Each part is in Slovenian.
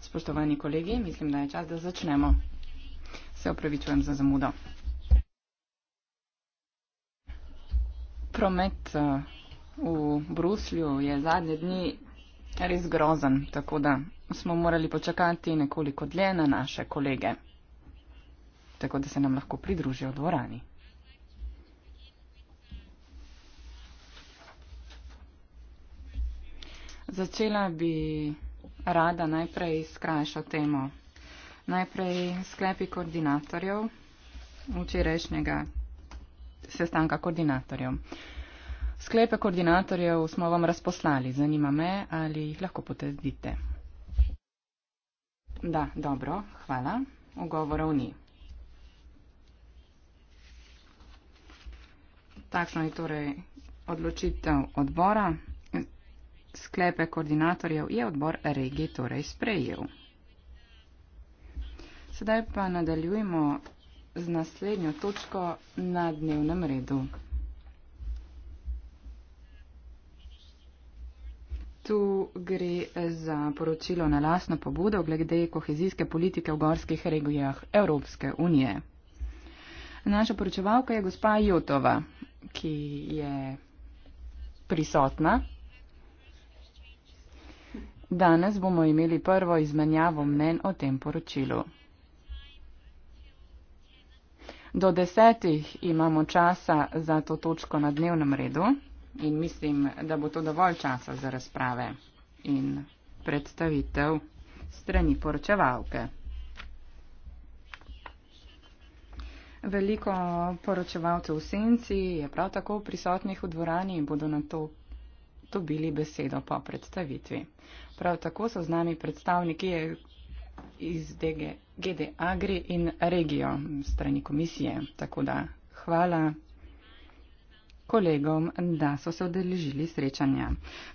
spoštovani kolegi mislim da je čas da začnemo se opravičujem za zamudo promet eh, v bruslju je zadnje dni res grozen tako da smo morali počakati nekoliko dlje na naše kolege tako da se nam lahko pridružijo v dvorani Začela bi rada najprej skrajšo temo. Najprej sklepi koordinatorjev včerajšnjega sestanka koordinatorjev. Sklepe koordinatorjev smo vam razposlali. Zanima me, ali jih lahko potezdite. Da, dobro, hvala. Ugovorov ni. Takšno je torej odločitev odbora sklepe koordinatorjev je odbor regij torej sprejel. Sedaj pa nadaljujemo z naslednjo točko na dnevnem redu. Tu gre za poročilo na lasno pobudo glede kohezijske politike v gorskih regijah Evropske unije. Naša poročevalka je gospa Jotova, ki je prisotna. Danes bomo imeli prvo izmenjavo mnen o tem poročilu. Do desetih imamo časa za to točko na dnevnem redu in mislim, da bo to dovolj časa za razprave in predstavitev strani poročevalke. Veliko poročevalcev v senci je prav tako prisotnih v dvorani in bodo na to dobili besedo po predstavitvi. Prav tako so z nami predstavniki iz DG, GD Agri in regijo strani komisije. Tako da hvala kolegom, da so se odeležili srečanja.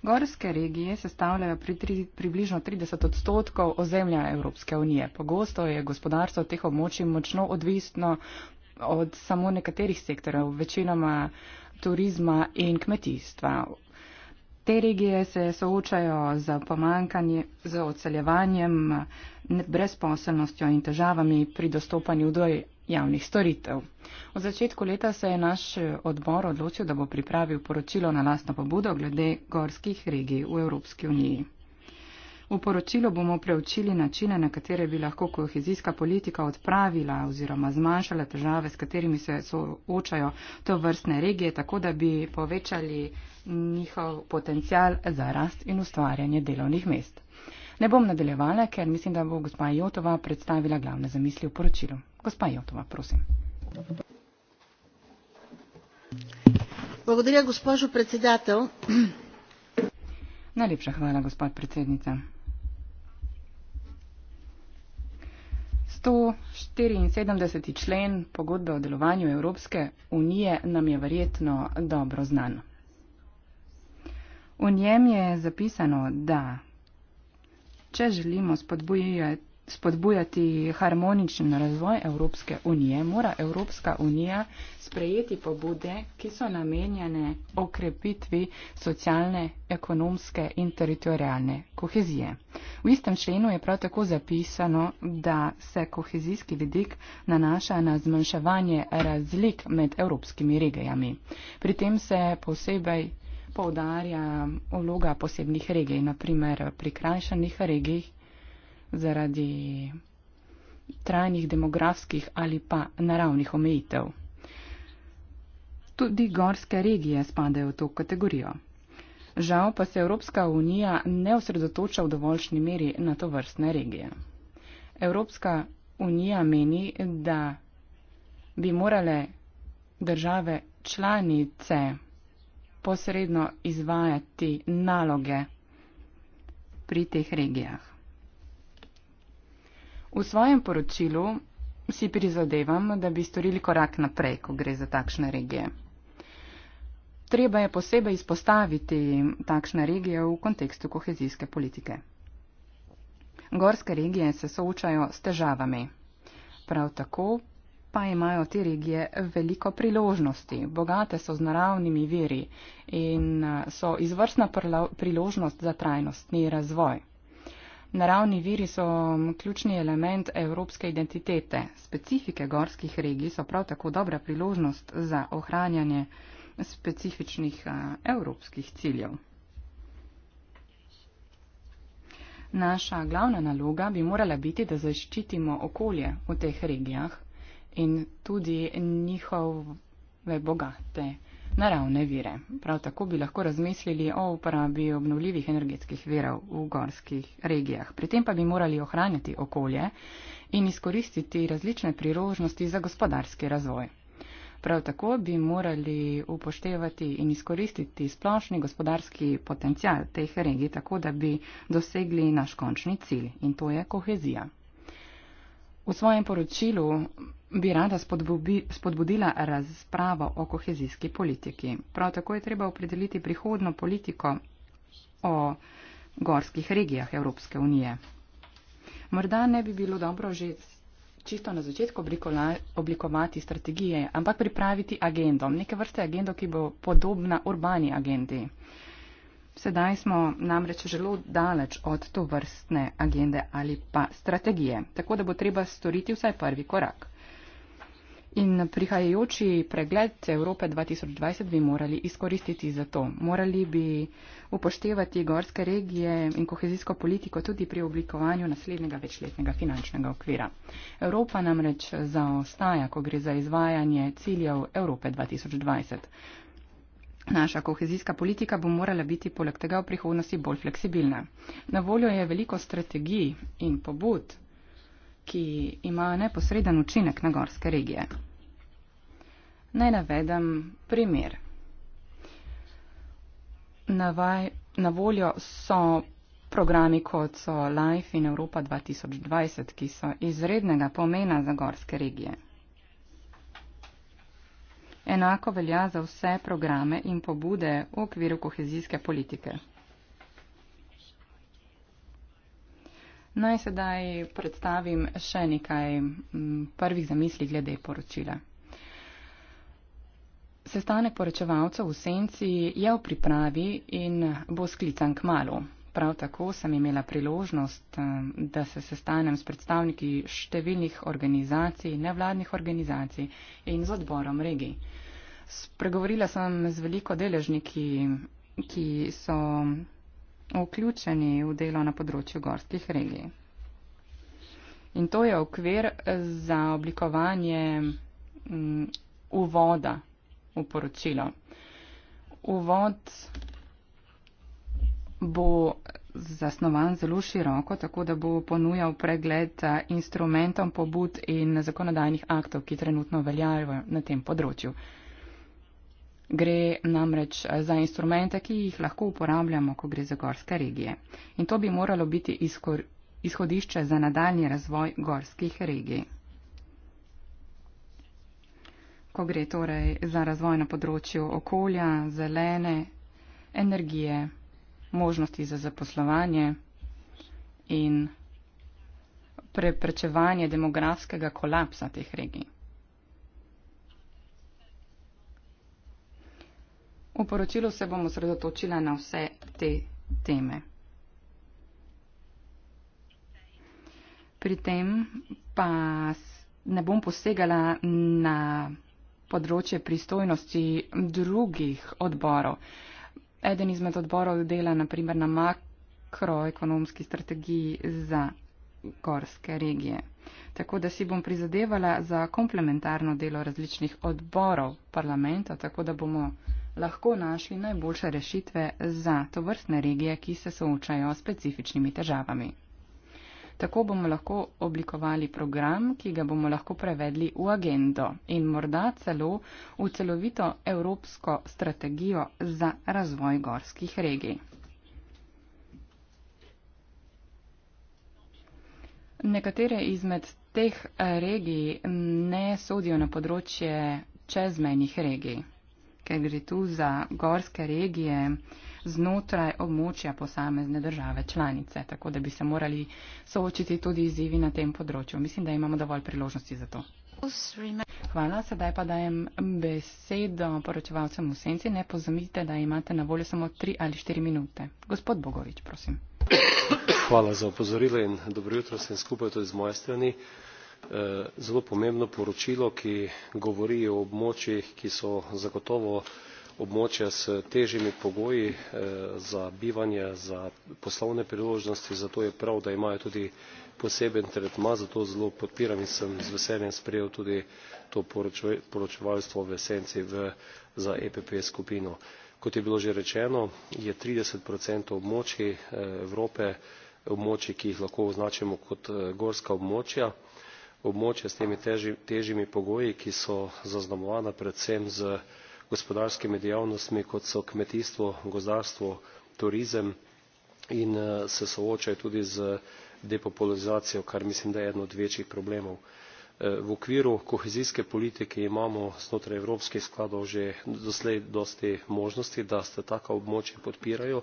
Gorske regije sestavljajo pri tri, približno 30 odstotkov ozemlja Evropske unije. Pogosto je gospodarstvo teh območij močno odvisno od samo nekaterih sektorov, večinoma turizma in kmetijstva. Te regije se soočajo z pomankanjem, z oceljevanjem, brezposelnostjo in težavami pri dostopanju do javnih storitev. V začetku leta se je naš odbor odločil, da bo pripravil poročilo na lastno pobudo glede gorskih regij v Evropski uniji. V poročilu bomo preučili načine, na katere bi lahko kohezijska politika odpravila oziroma zmanjšala težave, s katerimi se soočajo to vrstne regije, tako da bi povečali njihov potencial za rast in ustvarjanje delovnih mest. Ne bom nadaljevala, ker mislim, da bo gospa Jotova predstavila glavne zamisli v poročilu. Gospa Jotova, prosim. Благодаря, госпожо председател. Najlepša hvala, gospod predsednica. 174. člen pogodbe o delovanju Evropske unije nam je verjetno dobro znan. V njem je zapisano, da če želimo spodbujati spodbujati harmoničen razvoj Evropske unije, mora Evropska unija sprejeti pobude, ki so namenjene okrepitvi socialne, ekonomske in teritorijalne kohezije. V istem členu je prav tako zapisano, da se kohezijski vidik nanaša na zmanjševanje razlik med evropskimi regijami. Pri tem se posebej poudarja vloga posebnih regij, naprimer prikrajšanih regij zaradi trajnih demografskih ali pa naravnih omejitev. Tudi gorske regije spadajo v to kategorijo. Žal pa se Evropska unija ne osredotoča v dovoljšni meri na to vrstne regije. Evropska unija meni, da bi morale države članice posredno izvajati naloge pri teh regijah. V svojem poročilu si prizadevam, da bi storili korak naprej, ko gre za takšne regije. Treba je posebej izpostaviti takšne regije v kontekstu kohezijske politike. Gorske regije se soočajo s težavami. Prav tako pa imajo te regije veliko priložnosti. Bogate so z naravnimi viri in eh, so izvrstna priložnost za trajnostni razvoj. Naravni viri so mm, ključni element evropske identitete. Specifike gorskih regij so prav tako dobra priložnost za ohranjanje specifičnih eh, evropskih ciljev. Naša glavna naloga bi morala biti, da zaščitimo okolje v teh regijah in tudi njihove bogate naravne vire. Prav tako bi lahko razmislili o uporabi obnovljivih energetskih verov v gorskih regijah. Pri tem pa bi morali ohranjati okolje in izkoristiti različne priložnosti za gospodarski razvoj. Prav tako bi morali upoštevati in izkoristiti splošni gospodarski potencial teh regij, tako da bi dosegli naš končni cilj in to je kohezija. V svojem poročilu bi rada spodbubi, spodbudila razpravo o kohezijski politiki. Prav tako je treba opredeliti prihodno politiko o gorskih regijah Evropske unije. Morda ne bi bilo dobro že čisto na začetku oblikovati strategije, ampak pripraviti agendo, neke vrste agendo, ki bo podobna urbani agendi. Sedaj smo namreč zelo daleč od to vrstne agende ali pa strategije, tako da bo treba storiti vsaj prvi korak. In prihajajoči pregled Evrope 2020 bi morali izkoristiti za to. Morali bi upoštevati gorske regije in kohezijsko politiko tudi pri oblikovanju naslednjega večletnega finančnega okvira. Evropa namreč zaostaja, ko gre za izvajanje ciljev Evrope 2020. Naša kohezijska politika bo morala biti poleg tega v prihodnosti bolj fleksibilna. Na voljo je veliko strategij in pobud, ki imajo neposreden učinek na gorske regije. Naj navedem primer. Navaj, na voljo so programi kot so Life in Evropa 2020, ki so izrednega pomena za gorske regije. Enako velja za vse programe in pobude v okviru kohezijske politike. Naj sedaj predstavim še nekaj mm, prvih zamisli glede poročila. Sestanek poročevalcev v Senci je v pripravi in bo sklican k malu. Prav tako sem imela priložnost, da se sestanem s predstavniki številnih organizacij, nevladnih organizacij in z odborom regij. Spregovorila sem z veliko deležniki, ki so vključeni v delo na področju gorskih regij. In to je okvir za oblikovanje uvoda v poročilo. Uvod bo zasnovan zelo široko, tako da bo ponujal pregled eh, instrumentom pobud in zakonodajnih aktov, ki trenutno veljajo na tem področju. Gre namreč eh, za instrumente, ki jih lahko uporabljamo, ko gre za gorske regije. In to bi moralo biti izhodišče za nadaljni razvoj gorskih regij. Ko gre torej za razvoj na področju okolja, zelene, energije, možnosti za zaposlovanje in preprečevanje demografskega kolapsa teh regij. V poročilu se bomo sredotočila na vse te teme. Pri tem pa ne bom posegala na področje pristojnosti drugih odborov eden izmed odborov dela naprimer na makroekonomski strategiji za gorske regije. Tako da si bom prizadevala za komplementarno delo različnih odborov parlamenta, tako da bomo lahko našli najboljše rešitve za to vrstne regije, ki se soočajo s specifičnimi težavami. Tako bomo lahko oblikovali program, ki ga bomo lahko prevedli v agendo in morda celo v celovito evropsko strategijo za razvoj gorskih regij. Nekatere izmed teh eh, regij ne sodijo na področje čezmejnih regij, ker gre tu za gorske regije, znotraj območja posamezne države članice, tako da bi se morali soočiti tudi izzivi na tem področju. Mislim, da imamo dovolj priložnosti za to. Hvala, sedaj pa dajem besedo poročevalcem v senci. Ne pozumite, da imate na voljo samo tri ali štiri minute. Gospod Bogovič, prosim. Hvala za opozorilo in dobro jutro vsem skupaj tudi z moje strani. Eh, zelo pomembno poročilo, ki govori o območjih, ki so zagotovo območja s težjimi pogoji eh, za bivanje za poslovne priložnosti zato je prav da imajo tudi poseben tretma zato zelo podpiram in sem z veseljem sprejel tudi to poročevalstvo v esenci v, za epp skupino kot je bilo že rečeno je trideset območij eh, evrope območij ki jih lahko označimo kot eh, gorska območja območja s temi težji, težjimi pogoji ki so zaznamovana predvsem z gospodarskimi dejavnostmi kot so kmetijstvo gozdarstvo turizem in eh, se soočajo tudi z depopulizacijo kar mislim da je eden od večjih problemov. Eh, v okviru kohezijske politike imamo znotraj evropskih skladov že doslej dosti možnosti da se taka območja podpirajo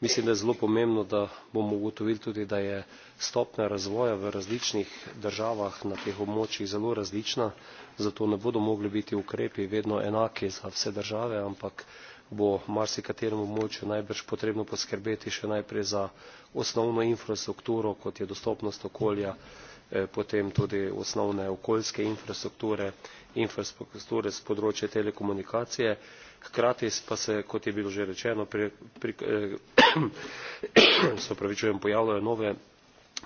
mislim da je zelo pomembno da bomo ugotovili tudi da je stopnja razvoja v različnih državah na teh območjih zelo različna zato ne bodo mogli biti ukrepi vedno enaki za vse države ampak bo marsikateremu območju najbrž potrebno poskrbeti še najprej za osnovno infrastrukturo kot je dostopnost okolja eh, potem tudi osnovne okoljske infrastrukture infrastrukture s področja telekomunikacije hkrati pa se kot je bilo že rečeno eh, se opravičujem pojavljajo nove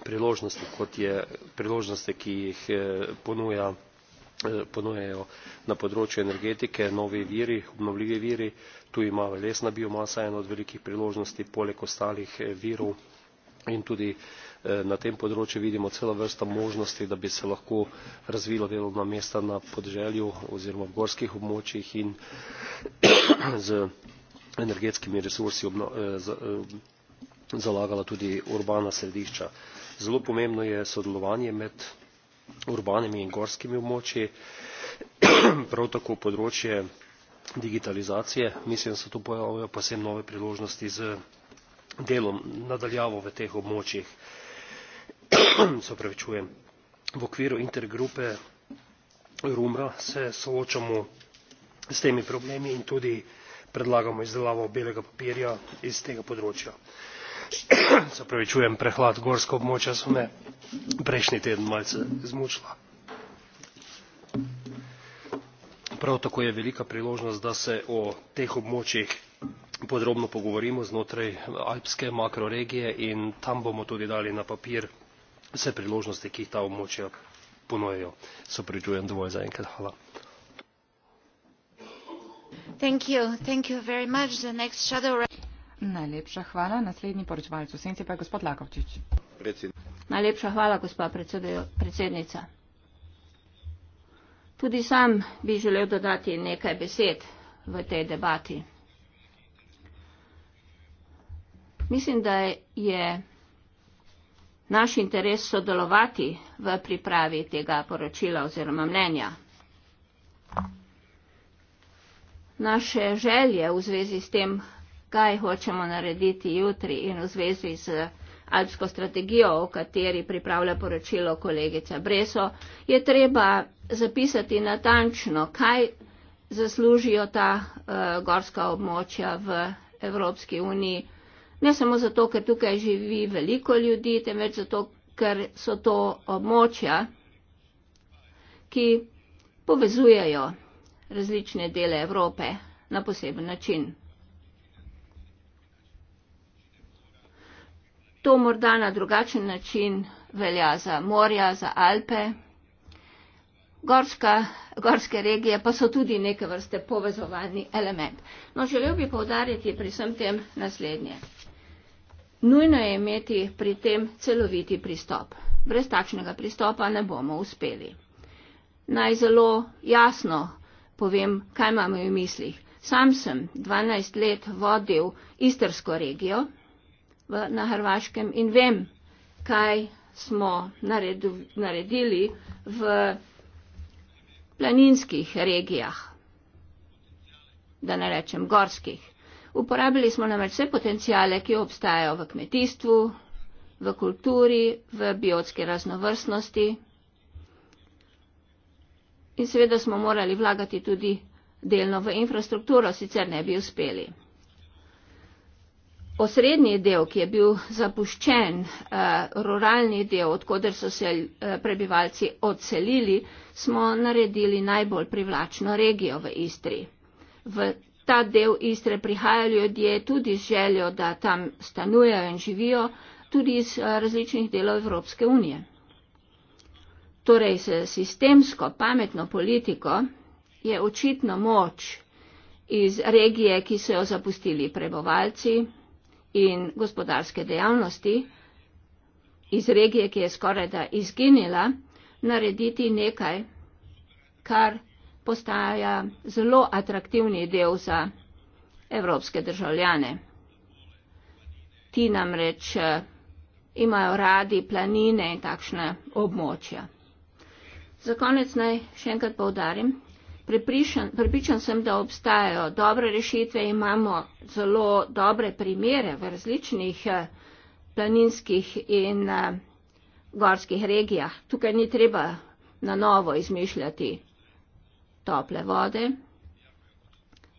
priložnosti kot je priložnosti ki jih eh, ponuja eh, ponujajo na področju energetike novi viri, obnovljivi viri, tu ima lesna biomasa eno od velikih priložnosti, poleg ostalih virov in tudi Eh, na tem področju vidimo celo vrsto možnosti da bi se lahko razvila delovna mesta na podeželju oziroma v gorskih območjih in z energetskimi resursi eh, eh, zalagala tudi urbana središča. zelo pomembno je sodelovanje med urbanimi in gorskimi območji prav tako področje digitalizacije mislim da se tu pojavljajo povsem nove priložnosti z delom na daljavo v teh območjih v okviru intergrupe roma se soočamo s temi problemi in tudi predlagamo izdelavo belega papirja iz tega področja. prehlad gorska območja so me prejšnji teden malce zmučila. prav tako je velika priložnost da se o teh območjih podrobno pogovorimo znotraj alpske makroregije in tam bomo tudi dali na papir vse priložnosti ki jih ta območja ponujajo se opravičujem dovolj zaenkrat hvala Thank you. Thank you very much. The next shadow... Najlepša hvala. Naslednji poročevalec v senci pa je gospod Lakovčič. Najlepša hvala, gospod predsednica. Tudi sam bi želel dodati nekaj besed v tej debati. Mislim, da je naš interes sodelovati v pripravi tega poročila oziroma mnenja. Naše želje v zvezi s tem, kaj hočemo narediti jutri in v zvezi z alpsko strategijo, o kateri pripravlja poročilo kolegica Breso, je treba zapisati natančno, kaj zaslužijo ta uh, gorska območja v Evropski uniji ne samo zato, ker tukaj živi veliko ljudi, temveč zato, ker so to območja, ki povezujejo različne dele Evrope na poseben način. To morda na drugačen način velja za morja, za Alpe. Gorska, gorske regije pa so tudi neke vrste povezovalni element. No, želel bi povdariti pri vsem tem naslednje. Nujno je imeti pri tem celoviti pristop. Brez takšnega pristopa ne bomo uspeli. Naj zelo jasno povem, kaj imam v mislih. Sam sem 12 let vodil Istersko regijo v, na Hrvaškem in vem, kaj smo naredu, naredili v planinskih regijah, da ne rečem gorskih. Uporabili smo namreč vse potencijale, ki obstajajo v kmetijstvu, v kulturi, v biotski raznovrstnosti. In seveda smo morali vlagati tudi delno v infrastrukturo, sicer ne bi uspeli. Osrednji del, ki je bil zapuščen, eh, ruralni del, odkuder so se eh, prebivalci odselili, smo naredili najbolj privlačno regijo v Istri. V ta del Istre prihajajo ljudje tudi z željo, da tam stanujejo in živijo, tudi iz eh, različnih delov Evropske unije. Torej, s sistemsko, pametno politiko je očitno moč iz regije, ki so jo zapustili prebovalci in gospodarske dejavnosti, iz regije, ki je skoraj da izginila, narediti nekaj, kar postaja zelo atraktivni del za evropske državljane. Ti namreč eh, imajo radi planine in takšne območja. Za konec naj še enkrat povdarim. Pripričan, pripričan sem, da obstajajo dobre rešitve, imamo zelo dobre primere v različnih eh, planinskih in eh, gorskih regijah. Tukaj ni treba na novo izmišljati tople vode.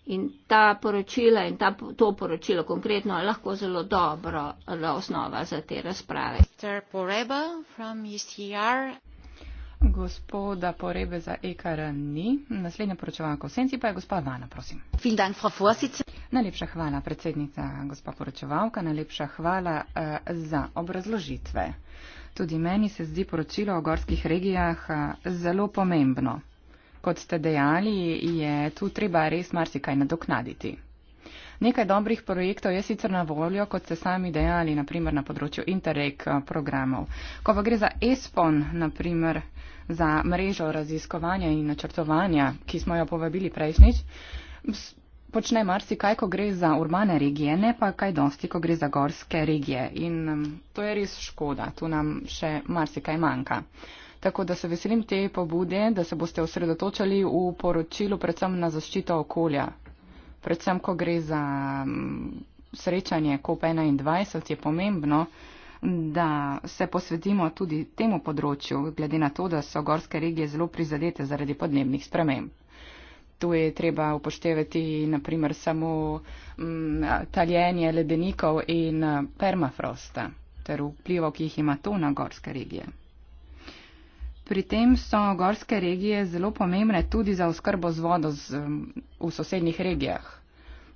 In ta poročila in ta, to poročilo konkretno je lahko zelo dobro osnova za te razprave. E Gospoda Porebe za EKR ni. Naslednja poročevalka v senci pa je gospa Vana, prosim. Dank, Frau najlepša hvala, predsednica, gospa poročevalka, najlepša hvala uh, za obrazložitve. Tudi meni se zdi poročilo o gorskih regijah uh, zelo pomembno kot ste dejali, je tu treba res marsikaj nadoknaditi. Nekaj dobrih projektov je sicer na voljo, kot ste sami dejali, naprimer na področju Interreg eh, programov. Ko pa gre za ESPON, naprimer za mrežo raziskovanja in načrtovanja, ki smo jo povabili prejšnjič, počne marsikaj, ko gre za urbane regije, ne pa kaj dosti, ko gre za gorske regije. In to je res škoda, tu nam še marsikaj manjka. Tako da se veselim te pobude, da se boste osredotočali v poročilu predvsem na zaščito okolja. Predvsem, ko gre za mm, srečanje COP21, je pomembno, da se posvetimo tudi temu področju, glede na to, da so gorske regije zelo prizadete zaradi podnebnih sprememb. Tu je treba upoštevati naprimer samo m, mm, taljenje ledenikov in permafrosta ter vplivov, ki jih ima to na gorske regije. Pri tem so gorske regije zelo pomembne tudi za oskrbo z vodo z, um, v sosednjih regijah.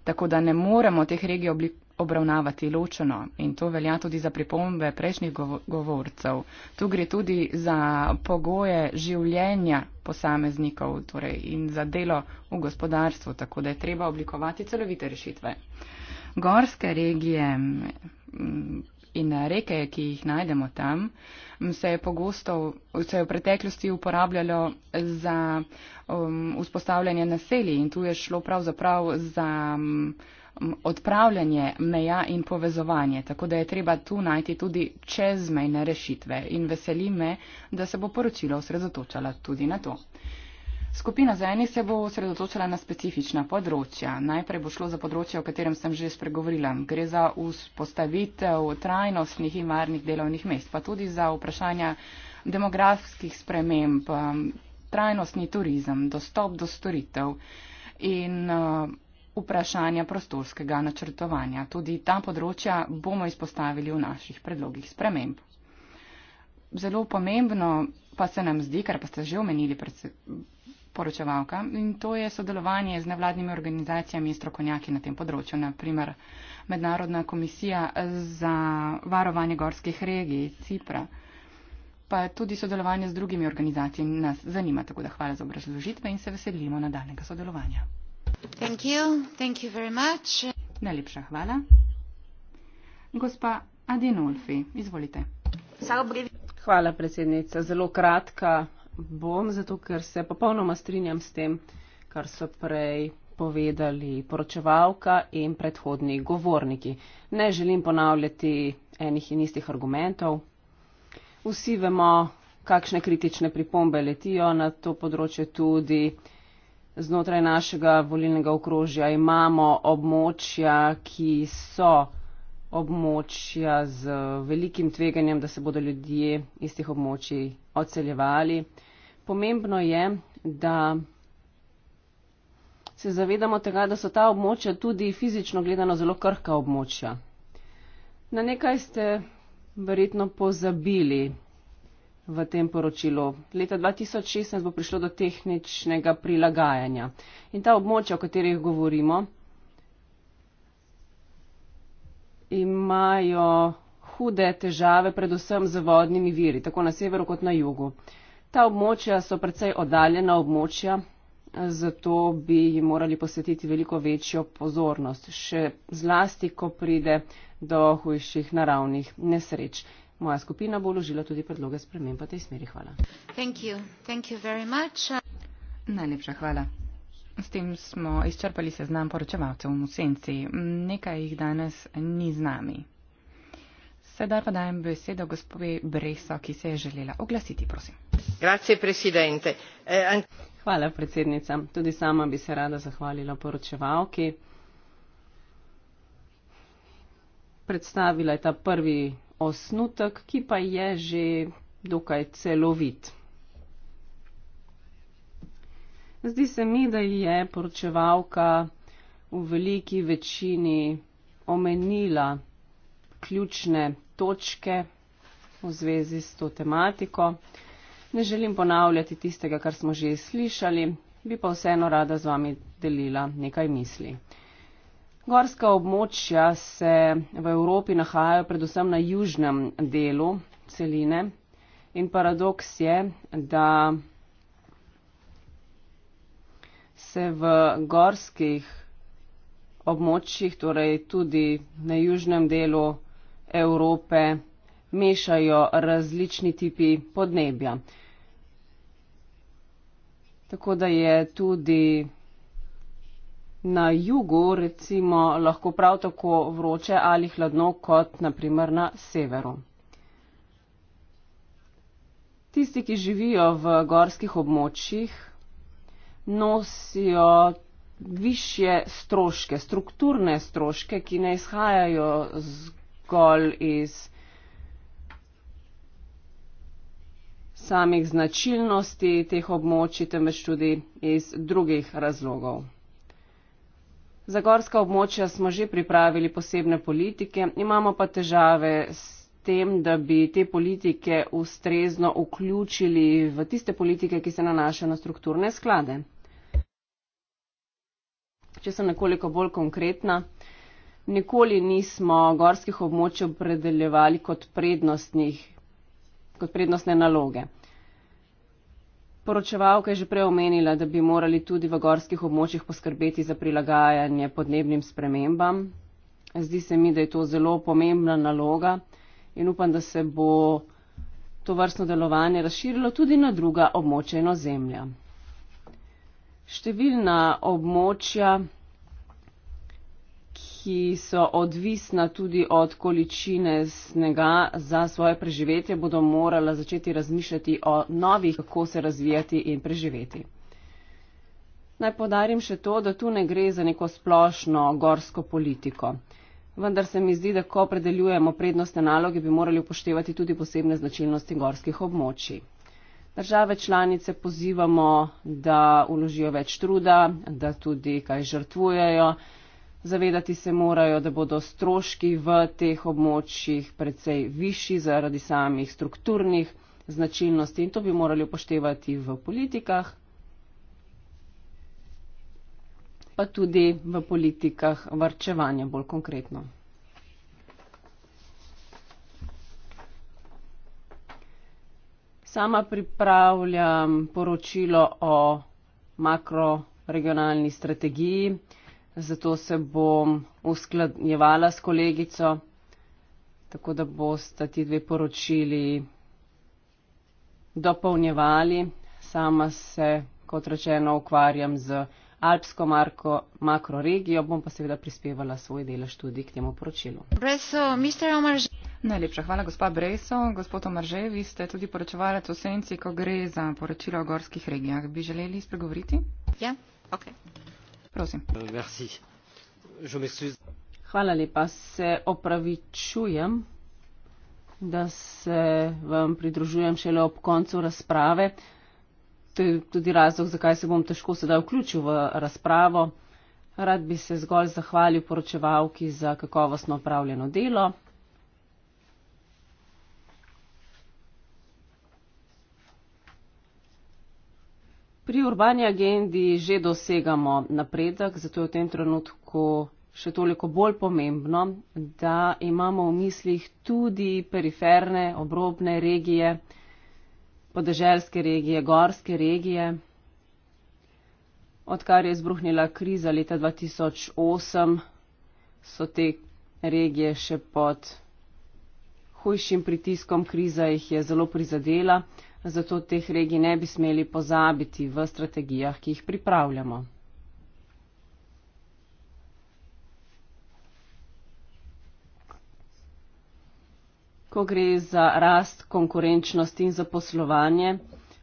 Tako da ne moremo teh regij oblik obravnavati ločeno in to velja tudi za pripombe prejšnjih govorcev. Tu gre tudi za pogoje življenja posameznikov torej, in za delo v gospodarstvu, tako da je treba oblikovati celovite rešitve. Gorske regije in reke, ki jih najdemo tam, se je pogosto se je v preteklosti uporabljalo za um, vzpostavljanje naselij in tu je šlo pravzaprav za um, odpravljanje meja in povezovanje. Tako da je treba tu najti tudi čezmejne rešitve in veseli me, da se bo poročilo osredotočala tudi na to. Skupina Zeni se bo osredotočila na specifična področja. Najprej bo šlo za področje, o katerem sem že spregovorila. Gre za vzpostavitev trajnostnih in varnih delovnih mest, pa tudi za vprašanja demografskih sprememb, um, trajnostni turizem, dostop do storitev in uh, vprašanja prostorskega načrtovanja. Tudi ta področja bomo izpostavili v naših predlogih sprememb. Zelo pomembno pa se nam zdi, kar pa ste že omenili poročevalka in to je sodelovanje z nevladnimi organizacijami in strokovnjaki na tem področju. Naprimer, Mednarodna komisija za varovanje gorskih regij, Cipra, pa tudi sodelovanje z drugimi organizacijami nas zanima. Tako da hvala za obrazložitve in se veselimo nadaljnega sodelovanja. Thank you. Thank you very much. Najlepša hvala. Gospa Adinolfi, izvolite. Hvala, predsednica. Zelo kratka bom, zato ker se popolnoma strinjam s tem, kar so prej povedali poročevalka in predhodni govorniki. Ne želim ponavljati enih in istih argumentov. Vsi vemo, kakšne kritične pripombe letijo na to področje tudi. Znotraj našega volilnega okrožja imamo območja, ki so območja z velikim tveganjem, da se bodo ljudje iz teh območij odseljevali pomembno je, da se zavedamo tega, da so ta območja tudi fizično gledano zelo krhka območja. Na nekaj ste verjetno pozabili v tem poročilu. Leta 2016 bo prišlo do tehničnega prilagajanja. In ta območja, o katerih govorimo, imajo hude težave predvsem z vodnimi viri, tako na severu kot na jugu. Ta območja so precej oddaljena območja, zato bi jim morali posvetiti veliko večjo pozornost, še zlasti, ko pride do hujših naravnih nesreč. Moja skupina bo vložila tudi predloge sprememb v tej smeri. Hvala. Thank you. Thank you Najlepša hvala. S tem smo izčrpali seznam poročevalcev v Musenci. Nekaj jih danes ni z nami. Sedaj pa dajem besedo gospodi Breso, ki se je želela oglasiti, prosim. Eh, Hvala, predsednica. Tudi sama bi se rada zahvalila poročevalki. Predstavila je ta prvi osnutek, ki pa je že dokaj celovit. Zdi se mi, da je poročevalka v veliki večini omenila ključne točke v zvezi s to tematiko. Ne želim ponavljati tistega, kar smo že slišali, bi pa vseeno rada z vami delila nekaj misli. Gorska območja se v Evropi nahajajo predvsem na južnem delu celine in paradoks je, da se v gorskih območjih, torej tudi na južnem delu, Evrope mešajo različni tipi podnebja. Tako da je tudi na jugu recimo lahko prav tako vroče ali hladno kot naprimer na severu. Tisti, ki živijo v gorskih območjih, nosijo višje stroške, strukturne stroške, ki ne izhajajo z zgolj iz samih značilnosti teh območij, temveč tudi iz drugih razlogov. Za gorska območja smo že pripravili posebne politike, imamo pa težave s tem, da bi te politike ustrezno vključili v tiste politike, ki se nanašajo na strukturne sklade. Če sem nekoliko bolj konkretna nikoli nismo gorskih območij opredeljevali kot, kot prednostne naloge. Poročevalka je že prej omenila, da bi morali tudi v gorskih območjih poskrbeti za prilagajanje podnebnim spremembam. Zdi se mi, da je to zelo pomembna naloga in upam, da se bo to vrstno delovanje razširilo tudi na druga območja in ozemlja. Številna območja ki so odvisna tudi od količine snega za svoje preživetje, bodo morala začeti razmišljati o novih, kako se razvijati in preživeti. Naj podarim še to, da tu ne gre za neko splošno gorsko politiko. Vendar se mi zdi, da ko predeljujemo prednostne naloge, bi morali upoštevati tudi posebne značilnosti gorskih območij. Države članice pozivamo, da uložijo več truda, da tudi kaj žrtvujejo, Zavedati se morajo, da bodo stroški v teh območjih precej višji zaradi samih strukturnih značilnosti in to bi morali upoštevati v politikah, pa tudi v politikah varčevanja bolj konkretno. Sama pripravljam poročilo o makroregionalni strategiji zato se bom uskladnjevala s kolegico, tako da boste ti dve poročili dopolnjevali. Sama se, kot rečeno, ukvarjam z alpsko marko, makroregijo, bom pa seveda prispevala svoj delež tudi k temu poročilu. Najlepša hvala, gospa Brejso. Gospod Omarže, vi ste tudi poročevalec v senci, ko gre za poročilo o gorskih regijah. Bi želeli spregovoriti? Ja, ok. Prosim. Euh, Hvala lepa. Se opravičujem, da se vam pridružujem šele ob koncu razprave. To je tudi razlog, zakaj se bom težko sedaj vključil v razpravo. Rad bi se zgolj zahvalil poročevalki za kakovostno upravljeno delo. Pri urbani agendi že dosegamo napredek, zato je v tem trenutku še toliko bolj pomembno, da imamo v mislih tudi periferne, obrobne regije, podeželske regije, gorske regije. Odkar je izbruhnila kriza leta 2008, so te regije še pod hujšim pritiskom, kriza jih je zelo prizadela zato teh regij ne bi smeli pozabiti v strategijah, ki jih pripravljamo. Ko gre za rast konkurenčnosti in zaposlovanje,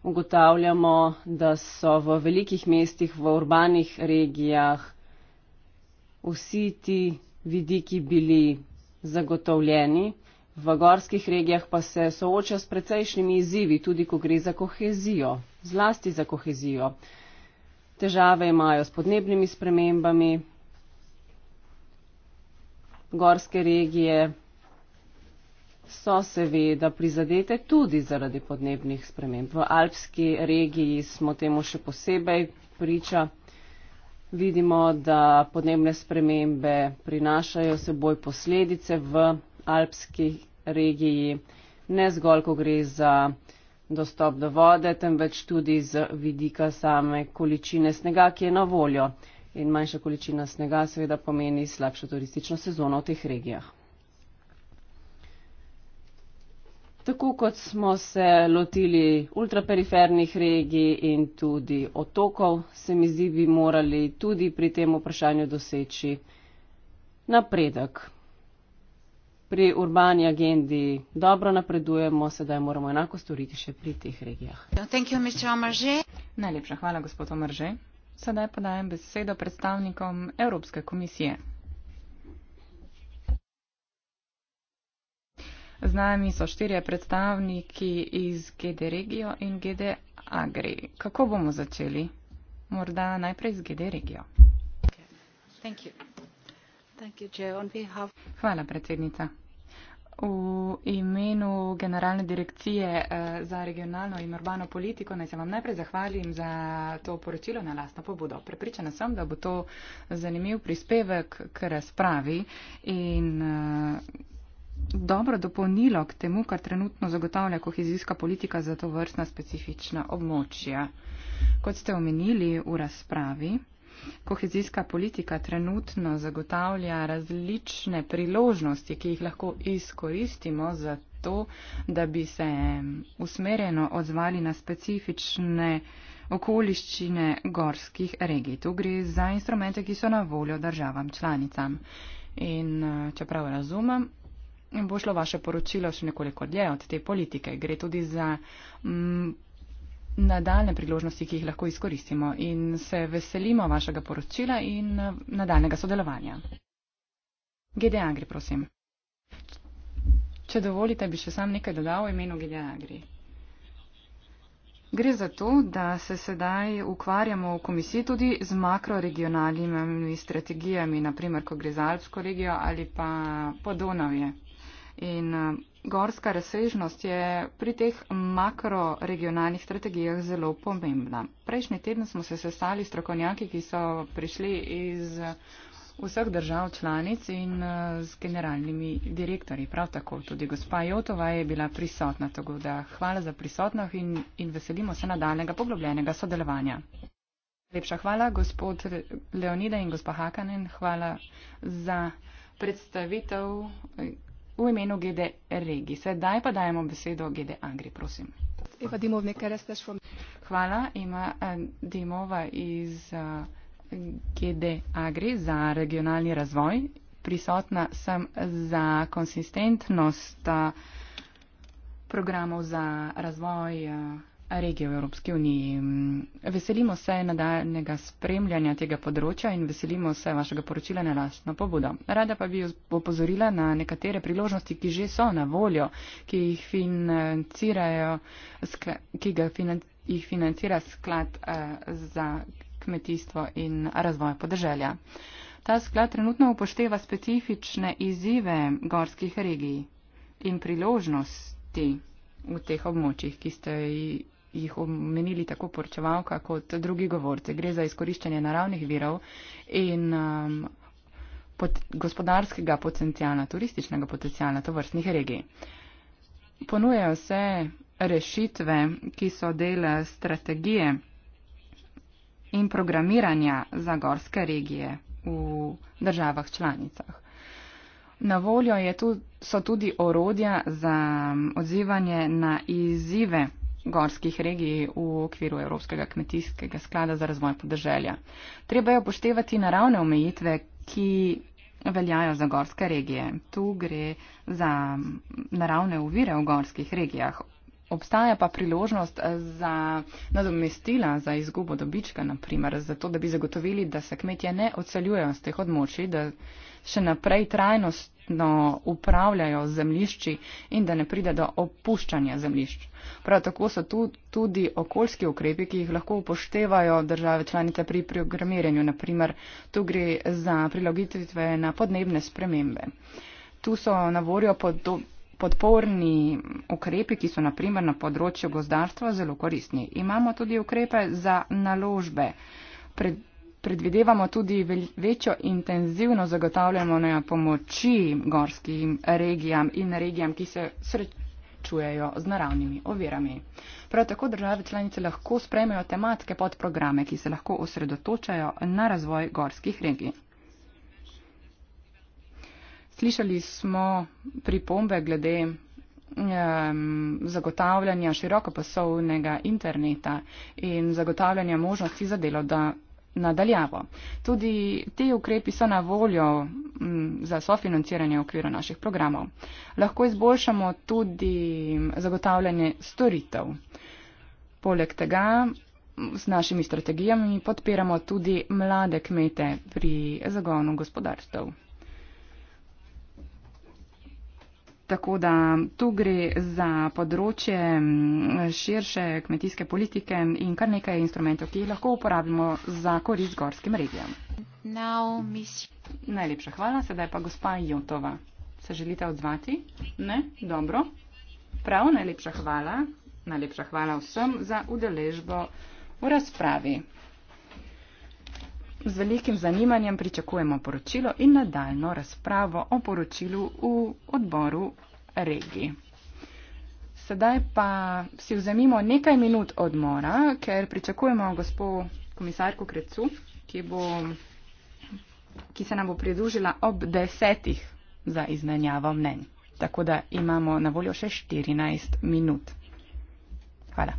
ugotavljamo, da so v velikih mestih, v urbanih regijah vsi ti vidiki bili zagotovljeni. V gorskih regijah pa se sooča s precejšnjimi izzivi, tudi ko gre za kohezijo, zlasti za kohezijo. Težave imajo s podnebnimi spremembami, gorske regije so seveda prizadete tudi zaradi podnebnih sprememb. V alpski regiji smo temu še posebej priča. Vidimo, da podnebne spremembe prinašajo seboj posledice v alpski regiji, ne zgolj, ko gre za dostop do vode, temveč tudi z vidika same količine snega, ki je na voljo. In manjša količina snega seveda pomeni slabšo turistično sezono v teh regijah. Tako kot smo se lotili ultraperifernih regij in tudi otokov, se mi zdi, bi morali tudi pri tem vprašanju doseči napredek pri urbani agendi dobro napredujemo, sedaj moramo enako storiti še pri teh regijah. You, Najlepša hvala, gospod Omrže. Sedaj podajem besedo predstavnikom Evropske komisije. Z nami so štirje predstavniki iz GD Regio in GD Agri. Kako bomo začeli? Morda najprej z GD Regio. Okay. Hvala, predsednica. V imenu generalne direkcije eh, za regionalno in urbano politiko naj se vam najprej zahvalim za to poročilo na lastno pobudo. Prepričana sem, da bo to zanimiv prispevek k razpravi in eh, dobro dopolnilo k temu, kar trenutno zagotavlja kohezijska politika za to vrstna specifična območja. Kot ste omenili v razpravi, Kohezijska politika trenutno zagotavlja različne priložnosti, ki jih lahko izkoristimo za to, da bi se usmerjeno odzvali na specifične okoliščine gorskih regij. Tu gre za instrumente, ki so na voljo državam članicam. In eh, čeprav razumem, bo šlo vaše poročilo še nekoliko dlje od te politike. Gre tudi za nadaljne priložnosti, ki jih lahko izkoristimo in se veselimo vašega poročila in eh, nadaljnega sodelovanja. Gede Agri, prosim. Če dovolite, bi še sam nekaj dodal o imenu Gede Agri. Gre za to, da se sedaj ukvarjamo v komisiji tudi z makroregionalnimi strategijami, naprimer, ko gre za Alpsko regijo ali pa Podonavje. In eh, gorska razsežnost je pri teh makroregionalnih strategijah zelo pomembna. Prejšnji teden smo se sestali s strokovnjaki, ki so prišli iz vseh držav članic in eh, z generalnimi direktori. Prav tako tudi gospa Jotova je bila prisotna, tako da hvala za prisotnost in, in veselimo se nadaljnega poglobljenega sodelovanja. Lepša hvala, gospod Leonida in gospa Hakanen, hvala za predstavitev eh, v imenu GD Regi. Sedaj pa dajemo besedo GD Angri, prosim. Eva Dimovne, kar ste šlo. Hvala, ima eh, Dimova iz eh, GD Agri za regionalni razvoj. Prisotna sem za konsistentnost eh, programov za razvoj regije v Evropski uniji. Veselimo se nadaljnega spremljanja tega področja in veselimo se vašega poročila na lastno pobudo. Rada pa bi opozorila na nekatere priložnosti, ki že so na voljo, ki jih financirajo, ki ga financ, jih financira sklad eh, za kmetijstvo in razvoj podeželja. Ta sklad trenutno upošteva specifične izzive gorskih regij in priložnosti v teh območjih, ki ste jih jih omenili tako poročevalka kot drugi govorci. Gre za izkoriščanje naravnih virov in um, pot, gospodarskega potencijala, turističnega potencijala to vrstnih regij. Ponujejo se rešitve, ki so del strategije in programiranja za gorske regije v državah članicah. Na voljo tu, so tudi orodja za um, odzivanje na izzive gorskih regij v okviru Evropskega kmetijskega sklada za razvoj podeželja. Treba je upoštevati naravne omejitve, ki veljajo za gorske regije. Tu gre za naravne uvire v gorskih regijah. Obstaja pa priložnost za nadomestila za izgubo dobička, naprimer, zato da bi zagotovili, da se kmetje ne odseljujejo z teh območij, da še naprej trajnost korektno upravljajo z zemlišči in da ne pride do opuščanja zemlišč. Prav tako so tu tudi okoljski ukrepi, ki jih lahko upoštevajo države članice pri programiranju. Naprimer, tu gre za prilagoditve na podnebne spremembe. Tu so na vorjo pod podporni ukrepi, ki so naprimer na področju gozdarstva zelo koristni. Imamo tudi ukrepe za naložbe. Pred, predvidevamo tudi večjo intenzivno zagotavljanje pomoči gorskim regijam in regijam, ki se srečujejo z naravnimi ovirami. Prav tako države članice lahko spremejo tematske podprograme, ki se lahko osredotočajo na razvoj gorskih regij. Slišali smo pripombe glede zagotavljanja širokopasovnega interneta in zagotavljanja možnosti za delo, da nadaljavo. Tudi te ukrepi so na voljo mm, za sofinanciranje v okviru naših programov. Lahko izboljšamo tudi mm, zagotavljanje storitev. Poleg tega s mm, našimi strategijami podpiramo tudi mlade kmete pri zagonu gospodarstv. Tako da tu gre za področje širše kmetijske politike in kar nekaj instrumentov, ki jih lahko uporabimo za korist gorskim regijam. Najlepša hvala, sedaj pa gospa Jotova. Se želite odzvati? Ne? Dobro. Prav, najlepša hvala. Najlepša hvala vsem za udeležbo v razpravi. Z velikim zanimanjem pričakujemo poročilo in nadaljno razpravo o poročilu v odboru regij. Sedaj pa si vzemimo nekaj minut odmora, ker pričakujemo gospod komisarko Krecu, ki, bo, ki se nam bo pridružila ob desetih za izmenjavo mnenj. Tako da imamo na voljo še 14 minut. Hvala.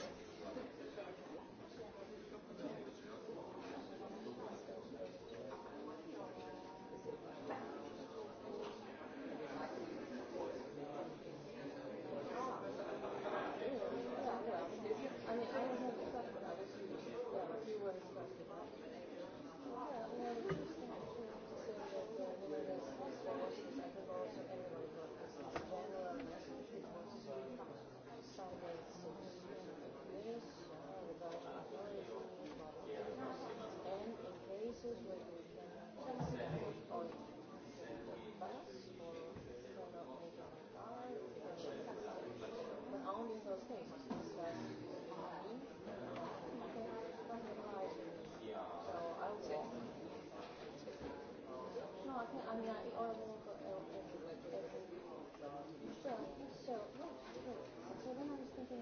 So, so, so then I was thinking.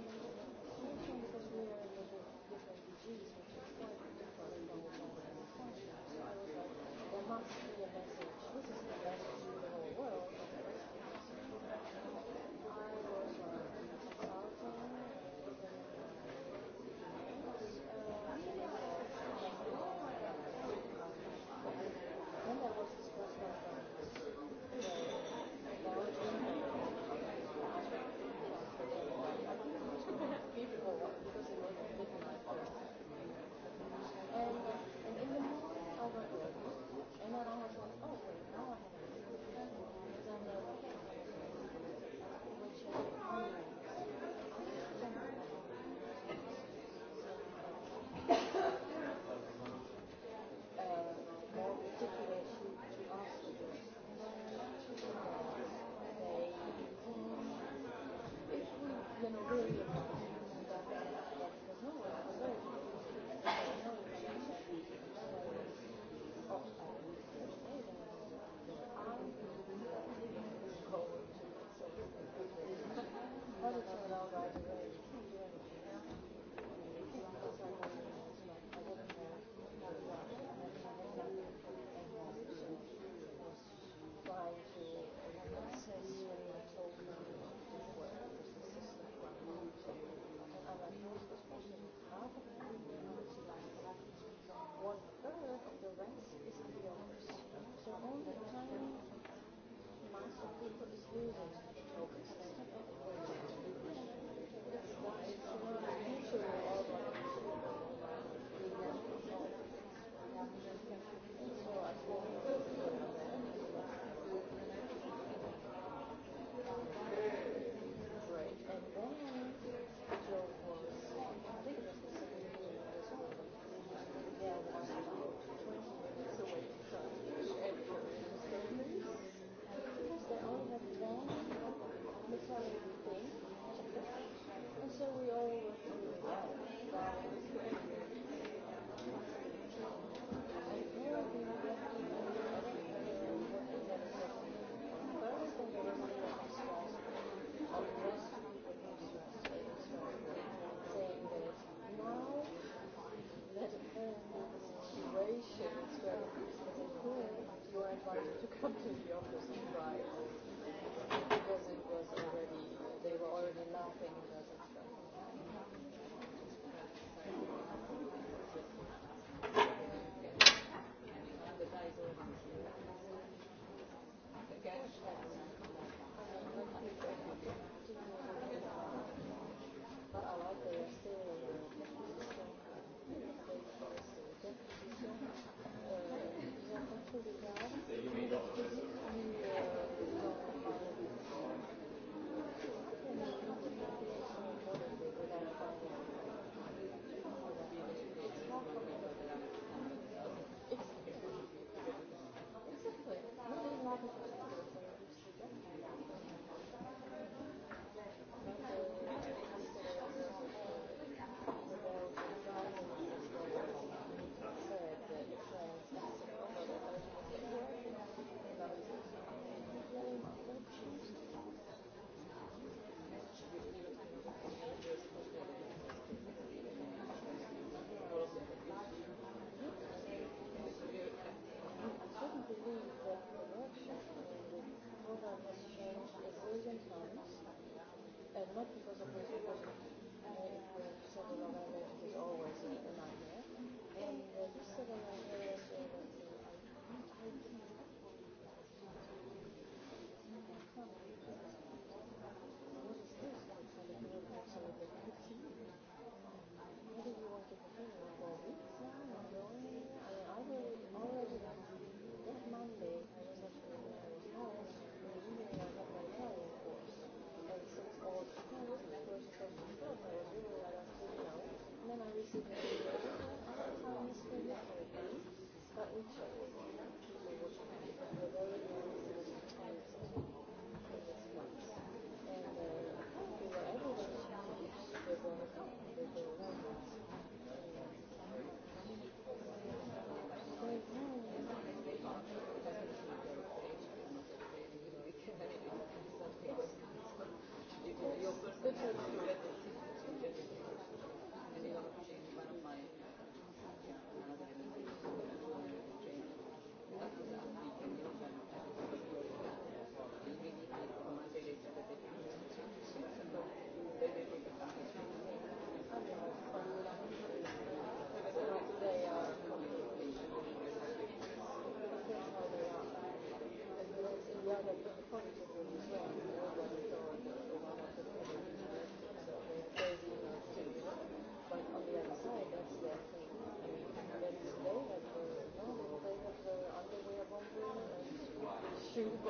invited to come to the office and cry because it was already, they were already laughing.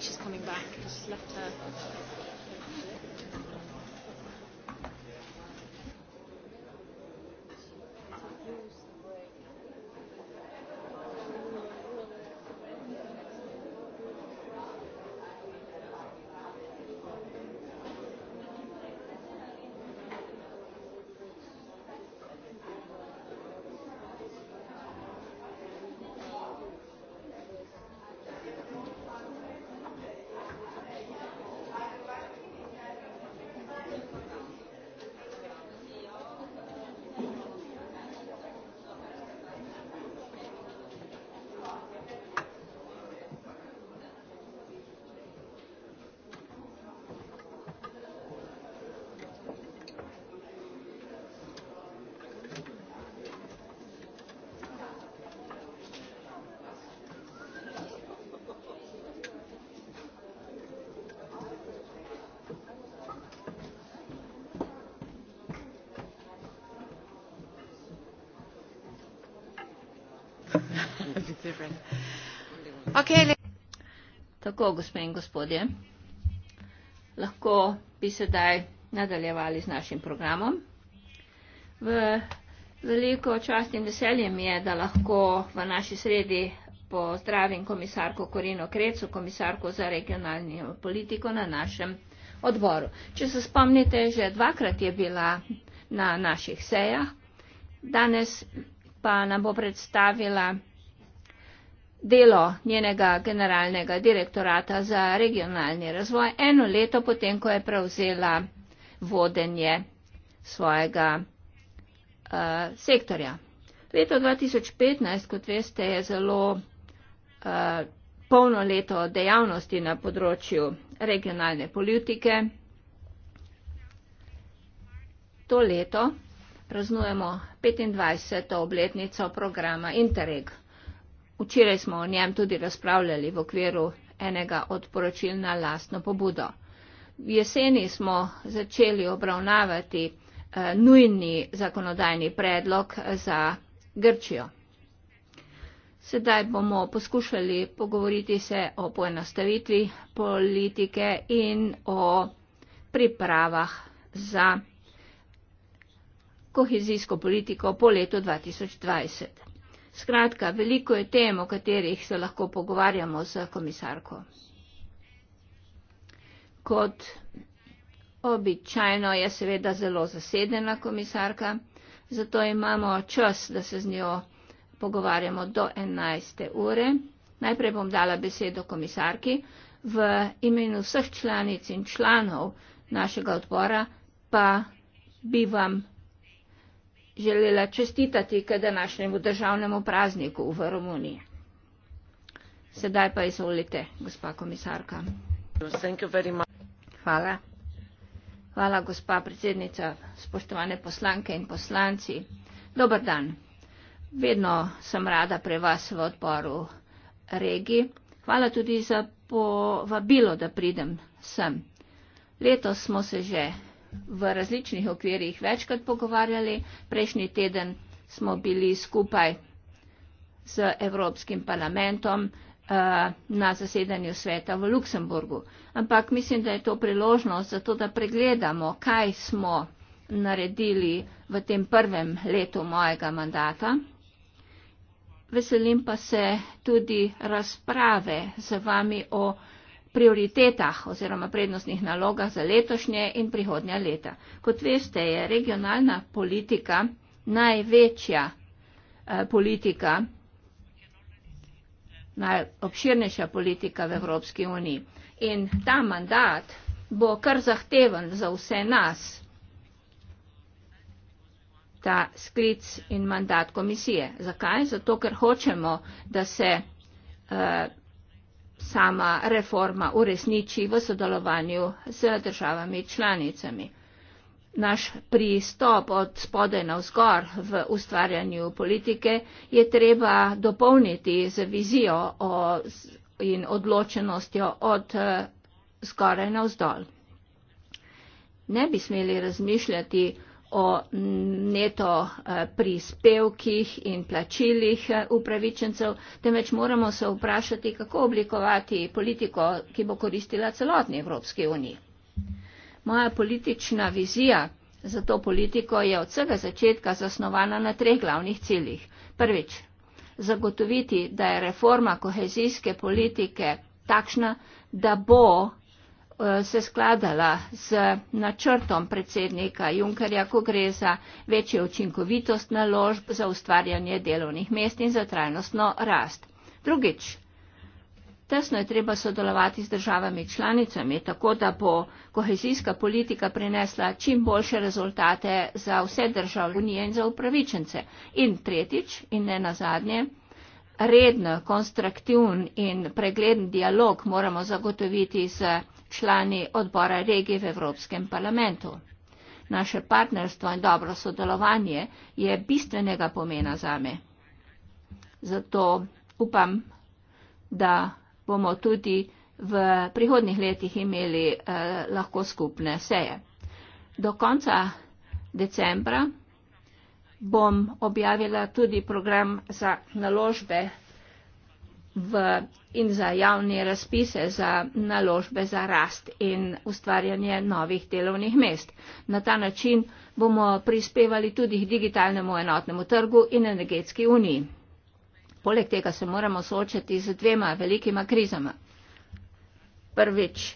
she's coming back. I just left her. Okay, Tako, gospe in gospodje, lahko bi sedaj nadaljevali z našim programom. V veliko čast in veseljem je, da lahko v naši sredi pozdravim komisarko Korino Krecu, komisarko za regionalno politiko na našem odboru. Če se spomnite, že dvakrat je bila na naših sejah. Danes pa nam bo predstavila delo njenega generalnega direktorata za regionalni razvoj eno leto potem, ko je prevzela vodenje svojega uh, sektorja. Leto 2015, kot veste, je zelo uh, polno leto dejavnosti na področju regionalne politike. To leto praznujemo 25. obletnico programa Interreg. Včeraj smo o njem tudi razpravljali v okviru enega od poročil na lastno pobudo. V jeseni smo začeli obravnavati eh, nujni zakonodajni predlog za Grčijo. Sedaj bomo poskušali pogovoriti se o poenostavitvi politike in o pripravah za Grčijo kohezijsko politiko po letu 2020. Skratka, veliko je tem, o katerih se lahko pogovarjamo z komisarko. Kot običajno je seveda zelo zasedena komisarka, zato imamo čas, da se z njo pogovarjamo do 11. ure. Najprej bom dala besedo komisarki. V imenu vseh članic in članov našega odbora pa bi vam želela čestitati k današnjemu državnemu prazniku v Romuniji. Sedaj pa izvolite, gospa komisarka. Hvala. Hvala, gospa predsednica, spoštovane poslanke in poslanci. Dobar dan. Vedno sem rada pri vas v odboru regi. Hvala tudi za povabilo, da pridem sem. Letos smo se že v različnih okvirjih večkrat pogovarjali. Prejšnji teden smo bili skupaj z Evropskim parlamentom eh, na zasedanju sveta v Luksemburgu. Ampak mislim, da je to priložnost za to, da pregledamo, kaj smo naredili v tem prvem letu mojega mandata. Veselim pa se tudi razprave z vami o prioritetah oziroma prednostnih nalogah za letošnje in prihodnja leta. Kot veste, je regionalna politika največja eh, politika, najobširnejša politika v Evropski uniji. In ta mandat bo kar zahteven za vse nas, ta sklic in mandat komisije. Zakaj? Zato, ker hočemo, da se. Uh, sama reforma uresniči v sodelovanju z državami članicami. Naš pristop od spodaj na vzgor v ustvarjanju politike je treba dopolniti z vizijo o, in odločenostjo od skoraj eh, na vzdolj. Ne bi smeli razmišljati, o neto eh, prispevkih in plačilih eh, upravičencev, temveč moramo se vprašati, kako oblikovati politiko, ki bo koristila celotni Evropski uniji. Moja politična vizija za to politiko je od vsega začetka zasnovana na treh glavnih ciljih. Prvič, zagotoviti, da je reforma kohezijske politike takšna, da bo Eh, se skladala z načrtom predsednika Junkerja, ko gre za večjo učinkovitost naložb, za ustvarjanje delovnih mest in za trajnostno rast. Drugič, tesno je treba sodelovati z državami članicami, tako da bo kohezijska politika prinesla čim boljše rezultate za vse države unije in za upravičence. In tretjič, in ne nazadnje, redno, konstruktivn in pregleden dialog moramo zagotoviti z za člani odbora regij v Evropskem parlamentu. Naše partnerstvo in dobro sodelovanje je bistvenega pomena zame. Zato upam, da bomo tudi v prihodnih letih imeli eh, lahko skupne seje. Do konca decembra bom objavila tudi program za naložbe v, in za javne razpise, za naložbe za rast in ustvarjanje novih delovnih mest. Na ta način bomo prispevali tudi k digitalnemu enotnemu trgu in energetski uniji. Poleg tega se moramo soočati z dvema velikima krizama. Prvič,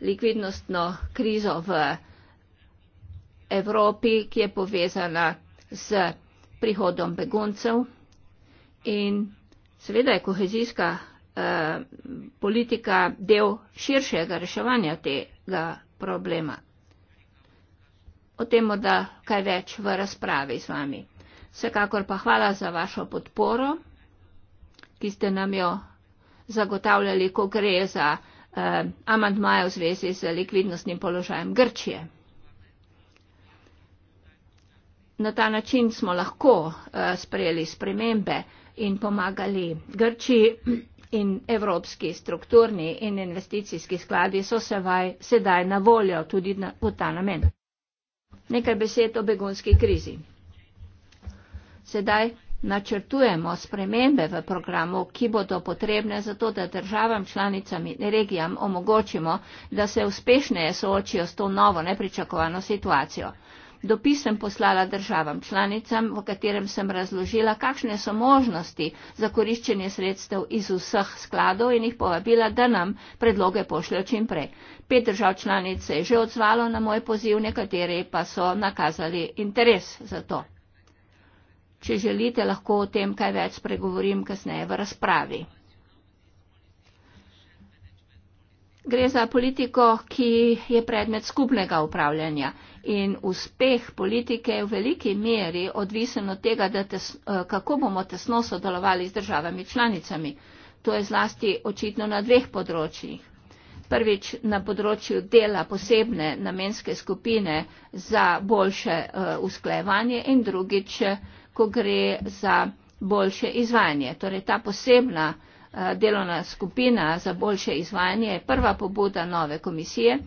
likvidnostno krizo v Evropi, ki je povezana z prihodom beguncev in Seveda je kohezijska eh, politika del širšega reševanja tega problema. O tem morda kaj več v razpravi z vami. Vsekakor pa hvala za vašo podporo, ki ste nam jo zagotavljali, ko gre za eh, amantmaje v zvezi z likvidnostnim položajem Grčije. Na ta način smo lahko eh, sprejeli spremembe, in pomagali Grči in evropski strukturni in investicijski skladi so se vaj sedaj na voljo tudi na, v ta namen. Nekaj besed o begunski krizi. Sedaj načrtujemo spremembe v programu, ki bodo potrebne za to, da državam, članicam in regijam omogočimo, da se uspešneje soočijo s to novo nepričakovano situacijo. Dopis sem poslala državam članicam, v katerem sem razložila, kakšne so možnosti za koriščenje sredstev iz vseh skladov in jih povabila, da nam predloge pošljajo čim prej. Pet držav članic se je že odzvalo na moj poziv, nekateri pa so nakazali interes za to. Če želite, lahko o tem kaj več spregovorim kasneje v razpravi. Gre za politiko, ki je predmet skupnega upravljanja in uspeh politike je v veliki meri odvisen od tega, tes, eh, kako bomo tesno sodelovali z državami članicami. To je zlasti očitno na dveh področjih. Prvič na področju dela posebne namenske skupine za boljše uh, usklajevanje in drugič, ko gre za boljše izvajanje. Torej ta posebna uh, Eh, delovna skupina za boljše izvajanje je prva pobuda nove komisije.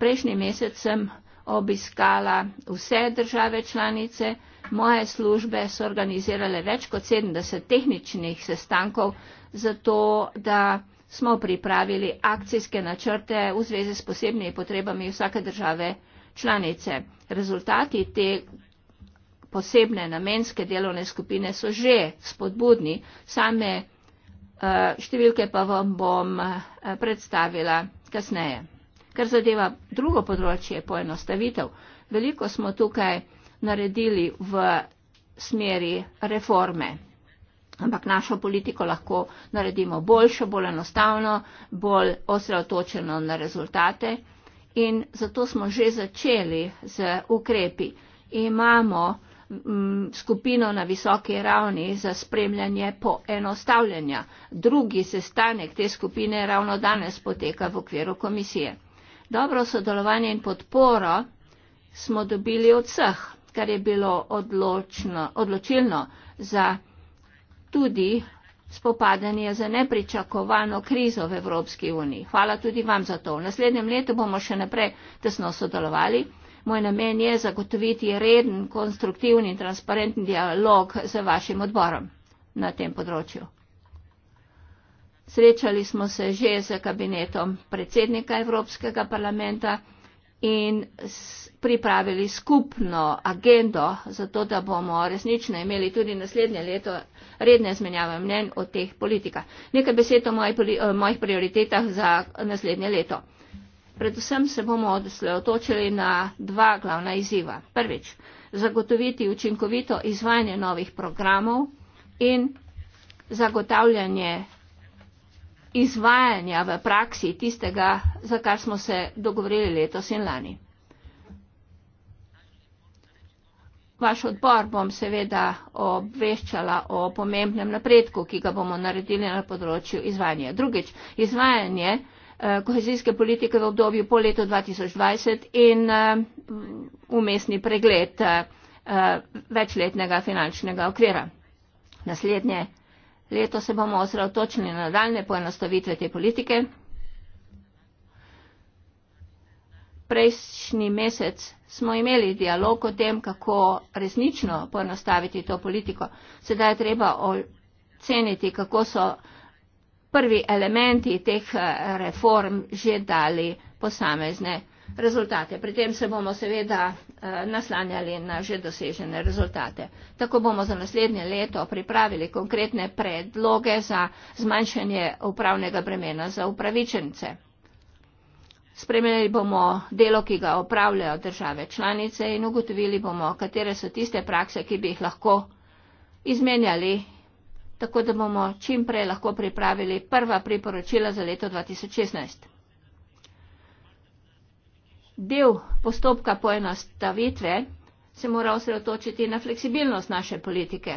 Prejšnji mesec sem obiskala vse države članice, moje službe so organizirale več kot 70 tehničnih sestankov za to, da smo pripravili akcijske načrte v zvezi s posebnimi potrebami vsake države članice. Rezultati te posebne namenske delovne skupine so že spodbudni. Same Eh, številke pa vam bom eh, predstavila kasneje. Kar zadeva drugo področje, poenostavitev. Veliko smo tukaj naredili v smeri reforme. Ampak našo politiko lahko naredimo boljšo, bolj enostavno, bolj osredotočeno na rezultate. In zato smo že začeli z ukrepi. Imamo Mm, skupino na visoki ravni za spremljanje poenostavljanja. Drugi sestanek te skupine ravno danes poteka v okviru komisije. Dobro sodelovanje in podporo smo dobili od vseh, kar je bilo odločno, odločilno za tudi spopadanje za nepričakovano krizo v Evropski uniji. Hvala tudi vam za to. V naslednjem letu bomo še naprej tesno sodelovali. Moj namen je zagotoviti reden, konstruktivni in transparenten dialog z vašim odborom na tem področju. Srečali smo se že z kabinetom predsednika Evropskega parlamenta in pripravili skupno agendo, zato da bomo resnično imeli tudi naslednje leto redne zmenjave mnen o teh politikah. Nekaj besed o mojih prioritetah za naslednje leto. Predvsem se bomo osredotočili na dva glavna izziva. Prvič, zagotoviti učinkovito izvajanje novih programov in zagotavljanje izvajanja v praksi tistega, za kar smo se dogovorili letos in lani. Vaš odbor bom seveda obveščala o pomembnem napredku, ki ga bomo naredili na področju izvajanja. Drugič, izvajanje Eh, kohezijske politike v obdobju po letu 2020 in eh, umestni pregled eh, večletnega finančnega okvira. Naslednje leto se bomo osredotočili na daljne poenostavitve te politike. Prejšnji mesec smo imeli dialog o tem, kako resnično poenostaviti to politiko. Sedaj je treba oceniti, kako so prvi elementi teh eh, reform že dali posamezne rezultate. Pri tem se bomo seveda eh, naslanjali na že dosežene rezultate. Tako bomo za naslednje leto pripravili konkretne predloge za zmanjšanje upravnega bremena za upravičence. Spremljali bomo delo, ki ga opravljajo države članice in ugotovili bomo, katere so tiste prakse, ki bi jih lahko izmenjali tako da bomo čim prej lahko pripravili prva priporočila za leto 2016. Del postopka poenostavitve se mora osredotočiti na fleksibilnost naše politike,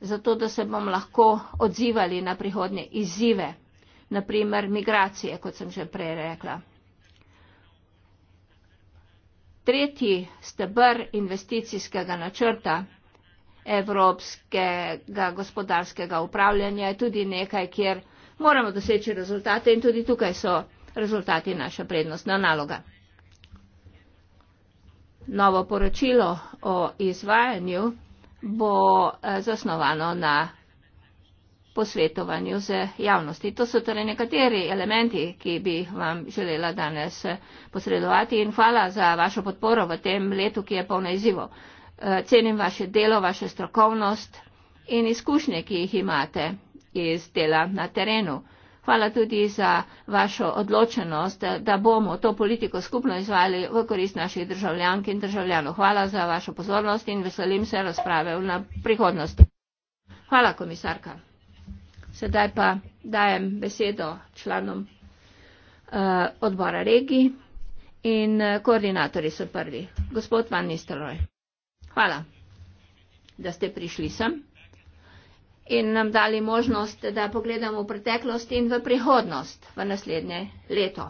zato da se bomo lahko odzivali na prihodnje izzive, naprimer migracije, kot sem že prej rekla. Tretji stebr investicijskega načrta evropskega gospodarskega upravljanja je tudi nekaj, kjer moramo doseči rezultate in tudi tukaj so rezultati naša prednostna naloga. Novo poročilo o izvajanju bo eh, zasnovano na posvetovanju z javnosti. To so torej nekateri elementi, ki bi vam želela danes eh, posredovati in hvala za vašo podporo v tem letu, ki je polno izzivov. Eh, cenim vaše delo, vaše strokovnost in izkušnje, ki jih imate iz dela na terenu. Hvala tudi za vašo odločenost, da bomo to politiko skupno izvali v korist naših državljank in državljanov. Hvala za vašo pozornost in veselim se razprave v prihodnosti. Hvala, komisarka. Sedaj pa dajem besedo članom uh, odbora regij in uh, koordinatorji so prvi. Gospod Van Nistelrooy. Hvala, da ste prišli sem in nam dali možnost, da pogledamo v preteklost in v prihodnost, v naslednje leto.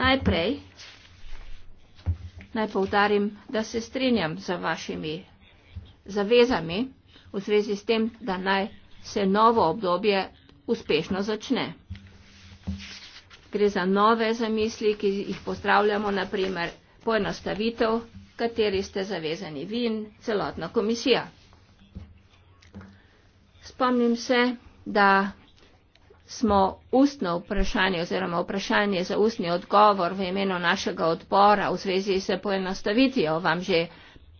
Najprej naj povdarim, da se strinjam z vašimi zavezami v zvezi s tem, da naj se novo obdobje uspešno začne. Gre za nove zamisli, ki jih pozdravljamo, naprimer poenostavitev, kateri ste zavezani vi in celotna komisija. Spomnim se, da smo ustno vprašanje oziroma vprašanje za ustni odgovor v imenu našega odbora v zvezi s poenostavitvijo vam že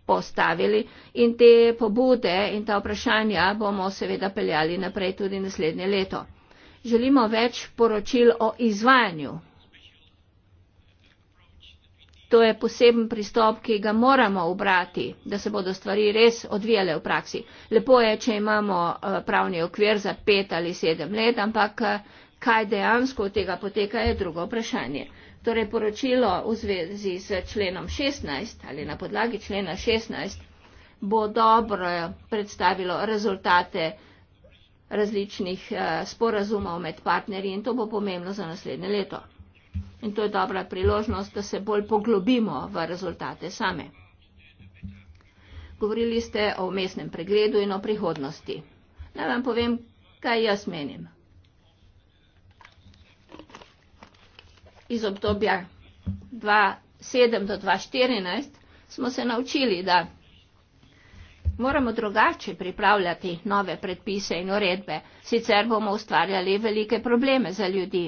postavili in te pobude in ta vprašanja bomo seveda peljali naprej tudi naslednje leto. Želimo več poročil o izvajanju To je poseben pristop, ki ga moramo obrati, da se bodo stvari res odvijale v praksi. Lepo je, če imamo eh, pravni okvir za pet ali sedem let, ampak eh, kaj dejansko od tega poteka je drugo vprašanje. Torej, poročilo v zvezi s členom 16 ali na podlagi člena 16 bo dobro predstavilo rezultate različnih eh, sporazumov med partnerji in to bo pomembno za naslednje leto in to je dobra priložnost, da se bolj poglobimo v rezultate same. Govorili ste o mestnem pregledu in o prihodnosti. Naj vam povem, kaj jaz menim. Iz obdobja 2007 do 2014 smo se naučili, da moramo drugače pripravljati nove predpise in uredbe, sicer bomo ustvarjali velike probleme za ljudi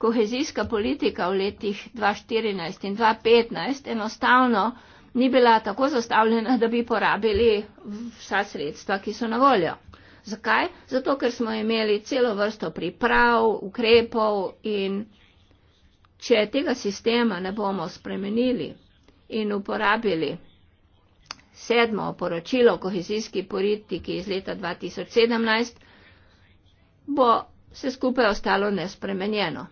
kohezijska politika v letih 2014 in 2015 enostavno ni bila tako zastavljena, da bi porabili vsa sredstva, ki so na voljo. Zakaj? Zato, ker smo imeli celo vrsto priprav, ukrepov in če tega sistema ne bomo spremenili in uporabili sedmo poročilo kohezijski politiki iz leta 2017, bo se skupaj ostalo nespremenjeno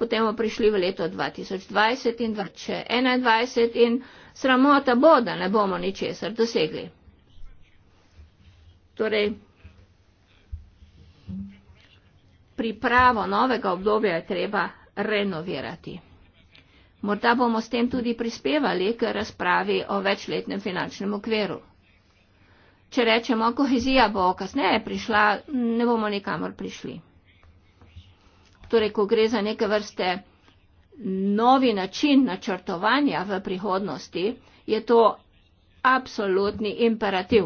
potem bomo prišli v leto 2020 in 2021 in sramota bo, da ne bomo ničesar dosegli. Torej, pripravo novega obdobja je treba renovirati. Morda bomo s tem tudi prispevali k razpravi o večletnem finančnem okviru. Če rečemo, kohezija bo kasneje prišla, ne bomo nikamor prišli torej ko gre za neke vrste novi način načrtovanja v prihodnosti, je to absolutni imperativ.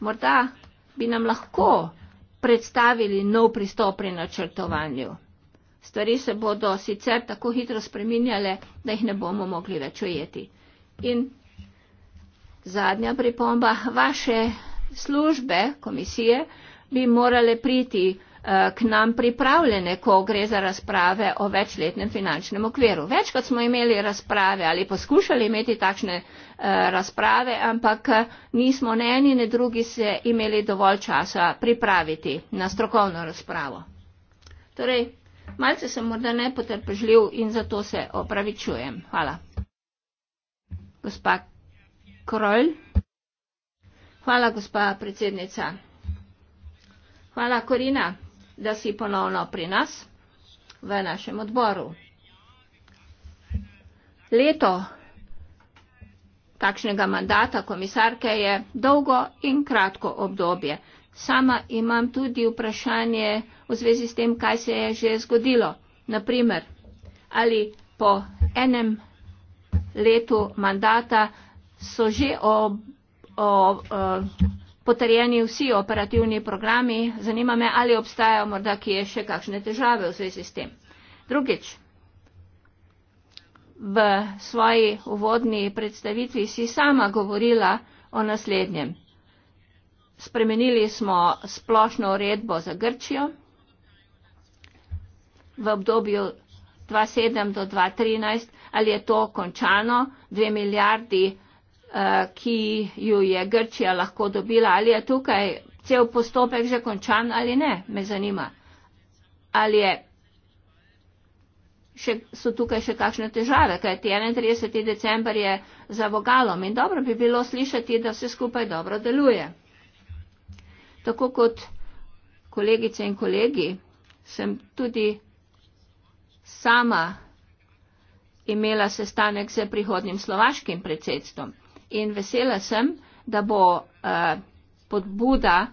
Morda bi nam lahko predstavili nov pristop pri načrtovanju. Stvari se bodo sicer tako hitro spreminjale, da jih ne bomo mogli več ujeti. In zadnja pripomba, vaše službe, komisije, bi morale priti Eh, k nam pripravljene, ko gre za razprave o večletnem finančnem okviru. Večkrat smo imeli razprave ali poskušali imeti takšne eh, razprave, ampak eh, nismo ne eni ne drugi se imeli dovolj časa pripraviti na strokovno razpravo. Torej, malce sem morda nepotrpežljiv in zato se opravičujem. Hvala. Gospa Krolj. Hvala, gospa predsednica. Hvala, Korina da si ponovno pri nas, v našem odboru. Leto takšnega mandata komisarke je dolgo in kratko obdobje. Sama imam tudi vprašanje v zvezi s tem, kaj se je že zgodilo. Naprimer, ali po enem letu mandata so že ob, ob, ob, eh, potrjeni vsi operativni programi. Zanima me, ali obstajajo morda kje še kakšne težave v zvezi s tem. Drugič, v svoji uvodni predstavitvi si sama govorila o naslednjem. Spremenili smo splošno uredbo za Grčijo v obdobju 2007 do 2013, ali je to končano, dve milijardi Eh, ki ju je Grčija lahko dobila, ali je tukaj cel postopek že končan ali ne, me zanima. Ali je, še, so tukaj še kakšne težave, kajti 31. decembar je za vogalom in dobro bi bilo slišati, da vse skupaj dobro deluje. Tako kot kolegice in kolegi, sem tudi sama imela sestanek z prihodnim slovaškim predsedstvom in vesela sem, da bo uh, podbuda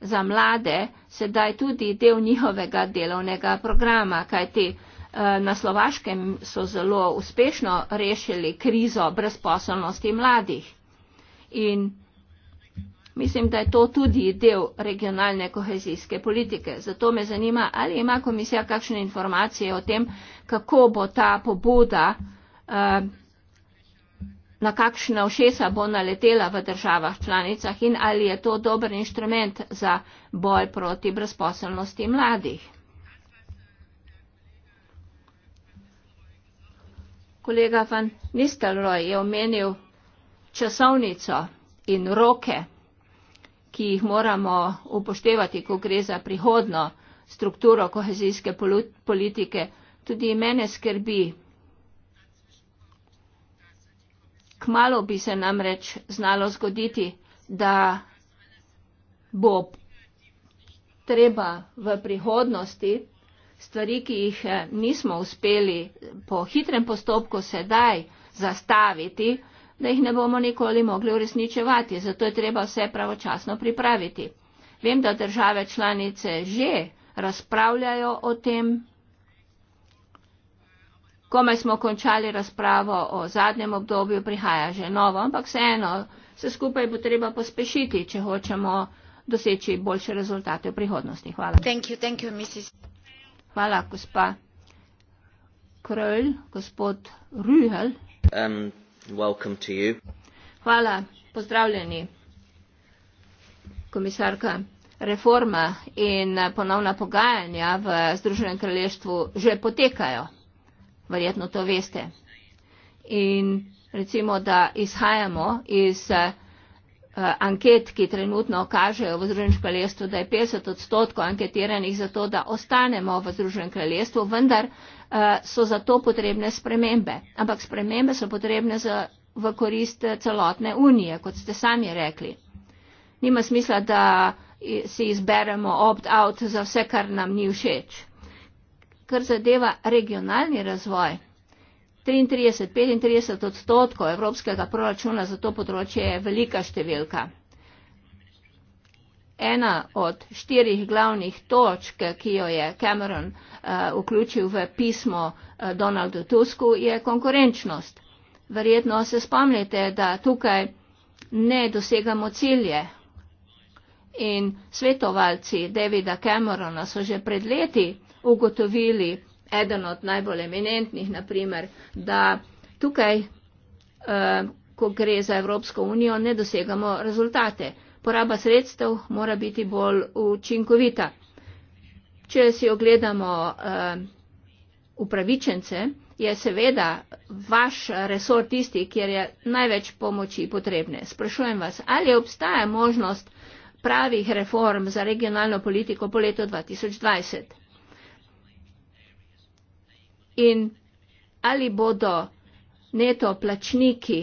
za mlade sedaj tudi del njihovega delovnega programa, kajti uh, na Slovaškem so zelo uspešno rešili krizo brezposobnosti mladih. In mislim, da je to tudi del regionalne kohezijske politike. Zato me zanima, ali ima komisija kakšne informacije o tem, kako bo ta pobuda. Uh, na kakšna ošesa bo naletela v državah članicah in ali je to dober inštrument za boj proti brezposelnosti mladih. Kolega van Nistelrooy je omenil časovnico in roke, ki jih moramo upoštevati, ko gre za prihodno strukturo kohezijske politike. Tudi mene skrbi, Kmalo bi se namreč znalo zgoditi, da bo treba v prihodnosti stvari, ki jih eh, nismo uspeli po hitrem postopku sedaj zastaviti, da jih ne bomo nikoli mogli uresničevati. Zato je treba vse pravočasno pripraviti. Vem, da države članice že razpravljajo o tem komaj smo končali razpravo o zadnjem obdobju, prihaja že novo, ampak vseeno, vse skupaj bo treba pospešiti, če hočemo doseči boljše rezultate v prihodnosti. Hvala. Thank you, thank you, Hvala, gospa Krölj, gospod Rühel. Um, welcome to you. Hvala, pozdravljeni, komisarka. Reforma in ponovna pogajanja v Združenem kraljestvu že potekajo verjetno to veste. In recimo, da izhajamo iz uh, anket, ki trenutno kažejo v Združenem kraljestvu, da je 50 odstotkov anketiranih za to, da ostanemo v Združenem kraljestvu, vendar uh, so za to potrebne spremembe. Ampak spremembe so potrebne za, v korist eh, celotne unije, kot ste sami rekli. Nima smisla, da si izberemo opt-out za vse, kar nam ni všeč kar zadeva regionalni razvoj. 33-35 odstotkov evropskega proračuna za to področje je velika številka. Ena od štirih glavnih točk, ki jo je Cameron uh, vključil v pismo uh, Donaldu Tusku, je konkurenčnost. Verjetno se spomnite, da tukaj ne dosegamo cilje. In svetovalci Davida Camerona so že pred leti uh, ugotovili eden od najbolj eminentnih, naprimer, da tukaj, eh, ko gre za Evropsko unijo, ne dosegamo rezultate. Poraba sredstev mora biti bolj učinkovita. Če si ogledamo eh, upravičence, je seveda vaš resor tisti, kjer je največ pomoči potrebne. Sprašujem vas, ali obstaja možnost pravih reform za regionalno politiko po letu 2020? in ali bodo neto plačniki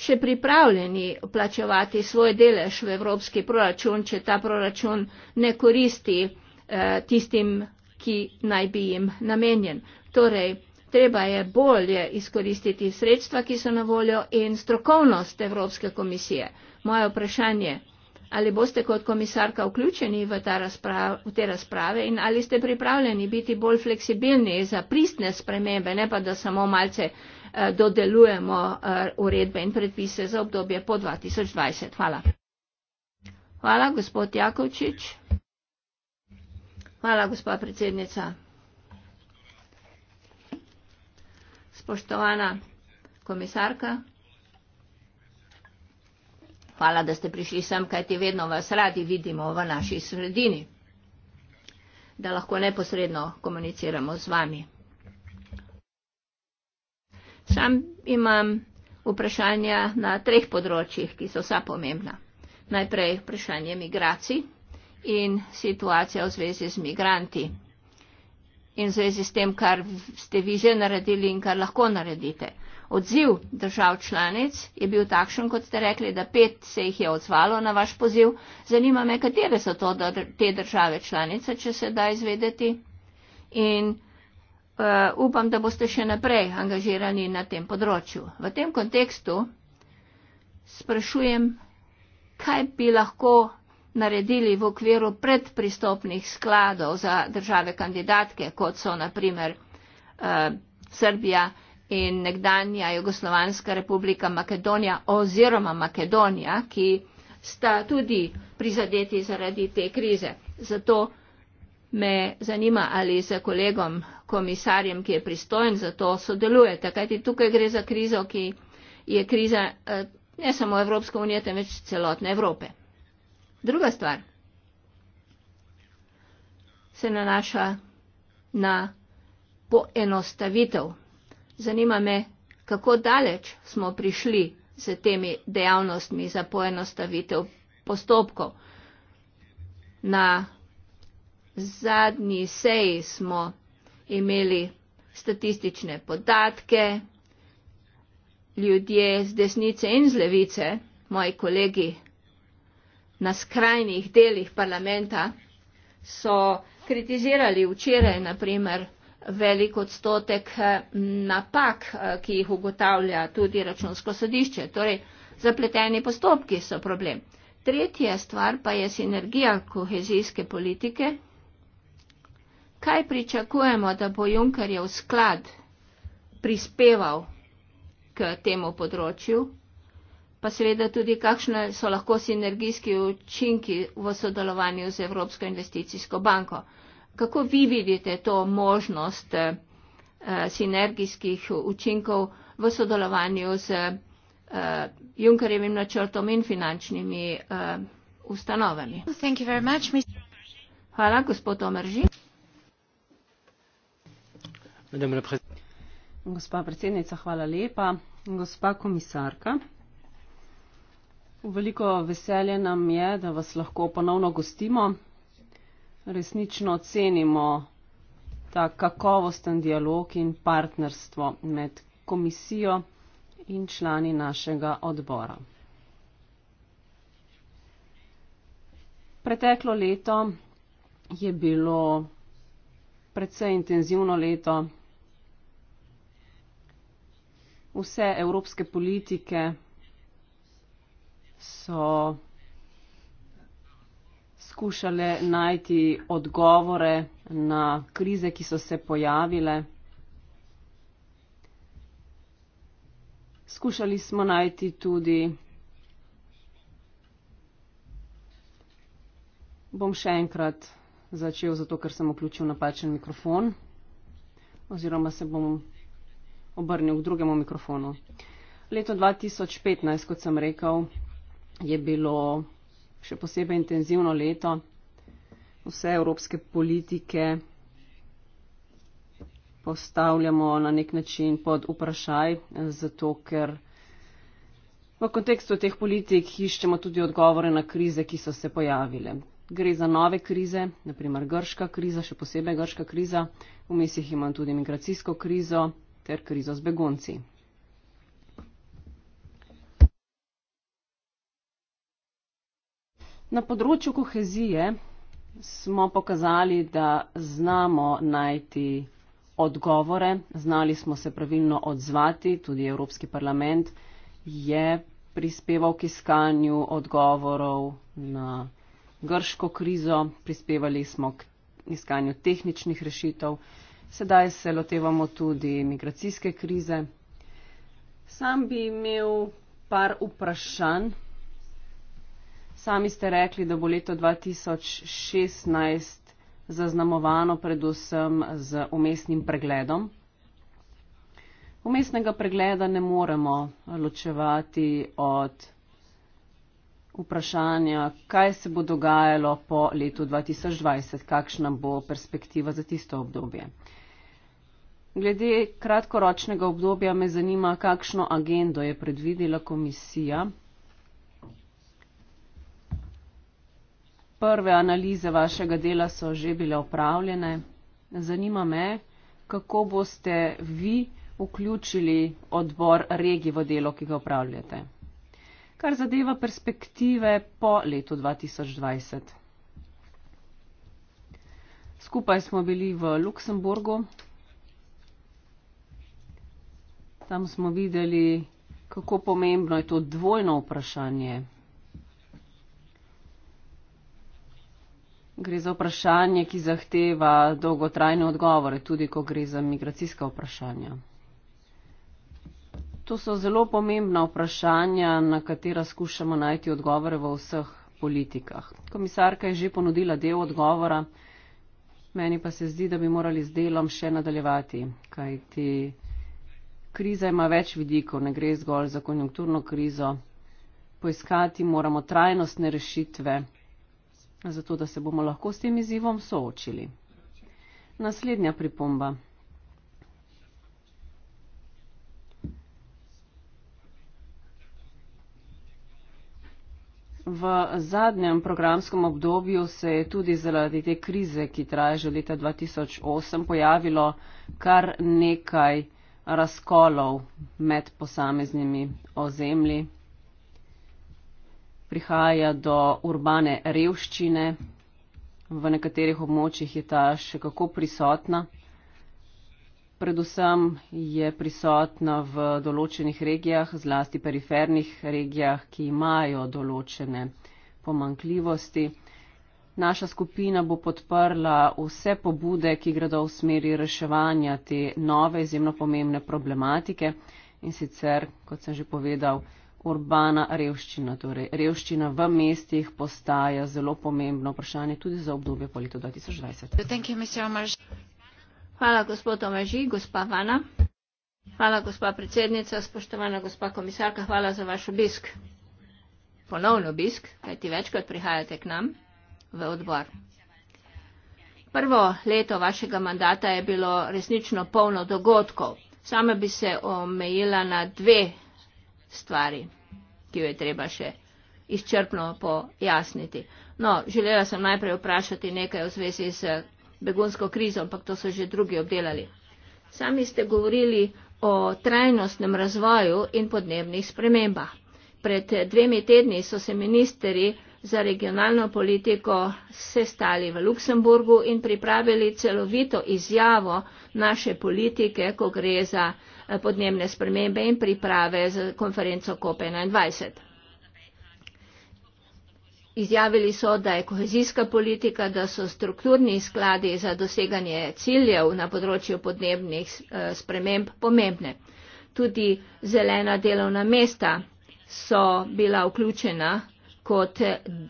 še pripravljeni plačevati svoj delež v evropski proračun, če ta proračun ne koristi eh, tistim, ki naj bi jim namenjen. Torej, treba je bolje izkoristiti sredstva, ki so na voljo in strokovnost Evropske komisije. Moje vprašanje je, ali boste kot komisarka vključeni v, razprav, v te razprave in ali ste pripravljeni biti bolj fleksibilni za pristne spremembe, ne pa da samo malce eh, dodelujemo eh, uredbe in predpise za obdobje po 2020. Hvala. Hvala, gospod Jakovčič. Hvala, gospod predsednica. Spoštovana komisarka. Hvala, da ste prišli sem, kajti vedno vas radi vidimo v naši sredini, da lahko neposredno komuniciramo z vami. Sam imam vprašanja na treh področjih, ki so vsa pomembna. Najprej vprašanje migracij in situacija v zvezi z migranti in v zvezi s tem, kar ste vi že naredili in kar lahko naredite odziv držav članic je bil takšen, kot ste rekli, da pet se jih je odzvalo na vaš poziv. Zanima me, katere so to dr te države članice, če se da izvedeti. In uh, upam, da boste še naprej angažirani na tem področju. V tem kontekstu sprašujem, kaj bi lahko naredili v okviru predpristopnih skladov za države kandidatke, kot so naprimer uh, eh, Srbija, in nekdanja Jugoslovanska republika Makedonija oziroma Makedonija, ki sta tudi prizadeti zaradi te krize. Zato me zanima, ali z kolegom komisarjem, ki je pristojen za to, sodelujete, kajti tukaj gre za krizo, ki je kriza eh, ne samo Evropske unije, temveč celotne Evrope. Druga stvar se nanaša na poenostavitev Zanima me, kako daleč smo prišli s temi dejavnostmi za poenostavitev postopkov. Na zadnji seji smo imeli statistične podatke, ljudje z desnice in z levice, moji kolegi na skrajnih delih parlamenta, so kritizirali včeraj, naprimer, velik odstotek eh, napak, eh, ki jih ugotavlja tudi računsko sodišče. Torej, zapleteni postopki so problem. Tretja stvar pa je sinergija kohezijske politike. Kaj pričakujemo, da bo Junkerjev sklad prispeval k temu področju? Pa seveda tudi, kakšne so lahko sinergijski učinki v sodelovanju z Evropsko investicijsko banko. Kako vi vidite to možnost eh, sinergijskih učinkov v sodelovanju z eh, Junkerjevim načrtom in finančnimi eh, ustanovami? Hvala, gospod Omerži. Gospa predsednica, hvala lepa. Gospa komisarka, veliko veselje nam je, da vas lahko ponovno gostimo resnično cenimo ta kakovosten dialog in partnerstvo med komisijo in člani našega odbora. Preteklo leto je bilo predvsej intenzivno leto. Vse evropske politike so skušale najti odgovore na krize, ki so se pojavile. Skušali smo najti tudi, bom še enkrat začel, zato ker sem vključil napačen mikrofon, oziroma se bom obrnil k drugemu mikrofonu. Leto 2015, kot sem rekel, je bilo še posebej intenzivno leto. Vse evropske politike postavljamo na nek način pod vprašaj, zato ker v kontekstu teh politik iščemo tudi odgovore na krize, ki so se pojavile. Gre za nove krize, naprimer grška kriza, še posebej grška kriza, v mislih imamo tudi migracijsko krizo ter krizo z begunci. Na področju kohezije smo pokazali, da znamo najti odgovore, znali smo se pravilno odzvati, tudi Evropski parlament je prispeval k iskanju odgovorov na grško krizo, prispevali smo k iskanju tehničnih rešitev, sedaj se lotevamo tudi migracijske krize. Sam bi imel par vprašanj. Sami ste rekli, da bo leto 2016 zaznamovano predvsem z umestnim pregledom. Umestnega pregleda ne moremo ločevati od vprašanja, kaj se bo dogajalo po letu 2020, kakšna bo perspektiva za tisto obdobje. Glede kratkoročnega obdobja me zanima, kakšno agendo je predvidela komisija prve analize vašega dela so že bile opravljene. Zanima me, kako boste vi vključili odbor regije v delo, ki ga upravljate. Kar zadeva perspektive po letu 2020. Skupaj smo bili v Luksemburgu. Tam smo videli, kako pomembno je to dvojno vprašanje Gre za vprašanje, ki zahteva dolgotrajne odgovore, tudi ko gre za migracijska vprašanja. To so zelo pomembna vprašanja, na katera skušamo najti odgovore v vseh politikah. Komisarka je že ponudila del odgovora, meni pa se zdi, da bi morali z delom še nadaljevati, kajti kriza ima več vidikov, ne gre zgolj za konjunkturno krizo. Poiskati moramo trajnostne rešitve zato da se bomo lahko s tem izzivom soočili. Naslednja pripomba. V zadnjem programskem obdobju se je tudi zaradi te krize, ki traja že leta 2008, pojavilo kar nekaj razkolov med posameznimi ozemlji prihaja do urbane revščine, v nekaterih območjih je ta še kako prisotna. Predvsem je prisotna v določenih regijah, zlasti perifernih regijah, ki imajo določene pomankljivosti. Naša skupina bo podprla vse pobude, ki gredo v smeri reševanja te nove izjemno pomembne problematike in sicer, kot sem že povedal, urbana revščina, torej revščina v mestih postaja zelo pomembno vprašanje tudi za obdobje po letu 2020. Hvala, gospod Omaži, gospa Vana. Hvala, gospa predsednica, spoštovana gospa komisarka, hvala za vaš obisk. Ponovno obisk, kajti večkrat prihajate k nam v odbor. Prvo leto vašega mandata je bilo resnično polno dogodkov. Sama bi se omejila na dve stvari, ki jo je treba še izčrpno pojasniti. No, želela sem najprej vprašati nekaj v zvezi s begunsko krizo, ampak to so že drugi obdelali. Sami ste govorili o trajnostnem razvoju in podnebnih spremembah. Pred dvemi tedni so se ministeri za regionalno politiko sestali v Luksemburgu in pripravili celovito izjavo naše politike, ko gre za Eh, podnebne spremembe in priprave z konferenco COP21. Izjavili so, da je kohezijska politika, da so strukturni skladi za doseganje ciljev na področju podnebnih eh, sprememb pomembne. Tudi zelena delovna mesta so bila vključena kot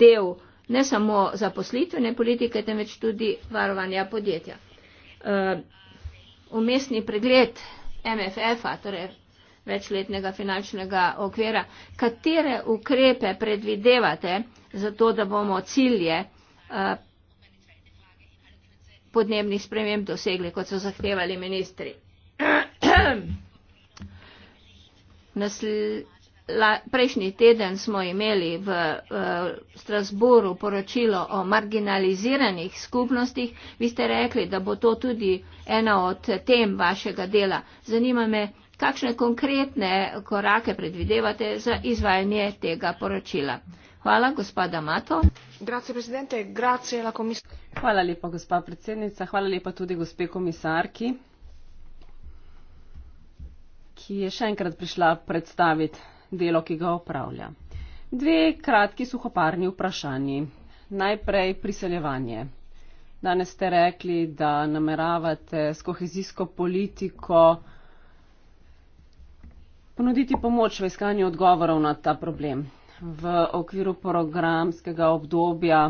del ne samo zaposlitvene politike, temveč tudi varovanja podjetja. Eh, umestni pregled MFF-a, torej večletnega finančnega okvira, katere ukrepe predvidevate za to, da bomo cilje podnebnih sprememb dosegli, kot so zahtevali ministri. Nasl la, prejšnji teden smo imeli v, v eh, Strasburu poročilo o marginaliziranih skupnostih. Vi ste rekli, da bo to tudi ena od tem vašega dela. Zanima me, kakšne konkretne korake predvidevate za izvajanje tega poročila. Hvala, gospoda Mato. Grazie, presidente. Grazie, la hvala lepa, gospa predsednica. Hvala lepa tudi gospe komisarki ki je še enkrat prišla predstaviti delo, ki ga opravlja. Dve kratki suhoparni vprašanji. Najprej priseljevanje. Danes ste rekli, da nameravate s kohezijsko politiko ponuditi pomoč v iskanju odgovorov na ta problem. V okviru programskega obdobja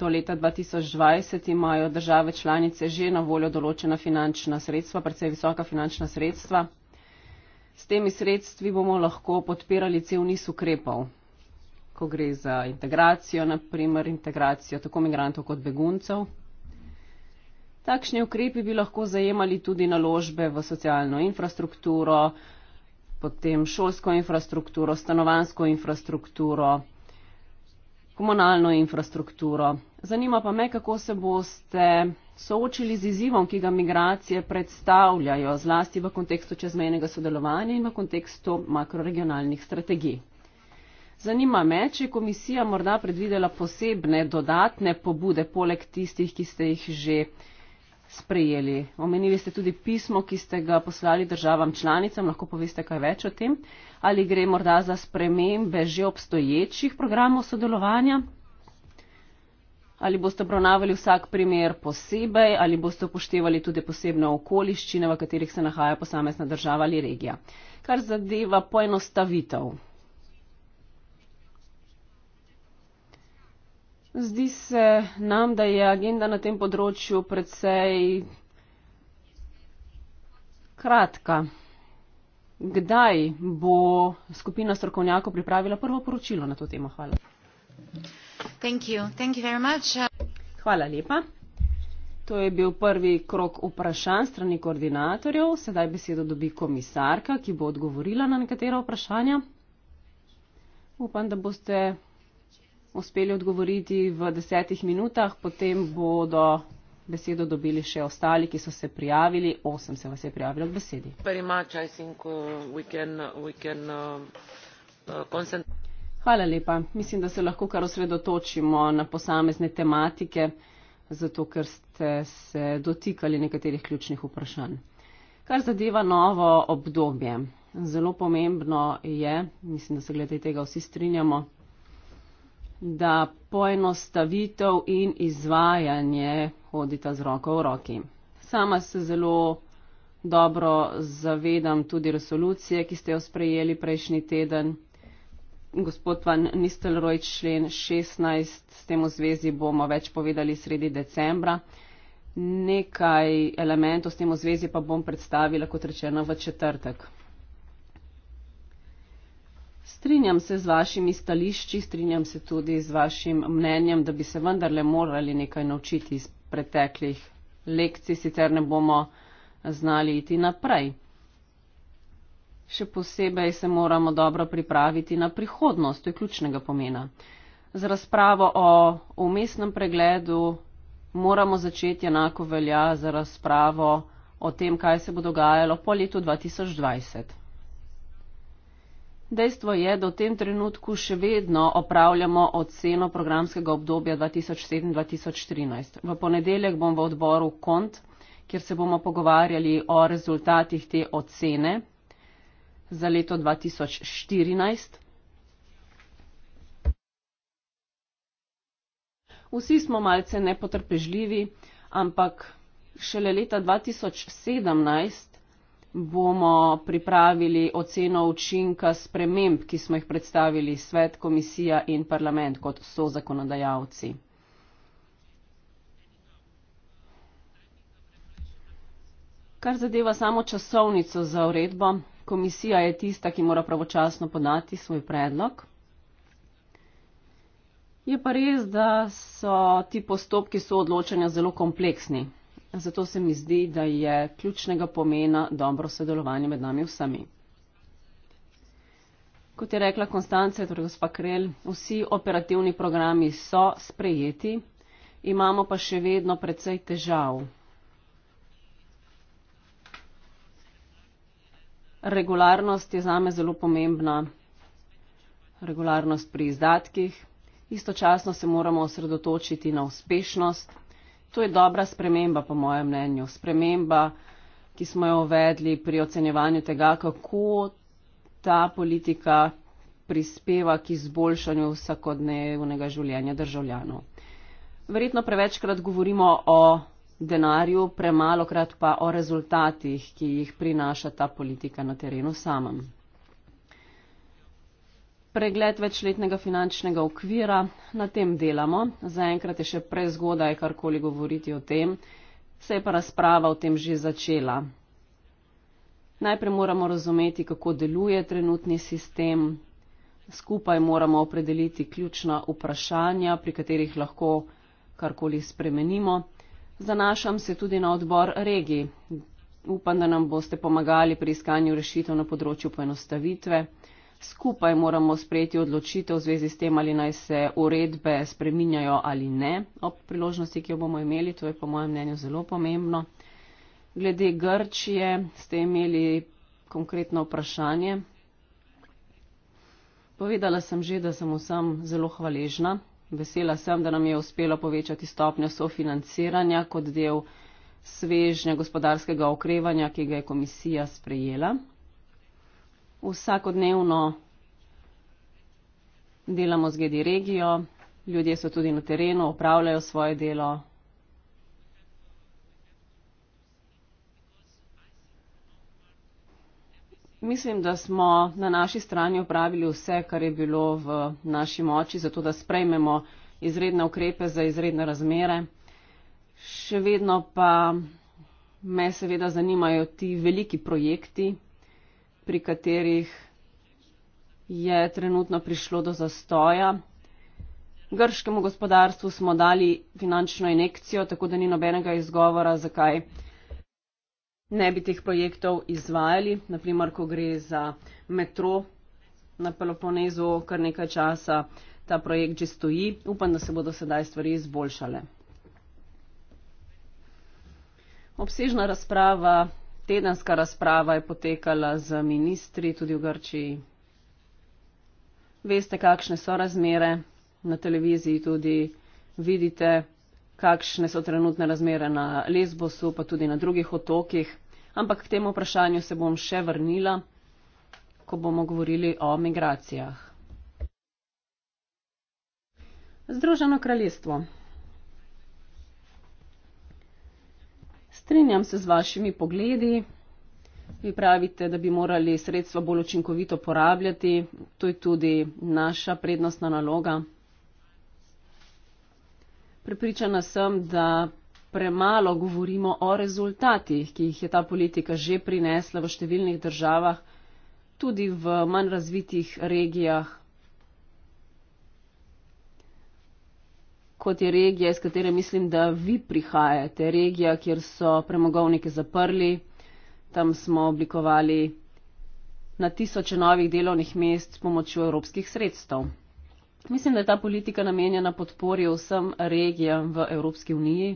do leta 2020 imajo države članice že na voljo določena finančna sredstva, predvsej visoka finančna sredstva. S temi sredstvi bomo lahko podpirali cel niz ukrepov, ko gre za integracijo, naprimer integracijo tako migrantov kot beguncev. Takšni ukrepi bi lahko zajemali tudi naložbe v socialno infrastrukturo, potem šolsko infrastrukturo, stanovansko infrastrukturo, komunalno infrastrukturo. Zanima pa me, kako se boste soočili z izzivom, ki ga migracije predstavljajo, zlasti v kontekstu čezmejnega sodelovanja in v kontekstu makroregionalnih strategij. Zanima me, če je komisija morda predvidela posebne dodatne pobude poleg tistih, ki ste jih že sprejeli. Omenili ste tudi pismo, ki ste ga poslali državam članicam, lahko poveste kaj več o tem, ali gre morda za spremembe že obstoječih programov sodelovanja Ali boste obravnavali vsak primer posebej, ali boste upoštevali tudi posebne okoliščine, v katerih se nahaja posamezna država ali regija. Kar zadeva poenostavitev. Zdi se nam, da je agenda na tem področju predvsej kratka. Kdaj bo skupina strokovnjakov pripravila prvo poročilo na to temo? Hvala. Hvala lepa. To je bil prvi krok vprašanj strani koordinatorjev. Sedaj besedo dobi komisarka, ki bo odgovorila na nekatera vprašanja. Upam, da boste uspeli odgovoriti v desetih minutah, potem bodo besedo dobili še ostali, ki so se prijavili. Osem se vas je prijavilo k besedi. Much, think, uh, we can, uh, we can, uh, uh, Hvala lepa. Mislim, da se lahko kar osredotočimo na posamezne tematike, zato ker ste se dotikali nekaterih ključnih vprašanj. Kar zadeva novo obdobje. Zelo pomembno je, mislim, da se glede tega vsi strinjamo, da poenostavitev in izvajanje hodita z roko v roki. Sama se zelo dobro zavedam tudi resolucije, ki ste jo sprejeli prejšnji teden gospod Van Nistelrooy člen 16, s tem v zvezi bomo več povedali sredi decembra. Nekaj elementov s tem v zvezi pa bom predstavila, kot rečeno, v četrtek. Strinjam se z vašimi stališči, strinjam se tudi z vašim mnenjem, da bi se vendarle morali nekaj naučiti iz preteklih lekcij, sicer ne bomo znali iti naprej. Še posebej se moramo dobro pripraviti na prihodnost, to je ključnega pomena. Z razpravo o umestnem pregledu moramo začeti enako velja za razpravo o tem, kaj se bo dogajalo po letu 2020. Dejstvo je, da v tem trenutku še vedno opravljamo oceno programskega obdobja 2007-2013. V ponedeljek bom v odboru KONT, kjer se bomo pogovarjali o rezultatih te ocene za leto 2014. Vsi smo malce nepotrpežljivi, ampak šele leta 2017 bomo pripravili oceno učinka sprememb, ki smo jih predstavili svet, komisija in parlament kot so zakonodajalci. Kar zadeva samo časovnico za uredbo, komisija je tista, ki mora pravočasno podati svoj predlog. Je pa res, da so ti postopki soodločanja zelo kompleksni. Zato se mi zdi, da je ključnega pomena dobro sodelovanje med nami vsemi. Kot je rekla Konstance, torej gospa Krel, vsi operativni programi so sprejeti, imamo pa še vedno precej težav. regularnost je zame zelo pomembna. Regularnost pri izdatkih. Istočasno se moramo osredotočiti na uspešnost. To je dobra sprememba, po mojem mnenju. Sprememba, ki smo jo uvedli pri ocenjevanju tega, kako ta politika prispeva k izboljšanju vsakodnevnega življenja državljanov. Verjetno prevečkrat govorimo o denarju, premalokrat pa o rezultatih, ki jih prinaša ta politika na terenu samem. Pregled večletnega finančnega okvira, na tem delamo. Zaenkrat je še prezgodaj karkoli govoriti o tem, se je pa razprava o tem že začela. Najprej moramo razumeti, kako deluje trenutni sistem. Skupaj moramo opredeliti ključna vprašanja, pri katerih lahko karkoli spremenimo. Zanašam se tudi na odbor regij. Upam, da nam boste pomagali pri iskanju rešitev na področju poenostavitve. Skupaj moramo sprejeti odločitev v zvezi s tem, ali naj se uredbe spreminjajo ali ne ob priložnosti, ki jo bomo imeli. To je po mojem mnenju zelo pomembno. Glede Grčije ste imeli konkretno vprašanje. Povedala sem že, da sem vsem zelo hvaležna Vesela sem, da nam je uspelo povečati stopnjo sofinanciranja kot del svežnja gospodarskega okrevanja, ki ga je komisija sprejela. Vsakodnevno delamo z GD regijo, ljudje so tudi na terenu, opravljajo svoje delo, Mislim, da smo na naši strani opravili vse, kar je bilo v naši moči, zato da sprejmemo izredne ukrepe za izredne razmere. Še vedno pa me seveda zanimajo ti veliki projekti, pri katerih je trenutno prišlo do zastoja. Grškemu gospodarstvu smo dali finančno injekcijo, tako da ni nobenega izgovora, zakaj ne bi teh projektov izvajali, naprimer, ko gre za metro na Peloponezu, kar nekaj časa ta projekt že stoji. Upam, da se bodo sedaj stvari izboljšale. Obsežna razprava, tedenska razprava je potekala z ministri tudi v Grčiji. Veste, kakšne so razmere, na televiziji tudi vidite, kakšne so trenutne razmere na Lesbosu, pa tudi na drugih otokih. Ampak k temu vprašanju se bom še vrnila, ko bomo govorili o migracijah. Združeno kraljestvo. Strinjam se z vašimi pogledi. Vi pravite, da bi morali sredstva bolj učinkovito porabljati. To je tudi naša prednostna naloga. Pripričana sem, da premalo govorimo o rezultatih, ki jih je ta politika že prinesla v številnih državah, tudi v manj razvitih regijah, kot je regija, iz katere mislim, da vi prihajate, regija, kjer so premogovnike zaprli, tam smo oblikovali na tisoče novih delovnih mest s pomočjo evropskih sredstev. Mislim, da je ta politika namenjena podporju vsem regijam v Evropski uniji.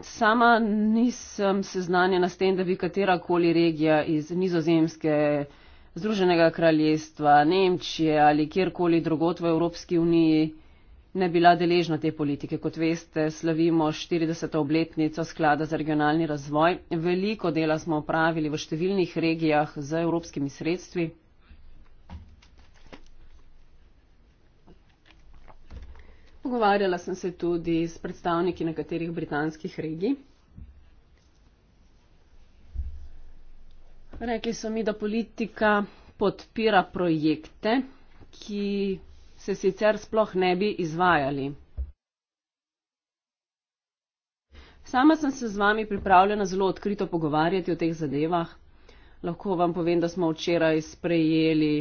Sama nisem seznanjena s tem, da bi katerakoli regija iz nizozemske, Združenega kraljestva, Nemčije ali kjerkoli drugot v Evropski uniji ne bila deležna te politike. Kot veste, slavimo 40. obletnico sklada za regionalni razvoj. Veliko dela smo opravili v številnih regijah z evropskimi sredstvi. Pogovarjala sem se tudi s predstavniki nekaterih britanskih regij. Rekli so mi, da politika podpira projekte, ki se sicer sploh ne bi izvajali. Sama sem se z vami pripravljena zelo odkrito pogovarjati o teh zadevah. Lahko vam povem, da smo včeraj sprejeli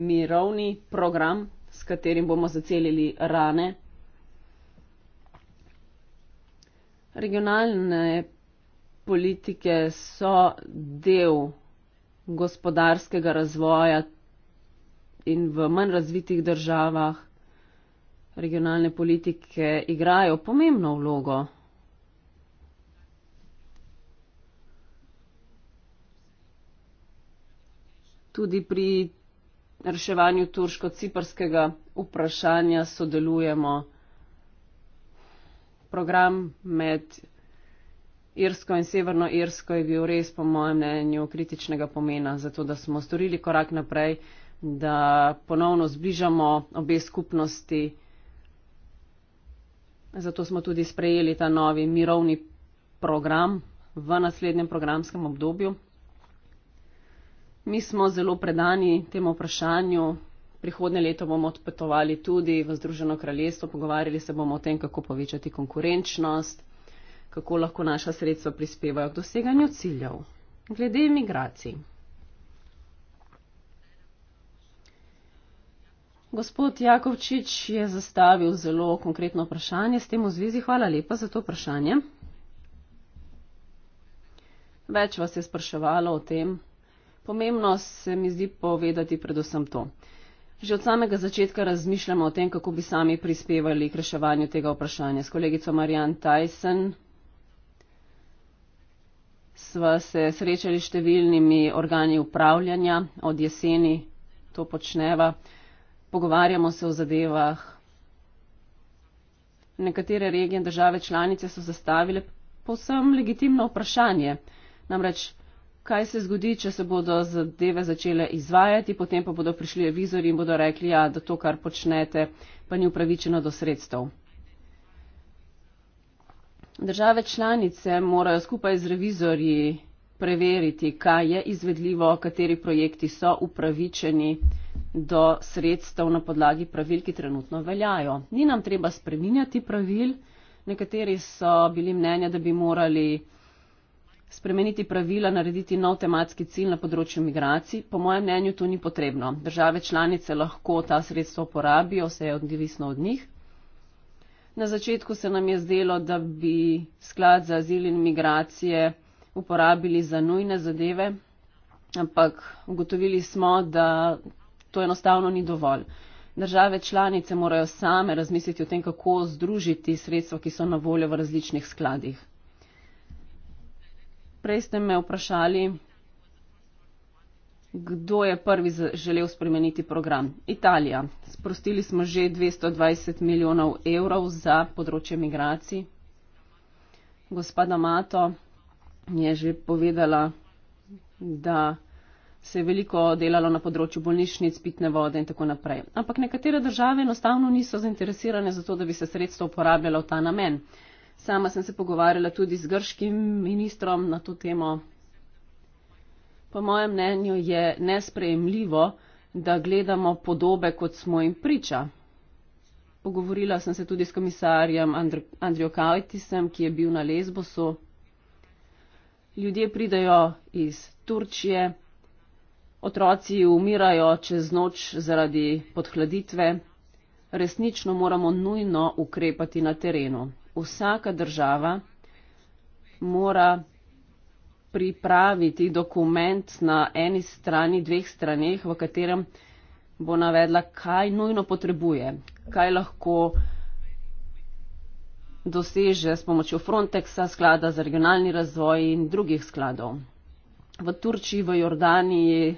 mirovni program, s katerim bomo zacelili rane. Regionalne politike so del gospodarskega razvoja in v manj razvitih državah regionalne politike igrajo pomembno vlogo. Tudi pri reševanju turško-ciprskega vprašanja sodelujemo program med Irsko in Severno Irsko je bil res, po mojem mnenju, kritičnega pomena, zato da smo storili korak naprej, da ponovno zbližamo obe skupnosti. Zato smo tudi sprejeli ta novi mirovni program v naslednjem programskem obdobju. Mi smo zelo predani temu vprašanju. Prihodne leto bomo odpetovali tudi v Združeno kraljestvo, pogovarjali se bomo o tem, kako povečati konkurenčnost, kako lahko naša sredstva prispevajo k doseganju ciljev. Glede imigracij. Gospod Jakovčič je zastavil zelo konkretno vprašanje s tem v zvezi. Hvala lepa za to vprašanje. Več vas je spraševalo o tem, Pomembno se mi zdi povedati predvsem to. Že od samega začetka razmišljamo o tem, kako bi sami prispevali k reševanju tega vprašanja. S kolegico Marjan Tyson sva se srečali številnimi organi upravljanja od jeseni, to počneva, pogovarjamo se o zadevah. Nekatere regije in države članice so zastavile povsem legitimno vprašanje. Namreč kaj se zgodi, če se bodo zadeve začele izvajati, potem pa bodo prišli revizori in bodo rekli, ja, da to, kar počnete, pa ni upravičeno do sredstev. Države članice morajo skupaj z revizori preveriti, kaj je izvedljivo, kateri projekti so upravičeni do sredstev na podlagi pravil, ki trenutno veljajo. Ni nam treba spreminjati pravil. Nekateri so bili mnenja, da bi morali spremeniti pravila, narediti nov tematski cilj na področju migracij. Po mojem mnenju to ni potrebno. Države članice lahko ta sredstvo uporabijo, vse je odvisno od njih. Na začetku se nam je zdelo, da bi sklad za azil in migracije uporabili za nujne zadeve, ampak ugotovili smo, da to enostavno ni dovolj. Države članice morajo same razmisliti o tem, kako združiti sredstva, ki so na voljo v različnih skladih. Prej ste me vprašali, kdo je prvi želel spremeniti program. Italija. Sprostili smo že 220 milijonov evrov za področje migracij. Gospoda Mato je že povedala, da se je veliko delalo na področju bolnišnic, pitne vode in tako naprej. Ampak nekatere države enostavno niso zainteresirane za to, da bi se sredstvo uporabljalo v ta namen. Sama sem se pogovarjala tudi z grškim ministrom na to temo. Po mojem mnenju je nesprejemljivo, da gledamo podobe, kot smo jim priča. Pogovorila sem se tudi s komisarjem Andr Andrijo Kavitisem, ki je bil na Lesbosu. Ljudje pridajo iz Turčije, otroci umirajo čez noč zaradi podhladitve. Resnično moramo nujno ukrepati na terenu vsaka država mora pripraviti dokument na eni strani, dveh straneh, v katerem bo navedla, kaj nujno potrebuje, kaj lahko doseže s pomočjo Frontexa, sklada za regionalni razvoj in drugih skladov. V Turčiji, v Jordaniji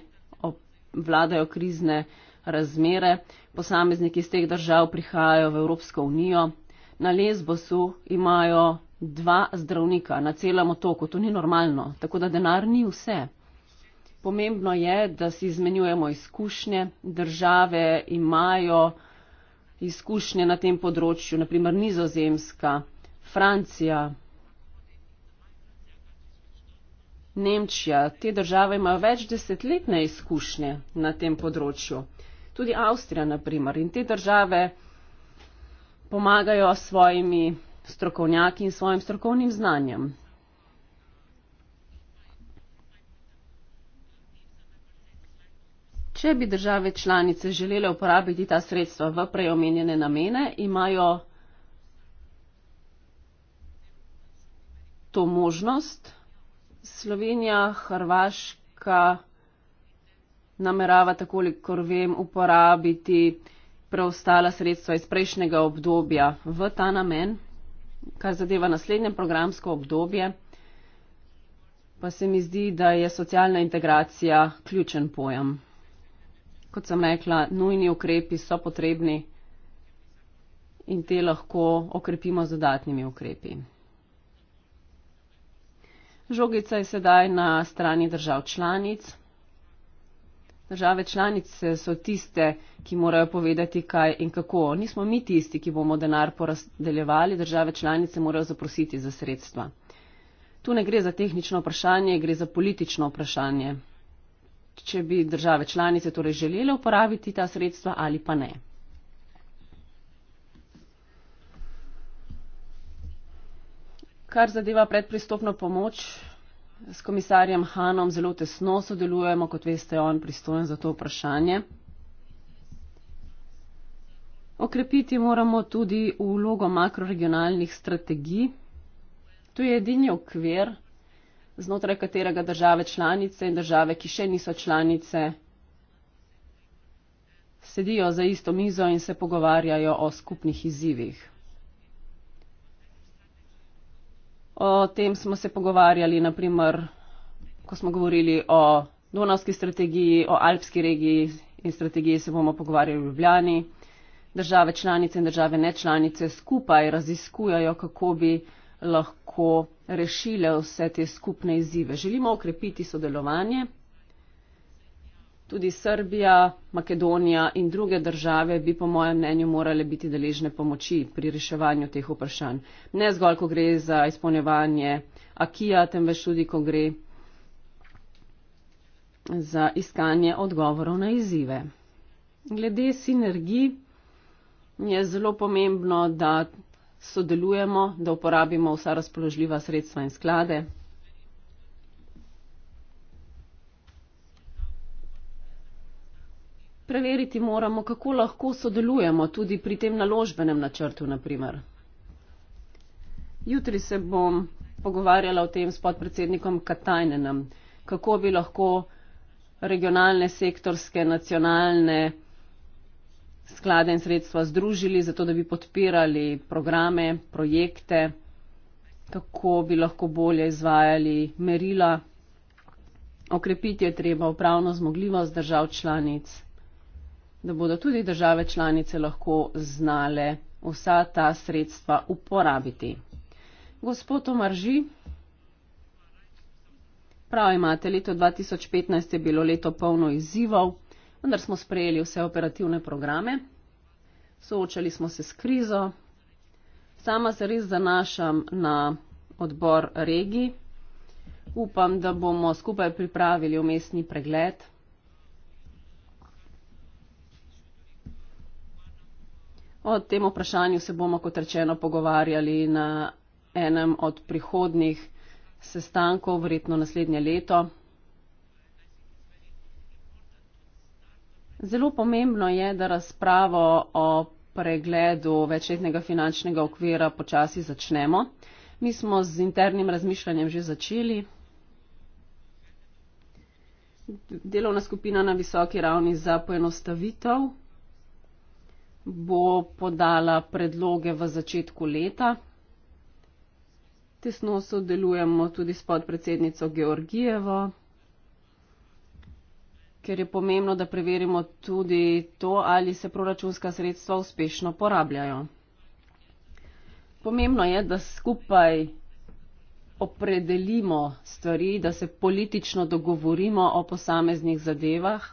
vladajo krizne razmere, posamezniki iz teh držav prihajajo v Evropsko unijo na Lesbosu imajo dva zdravnika na celem otoku. To ni normalno. Tako da denar ni vse. Pomembno je, da si izmenjujemo izkušnje. Države imajo izkušnje na tem področju, naprimer Nizozemska, Francija, Nemčija. Te države imajo več desetletne izkušnje na tem področju. Tudi Avstrija, naprimer. In te države pomagajo s svojimi strokovnjaki in svojim strokovnim znanjem. Če bi države članice želele uporabiti ta sredstva v preomenjene namene, imajo to možnost. Slovenija, Hrvaška namerava, tako kot vem, uporabiti preostala sredstva iz prejšnjega obdobja v ta namen, kar zadeva naslednje programsko obdobje, pa se mi zdi, da je socialna integracija ključen pojem. Kot sem rekla, nujni ukrepi so potrebni in te lahko okrepimo z dodatnimi ukrepi. Žogica je sedaj na strani držav članic. Države članice so tiste, ki morajo povedati, kaj in kako. Nismo mi tisti, ki bomo denar porazdeljevali, države članice morajo zaprositi za sredstva. Tu ne gre za tehnično vprašanje, gre za politično vprašanje. Če bi države članice torej želele uporabiti ta sredstva ali pa ne. Kar zadeva predpristopno pomoč, s komisarjem Hanom zelo tesno sodelujemo, kot veste, on pristojen za to vprašanje. Okrepiti moramo tudi vlogo makroregionalnih strategij. To je edini okvir, znotraj katerega države članice in države, ki še niso članice, sedijo za isto mizo in se pogovarjajo o skupnih izzivih. O tem smo se pogovarjali, naprimer, ko smo govorili o Donavski strategiji, o Alpski regiji in strategiji se bomo pogovarjali v Ljubljani. Države članice in države nečlanice skupaj raziskujajo, kako bi lahko rešile vse te skupne izzive. Želimo okrepiti sodelovanje tudi Srbija, Makedonija in druge države bi po mojem mnenju morale biti deležne pomoči pri reševanju teh vprašanj. Ne zgolj, ko gre za izpolnjevanje akija, temveč tudi, ko gre za iskanje odgovorov na izzive. Glede sinergij je zelo pomembno, da sodelujemo, da uporabimo vsa razpoložljiva sredstva in sklade, preveriti moramo, kako lahko sodelujemo tudi pri tem naložbenem načrtu, naprimer. Jutri se bom pogovarjala o tem s podpredsednikom Katajnenem, kako bi lahko regionalne, sektorske, nacionalne sklade in sredstva združili, zato da bi podpirali programe, projekte, kako bi lahko bolje izvajali merila. Okrepiti je treba upravno zmogljivost držav članic da bodo tudi države članice lahko znale vsa ta sredstva uporabiti. Gospod Omarži, prav imate, leto 2015 je bilo leto polno izzivov, vendar smo sprejeli vse operativne programe, soočali smo se s krizo. Sama se res zanašam na odbor regij. Upam, da bomo skupaj pripravili umestni pregled O tem vprašanju se bomo, kot rečeno, pogovarjali na enem od prihodnih sestankov, verjetno naslednje leto. Zelo pomembno je, da razpravo o pregledu večletnega finančnega okvira počasi začnemo. Mi smo z internim razmišljanjem že začeli. Delovna skupina na visoki ravni za poenostavitev bo podala predloge v začetku leta. Tesno sodelujemo tudi s podpredsednico Georgijevo, ker je pomembno, da preverimo tudi to, ali se proračunska sredstva uspešno porabljajo. Pomembno je, da skupaj opredelimo stvari, da se politično dogovorimo o posameznih zadevah,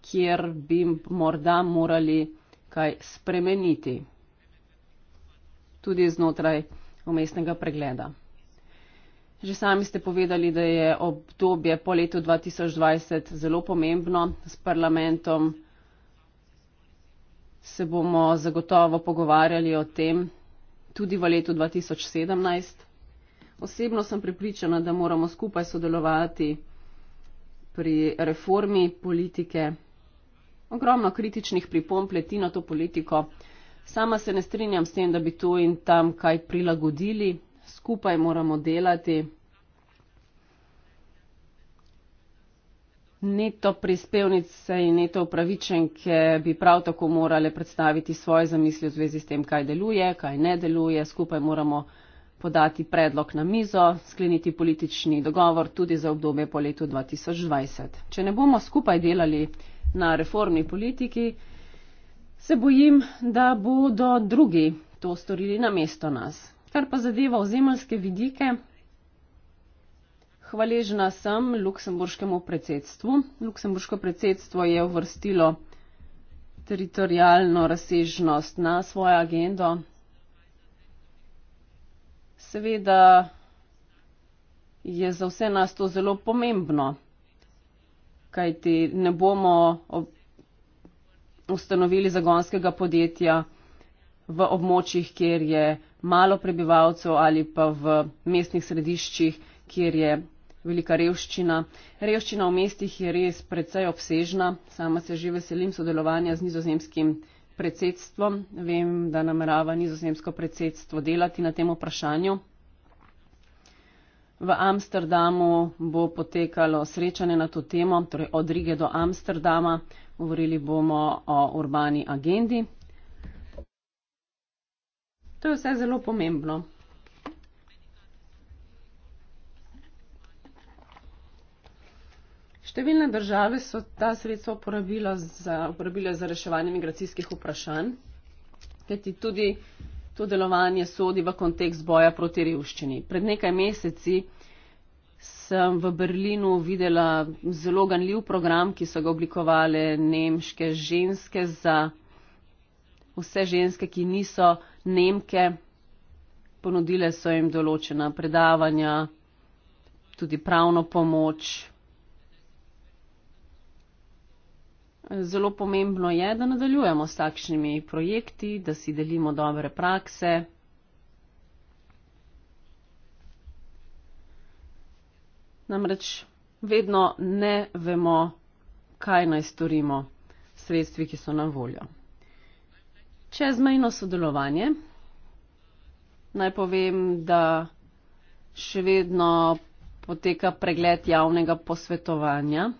kjer bi morda morali kaj spremeniti tudi znotraj umestnega pregleda. Že sami ste povedali, da je obdobje po letu 2020 zelo pomembno s parlamentom. Se bomo zagotovo pogovarjali o tem tudi v letu 2017. Osebno sem pripričana, da moramo skupaj sodelovati pri reformi politike ogromno kritičnih pripomb leti na to politiko. Sama se ne strinjam s tem, da bi tu in tam kaj prilagodili, skupaj moramo delati. Neto prispevnice in neto upravičenke bi prav tako morale predstaviti svoje zamisli v zvezi s tem, kaj deluje, kaj ne deluje. Skupaj moramo podati predlog na mizo, skleniti politični dogovor tudi za obdobje po letu 2020. Če ne bomo skupaj delali, na reformni politiki, se bojim, da bodo drugi to storili na mesto nas. Kar pa zadeva ozemljske vidike, hvaležna sem luksemburškemu predsedstvu. Luksemburško predsedstvo je uvrstilo teritorijalno razsežnost na svojo agendo. Seveda je za vse nas to zelo pomembno kajti ne bomo ustanovili zagonskega podjetja v območjih, kjer je malo prebivalcev ali pa v mestnih središčih, kjer je velika revščina. Revščina v mestih je res precej obsežna. Sama se že veselim sodelovanja z nizozemskim predsedstvom. Vem, da namerava nizozemsko predsedstvo delati na tem vprašanju. V Amsterdamu bo potekalo srečanje na to temo, torej od Rige do Amsterdama. Govorili bomo o urbani agendi. To je vse zelo pomembno. Številne države so ta sredstva uporabile za, za reševanje migracijskih vprašanj, kajti tudi To delovanje sodi v kontekst boja proti revščini. Pred nekaj meseci sem v Berlinu videla zelo ganljiv program, ki so ga oblikovale nemške ženske za vse ženske, ki niso nemke. Ponudile so jim določena predavanja, tudi pravno pomoč, Zelo pomembno je, da nadaljujemo s takšnimi projekti, da si delimo dobre prakse. Namreč vedno ne vemo, kaj naj storimo s sredstvi, ki so na voljo. Čezmejno sodelovanje. Naj povem, da še vedno poteka pregled javnega posvetovanja.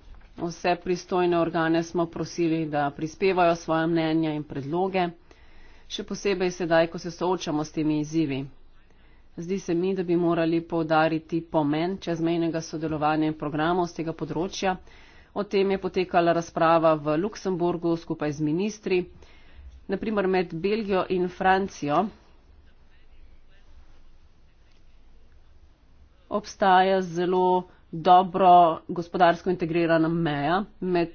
Vse pristojne organe smo prosili, da prispevajo svoje mnenja in predloge, še posebej sedaj, ko se soočamo s temi izzivi. Zdi se mi, da bi morali povdariti pomen čezmejnega sodelovanja in programov z tega področja. O tem je potekala razprava v Luksemburgu skupaj z ministri, naprimer med Belgijo in Francijo. Obstaja zelo dobro gospodarsko integrirana meja med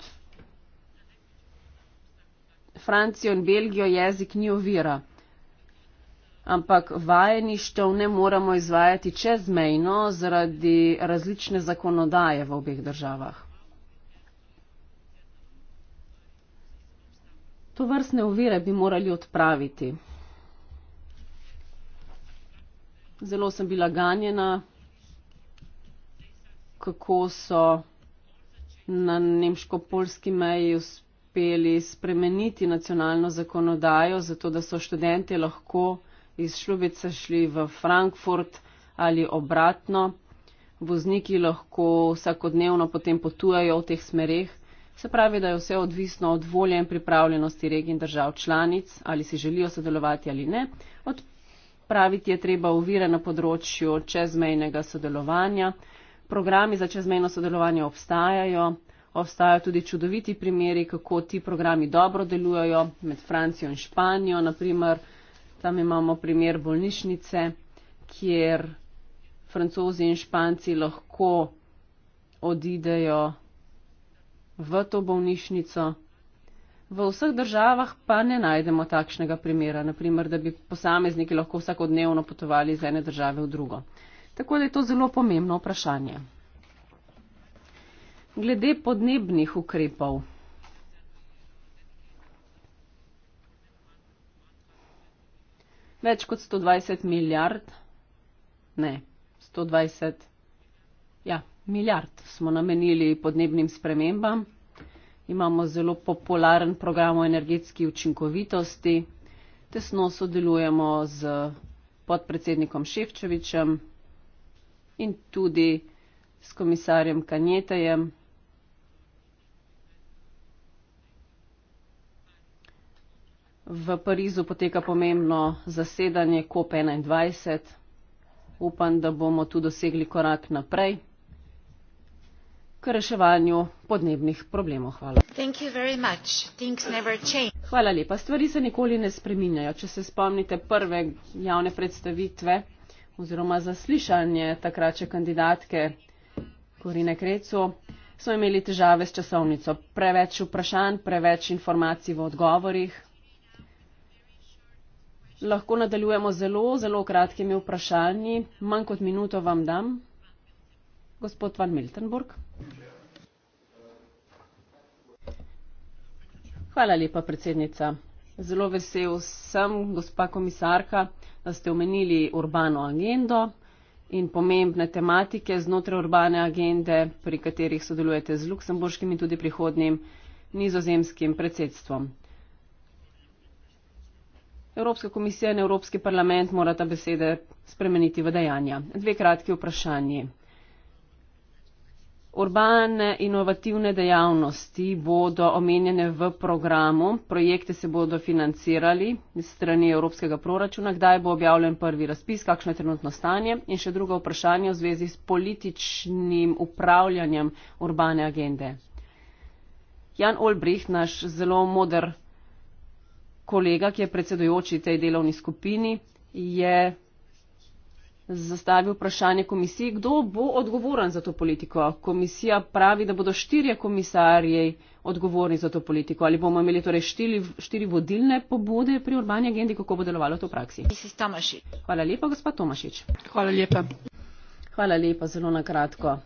Francijo in Belgijo jezik ni ovira, ampak vajeništev ne moremo izvajati čezmejno zaradi različne zakonodaje v obeh državah. To vrstne ovire bi morali odpraviti. Zelo sem bila ganjena kako so na nemško-polski meji uspeli spremeniti nacionalno zakonodajo, zato da so študente lahko iz Šlubice šli v Frankfurt ali obratno. Vozniki lahko vsakodnevno potem potujajo v teh smereh. Se pravi, da je vse odvisno od volje in pripravljenosti regij in držav članic, ali si želijo sodelovati ali ne. Odpraviti je treba uvire na področju čezmejnega sodelovanja programi za čezmejno sodelovanje obstajajo. Obstajajo tudi čudoviti primeri, kako ti programi dobro delujejo med Francijo in Španijo. Naprimer, tam imamo primer bolnišnice, kjer francozi in španci lahko odidejo v to bolnišnico. V vseh državah pa ne najdemo takšnega primera, naprimer, da bi posamezniki lahko vsakodnevno potovali iz ene države v drugo. Tako da je to zelo pomembno vprašanje. Glede podnebnih ukrepov. Več kot 120 milijard, ne, 120, ja, milijard smo namenili podnebnim spremembam. Imamo zelo popularen program o energetski učinkovitosti. Tesno sodelujemo z podpredsednikom Ševčevičem, in tudi s komisarjem Kanjetajem. V Parizu poteka pomembno zasedanje COP21. Upam, da bomo tu dosegli korak naprej k reševanju podnebnih problemov. Hvala. Hvala lepa. Stvari se nikoli ne spreminjajo. Če se spomnite prve javne predstavitve, oziroma zaslišanje takrače kandidatke Korine Krecu, smo imeli težave s časovnico. Preveč vprašanj, preveč informacij v odgovorih. Lahko nadaljujemo zelo, zelo kratkimi vprašanji. Manj kot minuto vam dam. Gospod Van Miltenburg. Hvala lepa, predsednica. Zelo vesel sem, gospa komisarka, da ste omenili urbano agendo in pomembne tematike znotraj urbane agende, pri katerih sodelujete z luksemburškim in tudi prihodnim nizozemskim predsedstvom. Evropska komisija in Evropski parlament morata besede spremeniti v dejanja. Dve kratki vprašanje. Urbane inovativne dejavnosti bodo omenjene v programu, projekte se bodo financirali strani Evropskega proračuna, kdaj bo objavljen prvi razpis, kakšno je trenutno stanje in še drugo vprašanje v zvezi s političnim upravljanjem urbane agende. Jan Olbricht, naš zelo moder kolega, ki je predsedujoči tej delovni skupini, je zastavil vprašanje komisiji, kdo bo odgovoren za to politiko. Komisija pravi, da bodo štirje komisarji odgovorni za to politiko. Ali bomo imeli torej štiri, štiri vodilne pobude pri urbani agendi, kako bo delovalo to v praksi? Hvala lepa, gospod Tomašič. Hvala lepa. Hvala lepa, zelo na kratko.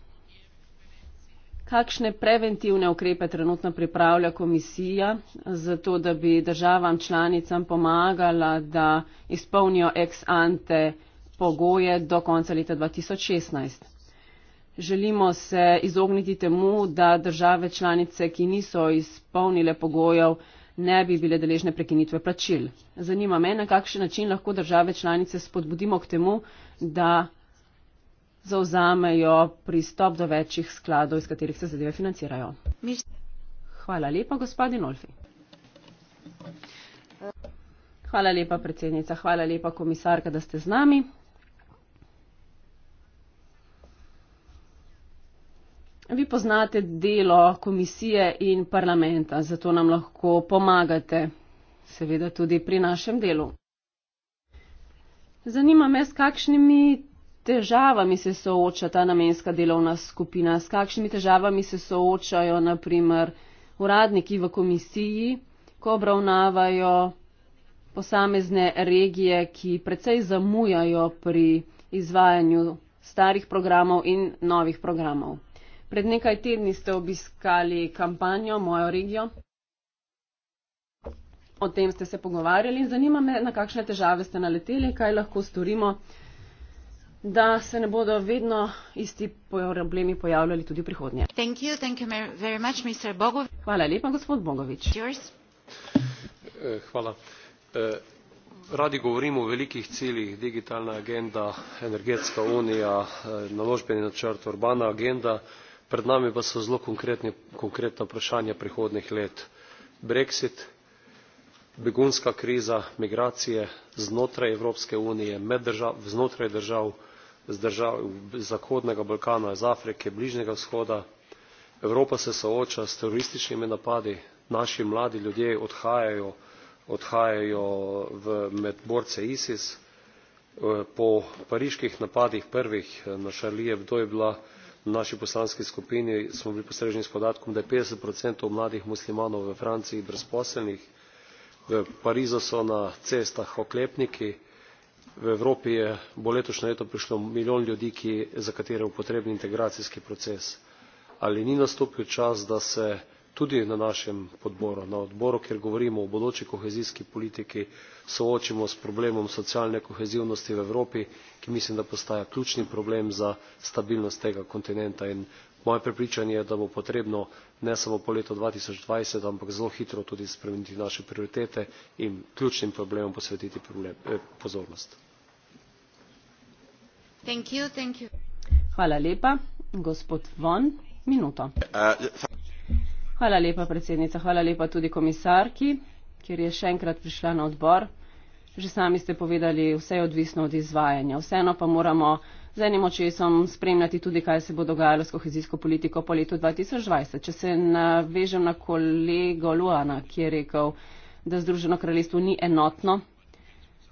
Kakšne preventivne ukrepe trenutno pripravlja komisija, zato da bi državam članicam pomagala, da izpolnijo ex ante pogoje do konca leta 2016. Želimo se izogniti temu, da države članice, ki niso izpolnile pogojev, ne bi bile deležne prekinitve plačil. Zanima me, na kakšen način lahko države članice spodbudimo k temu, da zauzamejo pristop do večjih skladov, iz katerih se zadeve financirajo. Hvala lepa, gospodin Olfi. Hvala lepa, predsednica. Hvala lepa, komisarka, da ste z nami. Vi poznate delo komisije in parlamenta, zato nam lahko pomagate, seveda tudi pri našem delu. Zanima me, s kakšnimi težavami se sooča ta namenska delovna skupina, s kakšnimi težavami se soočajo naprimer uradniki v komisiji, ko obravnavajo posamezne regije, ki precej zamujajo pri izvajanju starih programov in novih programov. Pred nekaj tedni ste obiskali kampanjo Mojo regijo. O tem ste se pogovarjali in zanima me, na kakšne težave ste naleteli, kaj lahko storimo, da se ne bodo vedno isti problemi pojavljali tudi prihodnje. Thank you, thank you much, Hvala lepa, gospod Bogovič. Eh, hvala. Eh, radi govorimo o velikih ciljih, digitalna agenda, energetska unija, eh, naložbeni načrt, urbana agenda pred nami pa so zelo konkretna vprašanja prihodnjih let brexit begunska kriza migracije znotraj evropske unije znotraj držav zahodnega balkana iz afrike bližnjega vzhoda evropa se sooča s terorističnimi napadi naši mladi ljudje odhajajo odhajajo v med borce isis po pariških napadih prvih eh, na charlie hebdo je bila v naši poslanski skupini smo bili postreženi s podatkom da je petdeset mladih muslimanov v franciji brezposelnih v parizu so na cestah oklepniki v evropi je bo letošnje leto prišlo milijon ljudi ki, za katere je potreben integracijski proces. ali ni nastopil čas da se tudi na našem odboru na odboru kjer govorimo o bodoči kohezijski politiki soočimo s problemom socialne kohezivnosti v evropi ki mislim da postaja ključni problem za stabilnost tega kontinenta in moje prepričanje je da bo potrebno ne samo po letu dva tisoč dvajset ampak zelo hitro tudi spremeniti naše prioritete in ključnim problemom posvetiti eh, pozornost. Hvala lepa, predsednica. Hvala lepa tudi komisarki, ker je še enkrat prišla na odbor. Že sami ste povedali, vse je odvisno od izvajanja. Vseeno pa moramo z enim očesom spremljati tudi, kaj se bo dogajalo s kohezijsko politiko po letu 2020. Če se navežem na kolego Luana, ki je rekel, da Združeno kraljestvo ni enotno,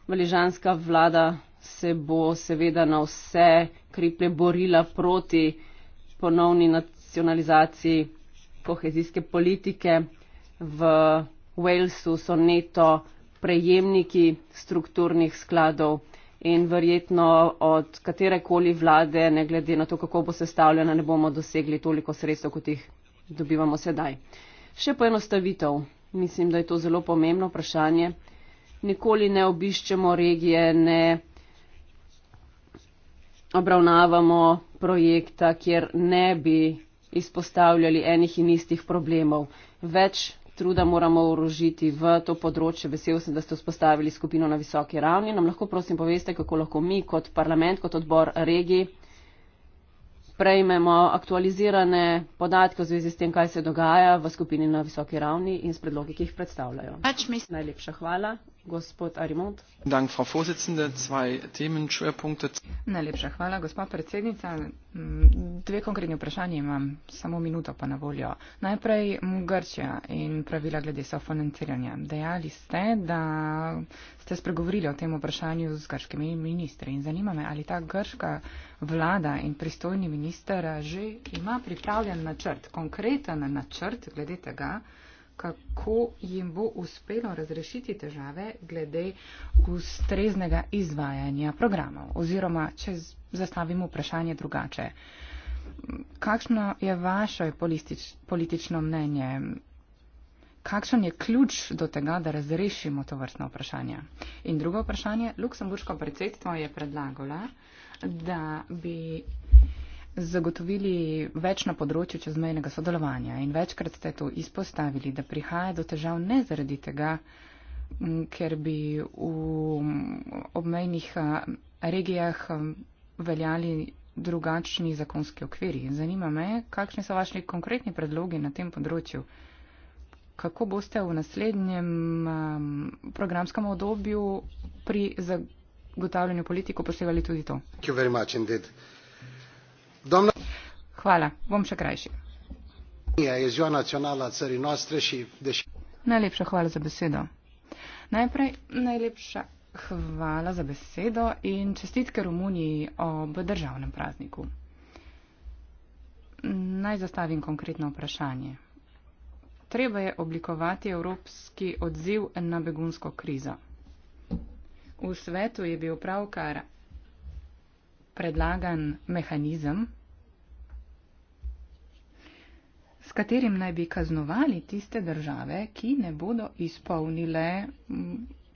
valižanska vlada se bo seveda na vse kriple borila proti ponovni nacionalizaciji kohezijske politike v Walesu so neto prejemniki strukturnih skladov in verjetno od katerekoli vlade, ne glede na to, kako bo sestavljena, ne bomo dosegli toliko sredstev, kot jih dobivamo sedaj. Še poenostavitev. Mislim, da je to zelo pomembno vprašanje. Nikoli ne obiščemo regije, ne obravnavamo projekta, kjer ne bi izpostavljali enih in istih problemov. Več truda moramo urožiti v to področje. Vesel sem, da ste vzpostavili skupino na visoki ravni. Nam lahko prosim poveste, kako lahko mi kot parlament, kot odbor regiji prejmemo aktualizirane podatke v zvezi s tem, kaj se dogaja v skupini na visoki ravni in s predlogi, ki jih predstavljajo. Pač Najlepša hvala. Frau Vorsitzende, zwei Themenschwerpunkte. Najlepša hvala, gospa predsednica. Dve konkretni vprašanje imam, samo minuto pa na voljo. Najprej Grčija in pravila glede sofinanciranja. Dejali ste, da ste spregovorili o tem vprašanju z grškimi ministri in zanima me, ali ta grška vlada in pristojni minister že ima pripravljen načrt, konkreten načrt glede tega, kako jim bo uspelo razrešiti težave glede ustreznega izvajanja programov. Oziroma, če zastavimo vprašanje drugače, kakšno je vaše politič, politično mnenje? Kakšen je ključ do tega, da razrešimo to vrstno vprašanje? In drugo vprašanje, Luksemburško predsedstvo je predlagala, da bi zagotovili več na področju čezmejnega sodelovanja in večkrat ste to izpostavili, da prihaja do težav ne zaradi tega, ker bi v obmejnih regijah veljali drugačni zakonski okviri. Zanima me, kakšni so vaši konkretni predlogi na tem področju. Kako boste v naslednjem programskem obdobju pri zagotavljanju politiko posegali tudi to? Hvala lepa, Indeed. Hvala, bom še krajši. E najlepša hvala za besedo. Najprej najlepša hvala za besedo in čestitke Romuniji ob državnem prazniku. Naj zastavim konkretno vprašanje. Treba je oblikovati evropski odziv na begunsko krizo. V svetu je bil pravkar predlagan mehanizem, s katerim naj bi kaznovali tiste države, ki ne bodo izpolnile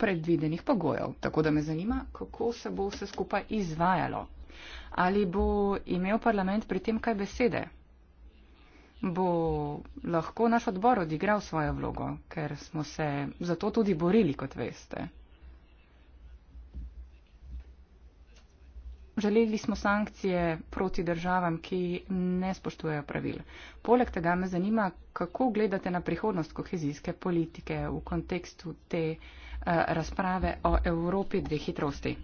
predvidenih pogojev. Tako da me zanima, kako se bo vse skupaj izvajalo. Ali bo imel parlament pri tem kaj besede? Bo lahko naš odbor odigral svojo vlogo, ker smo se za to tudi borili, kot veste. Želeli smo sankcije proti državam, ki ne spoštujejo pravil. Poleg tega me zanima, kako gledate na prihodnost kohezijske politike v kontekstu te eh, razprave o Evropi dveh hitrosti.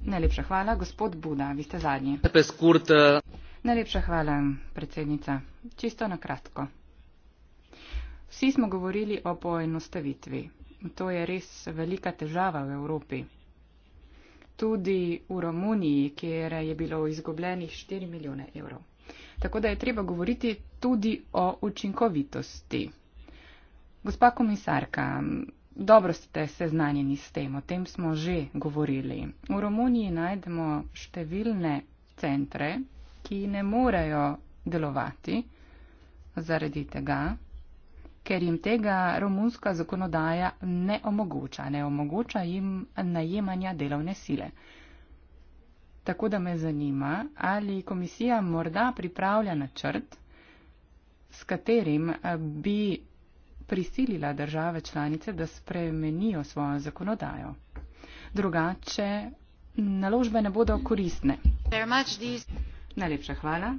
Najlepša hvala, gospod Buda, vi ste zadnji. Eh, Najlepša hvala, predsednica. Čisto na kratko. Vsi smo govorili o poenostavitvi. To je res velika težava v Evropi tudi v Romuniji, kjer je bilo izgubljenih 4 milijone evrov. Tako da je treba govoriti tudi o učinkovitosti. Gospa komisarka, dobro ste seznanjeni s tem, o tem smo že govorili. V Romuniji najdemo številne centre, ki ne morejo delovati zaradi tega, ker jim tega romunska zakonodaja ne omogoča, ne omogoča jim najemanja delovne sile. Tako da me zanima, ali komisija morda pripravlja načrt, s katerim eh, bi prisilila države članice, da spremenijo svojo zakonodajo. Drugače, naložbe ne bodo koristne. Najlepša hvala.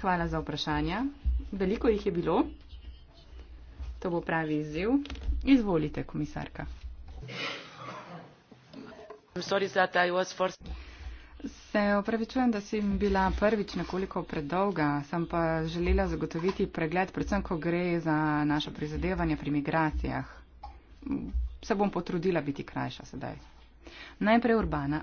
Hvala za vprašanja. Veliko jih je bilo. To bo pravi izziv. Izvolite, komisarka. Se opravičujem, da si bila prvič nekoliko predolga, sem pa želela zagotoviti pregled, predvsem, ko gre za naše prizadevanje pri migracijah. Se bom potrudila biti krajša sedaj. Najprej urbana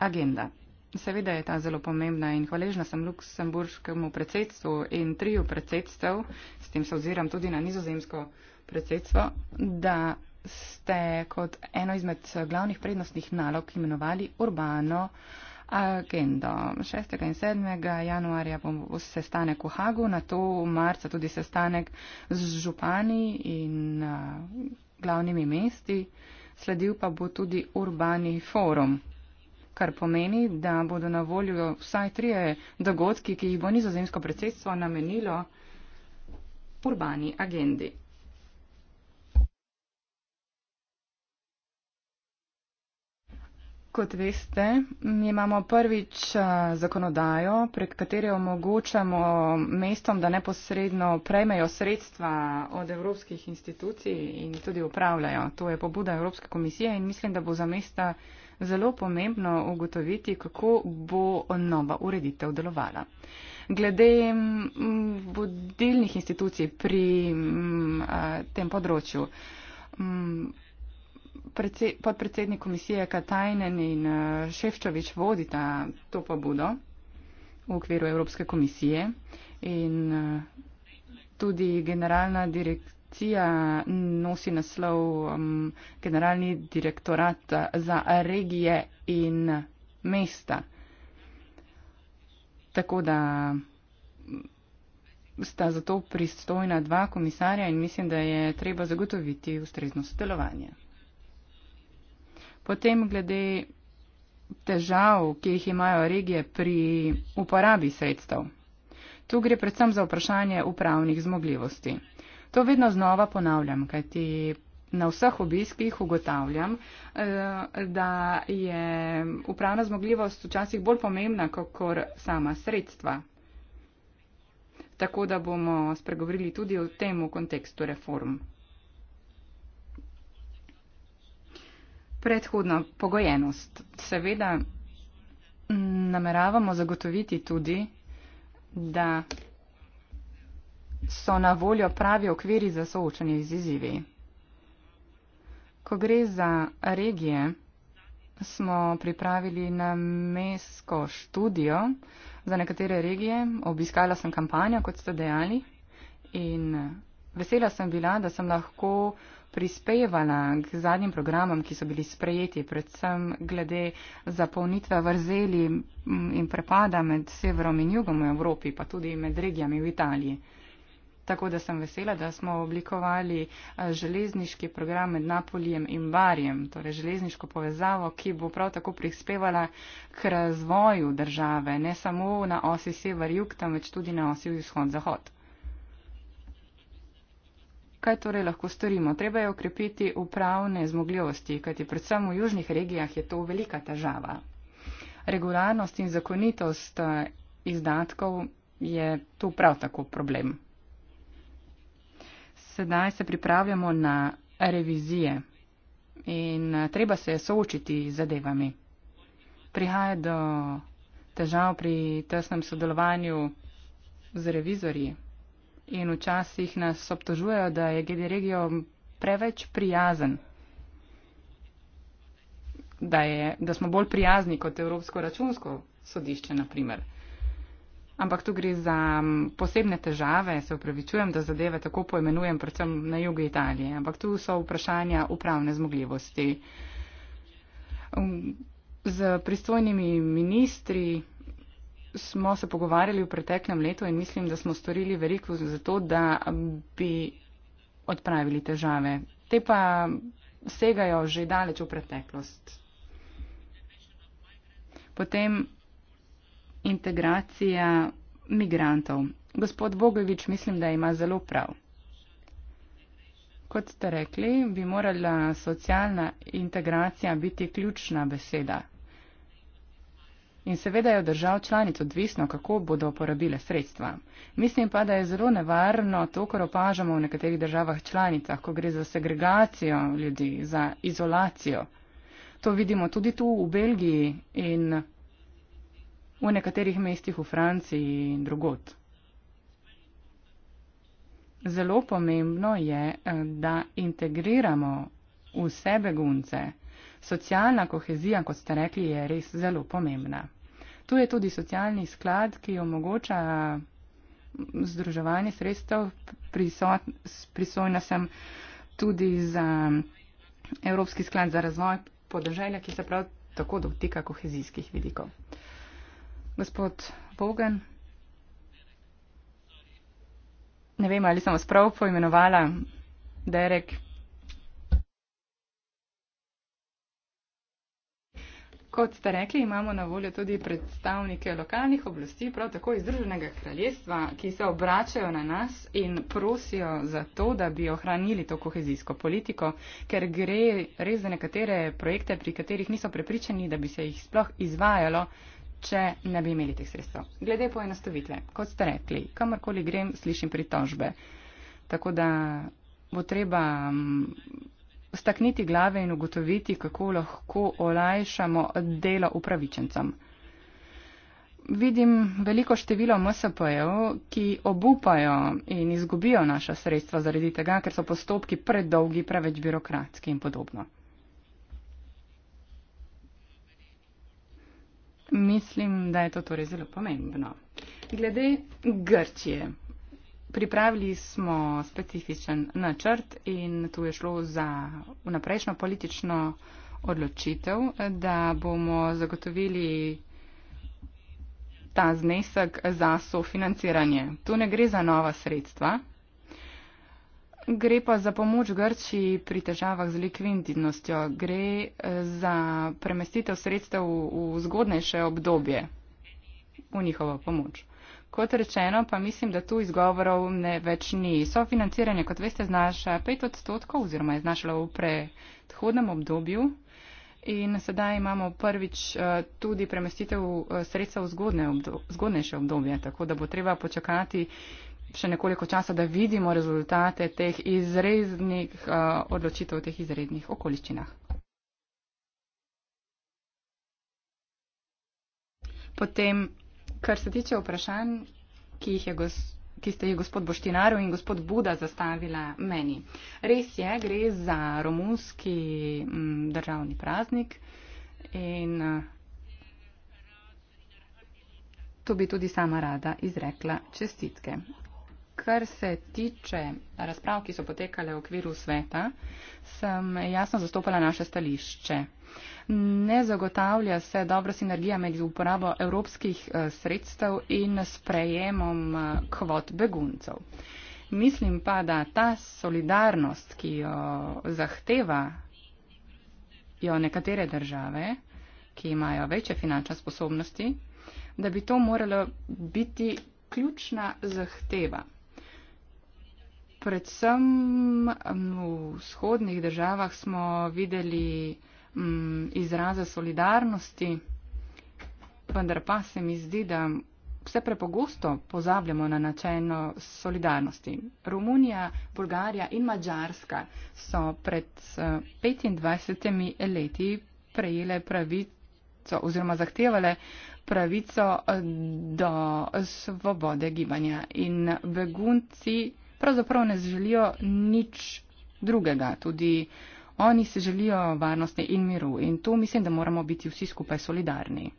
agenda. Seveda je ta zelo pomembna in hvaležna sem luksemburškemu predsedstvu in triju predsedstv, s tem se oziram tudi na nizozemsko predsedstvo, da ste kot eno izmed glavnih prednostnih nalog imenovali urbano agendo. 6. in 7. januarja bo sestanek v Hagu, na to v marca tudi sestanek z župani in uh, glavnimi mesti, sledil pa bo tudi urbani forum kar pomeni, da bodo na voljo vsaj trije dogodki, ki jih bo nizozemsko predsedstvo namenilo urbani agendi. Kot veste, imamo prvič eh, zakonodajo, prek katere omogočamo mestom, da neposredno prejmejo sredstva od evropskih institucij in tudi upravljajo. To je pobuda Evropske komisije in mislim, da bo za mesta zelo pomembno ugotoviti, kako bo nova ureditev delovala. Glede mm, vodilnih institucij pri mm, tem področju, mm, podpredsednik komisije Katajnen in Ševčovič vodita to pobudo v okviru Evropske komisije in tudi generalna direktorica organizacija nosi naslov um, Generalni direktorat uh, za regije in mesta. Tako da mm, sta zato pristojna dva komisarja in mislim, da je treba zagotoviti ustrezno sodelovanje. Potem glede težav, ki jih imajo regije pri uporabi sredstev. Tu gre predvsem za vprašanje upravnih zmogljivosti. To vedno znova ponavljam, kajti na vseh obiskih ugotavljam, eh, da je upravna zmogljivost včasih bolj pomembna, kot sama sredstva. Tako da bomo spregovorili tudi o tem v kontekstu reform. Predhodna pogojenost. Seveda nameravamo zagotoviti tudi, da so na voljo pravi okviri za soočanje z izzivi. Ko gre za regije, smo pripravili namesko študijo za nekatere regije. Obiskala sem kampanjo, kot ste dejali, in vesela sem bila, da sem lahko prispevala k zadnjim programom, ki so bili sprejeti, predvsem glede zapolnitve vrzeli in prepada med severom in jugom v Evropi, pa tudi med regijami v Italiji. Tako da sem vesela, da smo oblikovali eh, železniški program med Napolijem in Barjem, torej železniško povezavo, ki bo prav tako prispevala k razvoju države, ne samo na osi sever-jug, temveč tudi na osi vzhod-zahod. Kaj torej lahko storimo? Treba je ukrepiti upravne zmogljivosti, kajti predvsem v južnih regijah je to velika težava. Regularnost in zakonitost eh, izdatkov je tu prav tako problem sedaj se pripravljamo na revizije in eh, treba se soočiti z zadevami. Prihaja do težav pri tesnem sodelovanju z revizorji in včasih nas obtožujejo, da je GD Regio preveč prijazen, da, je, da smo bolj prijazni kot Evropsko računsko sodišče, na primer. Ampak tu gre za posebne težave, se upravičujem, da zadeve tako poimenujem, predvsem na jugu Italije. Ampak tu so vprašanja upravne zmogljivosti. Um, z pristojnimi ministri smo se pogovarjali v preteklem letu in mislim, da smo storili veliko za to, da bi odpravili težave. Te pa segajo že daleč v preteklost. Potem integracija migrantov. Gospod Bogovič, mislim, da ima zelo prav. Kot ste rekli, bi morala socialna integracija biti ključna beseda. In seveda je od držav članic odvisno, kako bodo uporabile sredstva. Mislim pa, da je zelo nevarno to, kar opažamo v nekaterih državah članicah, ko gre za segregacijo ljudi, za izolacijo. To vidimo tudi tu v Belgiji in v nekaterih mestih v Franciji in drugot. Zelo pomembno je, eh, da integriramo vse begunce. Socialna kohezija, kot ste rekli, je res zelo pomembna. Tu je tudi socialni sklad, ki omogoča združevanje sredstev. Prisojna sem tudi za Evropski sklad za razvoj podeželja, ki se prav tako dotika kohezijskih vidikov. Gospod Bogan, ne vem, ali sem vas prav poimenovala, Derek. Kot ste rekli, imamo na voljo tudi predstavnike lokalnih oblasti, prav tako iz Združenega kraljestva, ki se obračajo na nas in prosijo za to, da bi ohranili to kohezijsko politiko, ker gre res za nekatere projekte, pri katerih niso prepričani, da bi se jih sploh izvajalo, če ne bi imeli teh sredstev. Glede poenostavitve, kot ste rekli, kamorkoli grem, slišim pritožbe. Tako da bo treba mm, stakniti glave in ugotoviti, kako lahko olajšamo delo upravičencem. Vidim veliko število MSP-jev, ki obupajo in izgubijo naša sredstva zaradi tega, ker so postopki predolgi, preveč birokratski in podobno. Mislim, da je to torej zelo pomembno. Glede Grčije. Pripravili smo specifičen načrt in tu je šlo za vnaprejšnjo politično odločitev, da bomo zagotovili ta znesek za sofinanciranje. Tu ne gre za nova sredstva, Gre pa za pomoč Grčiji pri težavah z likvidnostjo. Gre eh, za premestitev sredstev v zgodnejše obdobje v njihovo pomoč. Kot rečeno, pa mislim, da tu izgovorov ne več ni. Sofinanciranje, kot veste, znaša 5 odstotkov oziroma je znašalo v predhodnem obdobju. In sedaj imamo prvič eh, tudi premestitev eh, sredstev v zgodnejše obdobje, tako da bo treba počakati še nekoliko časa, da vidimo rezultate teh izrednih uh, odločitev v teh izrednih okoliščinah. Potem, kar se tiče vprašanj, ki, jih gos, ki ste jih gospod Boštinaro in gospod Buda zastavila meni. Res je, gre za romunski m, mm, državni praznik in uh, to bi tudi sama rada izrekla čestitke kar se tiče razprav, ki so potekale v okviru sveta, sem jasno zastopala naše stališče. Ne zagotavlja se dobra sinergija med uporabo evropskih eh, sredstev in sprejemom eh, kvot beguncev. Mislim pa, da ta solidarnost, ki jo zahteva jo nekatere države, ki imajo večje finančne sposobnosti, da bi to morala biti ključna zahteva predvsem v vzhodnih državah smo videli izraze solidarnosti, vendar pa se mi zdi, da vse prepogosto pozabljamo na načelo solidarnosti. Romunija, Bulgarija in Mačarska so pred 25 eh, leti prejele pravico oziroma zahtevale pravico eh, do svobode gibanja in begunci pravzaprav ne želijo nič drugega. Tudi oni se želijo varnosti in miru in tu mislim, da moramo biti vsi skupaj solidarni.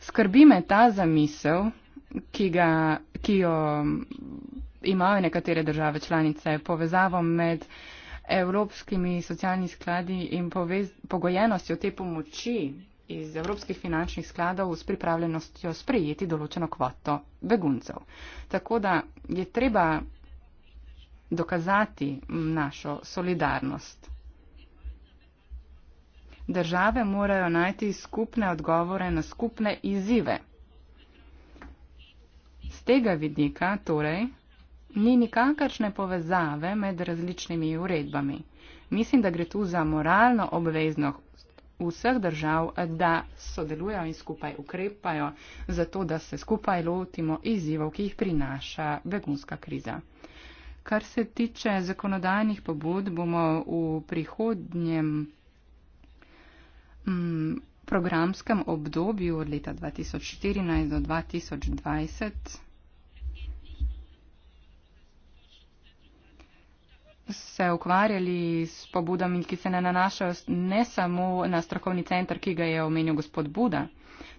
Skrbi me ta zamisel, ki, ga, ki jo imajo nekatere države članice, povezavo med evropskimi socialnimi skladi in pogojenostjo te pomoči, iz evropskih finančnih skladov s pripravljenostjo sprejeti določeno kvoto beguncev. Tako da je treba dokazati našo solidarnost. Države morajo najti skupne odgovore na skupne izzive. Z tega vidika torej ni nikakršne povezave med različnimi uredbami. Mislim, da gre tu za moralno obveznost vseh držav, da sodelujo in skupaj ukrepajo, zato da se skupaj lotimo izzivov, ki jih prinaša begunska kriza. Kar se tiče zakonodajnih pobud, bomo v prihodnjem mm, programskem obdobju od leta 2014 do 2020 se ukvarjali s pobudami, ki se ne nanašajo ne samo na strokovni centr, ki ga je omenil gospod Buda,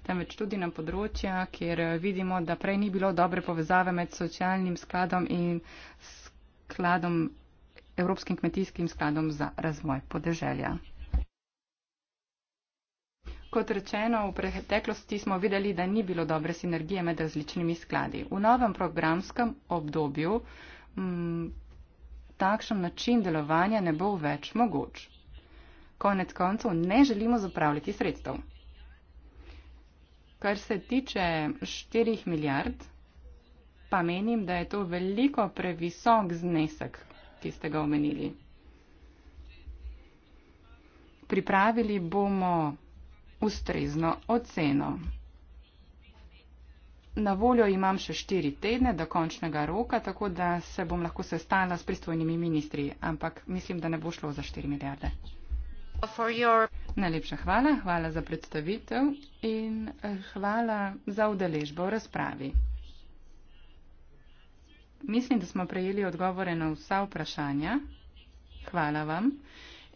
temveč tudi na področja, kjer eh, vidimo, da prej ni bilo dobre povezave med socialnim skladom in skladom, Evropskim kmetijskim skladom za razvoj podeželja. Kot rečeno, v preteklosti smo videli, da ni bilo dobre sinergije med različnimi skladi. V novem programskem obdobju mm, takšen način delovanja ne bo več mogoč. Konec koncev ne želimo zapravljati sredstev. Kar se tiče 4 milijard, pa menim, da je to veliko previsok znesek, ki ste ga omenili. Pripravili bomo ustrezno oceno Na voljo imam še štiri tedne do končnega roka, tako da se bom lahko sestala s pristojnimi ministri, ampak mislim, da ne bo šlo za 4 milijarde. Your... Najlepša hvala, hvala za predstavitev in eh, hvala za udeležbo v razpravi. Mislim, da smo prejeli odgovore na vsa vprašanja. Hvala vam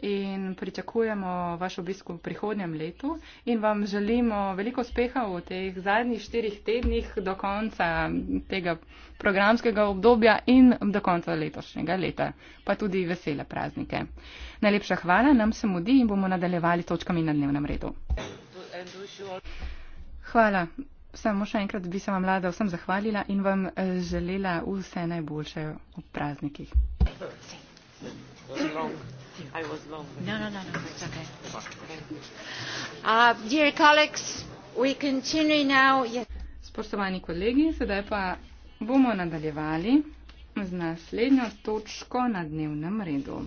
in pričakujemo vaš obisk v prihodnjem letu in vam želimo veliko uspeha v teh zadnjih štirih tednih do konca tega programskega obdobja in do konca letošnjega leta, pa tudi vesele praznike. Najlepša hvala, nam se mudi in bomo nadaljevali točkami na dnevnem redu. Hvala. Samo še enkrat bi se vam vlada vsem zahvalila in vam eh, želela vse najboljše v praznikih. Sí bless you. I was long. No, no, no, no, it's okay. Uh, dear colleagues, we continue now. Yes. Spoštovani kolegi, sedaj pa bomo nadaljevali z naslednjo točko na dnevnem redu.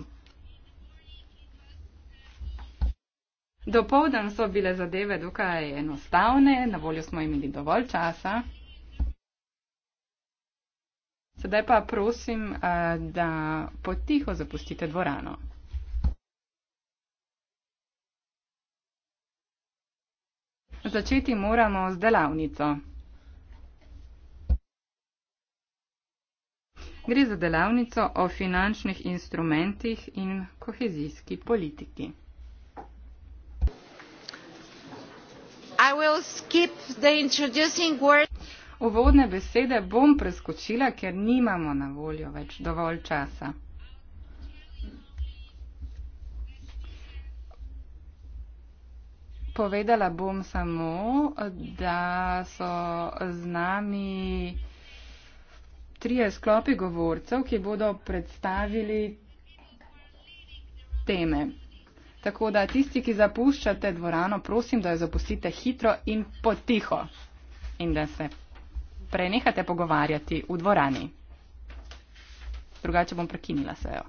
Dopovdan so bile zadeve dokaj enostavne, na voljo smo imeli dovolj časa. Sedaj pa prosim, uh, da potiho zapustite dvorano. Začeti moramo z delavnico. Gre za delavnico o finančnih instrumentih in kohezijski politiki. Uvodne besede bom preskočila, ker nimamo na voljo več dovolj časa. Povedala bom samo, da so z nami trije sklopi govorcev, ki bodo predstavili teme. Tako da tisti, ki zapuščate dvorano, prosim, da jo zapustite hitro in potiho in da se prenehate pogovarjati v dvorani. Drugače bom prekinila sejo.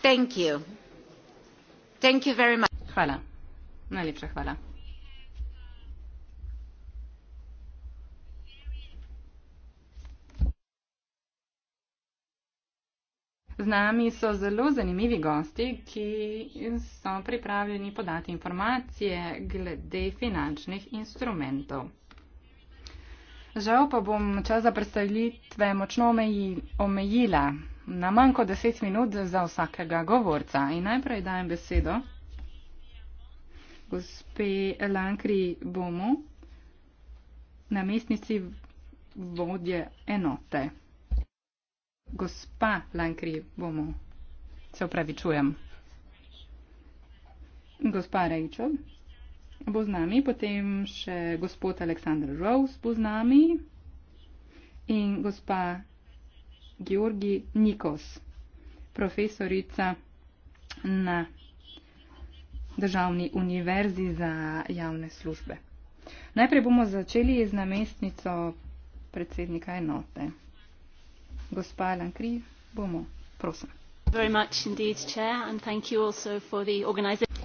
Thank you. Thank you very much. Hvala. Najlepša hvala. Z nami so zelo zanimivi gosti, ki so pripravljeni podati informacije glede finančnih instrumentov. Žal pa bom čas za predstavljitve močno omejila na manj kot deset minut za vsakega govorca. In najprej dajem besedo gospe Lankri Bomo, namestnici vodje enote. Gospa Lankri Bomo, se upravičujem. Gospa Rejčo bo z nami, potem še gospod Aleksandr Rose bo z nami in gospa Georgi Nikos, profesorica na Državni univerzi za javne službe. Najprej bomo začeli z namestnico predsednika enote. Gospa Lankri, bomo, prosim.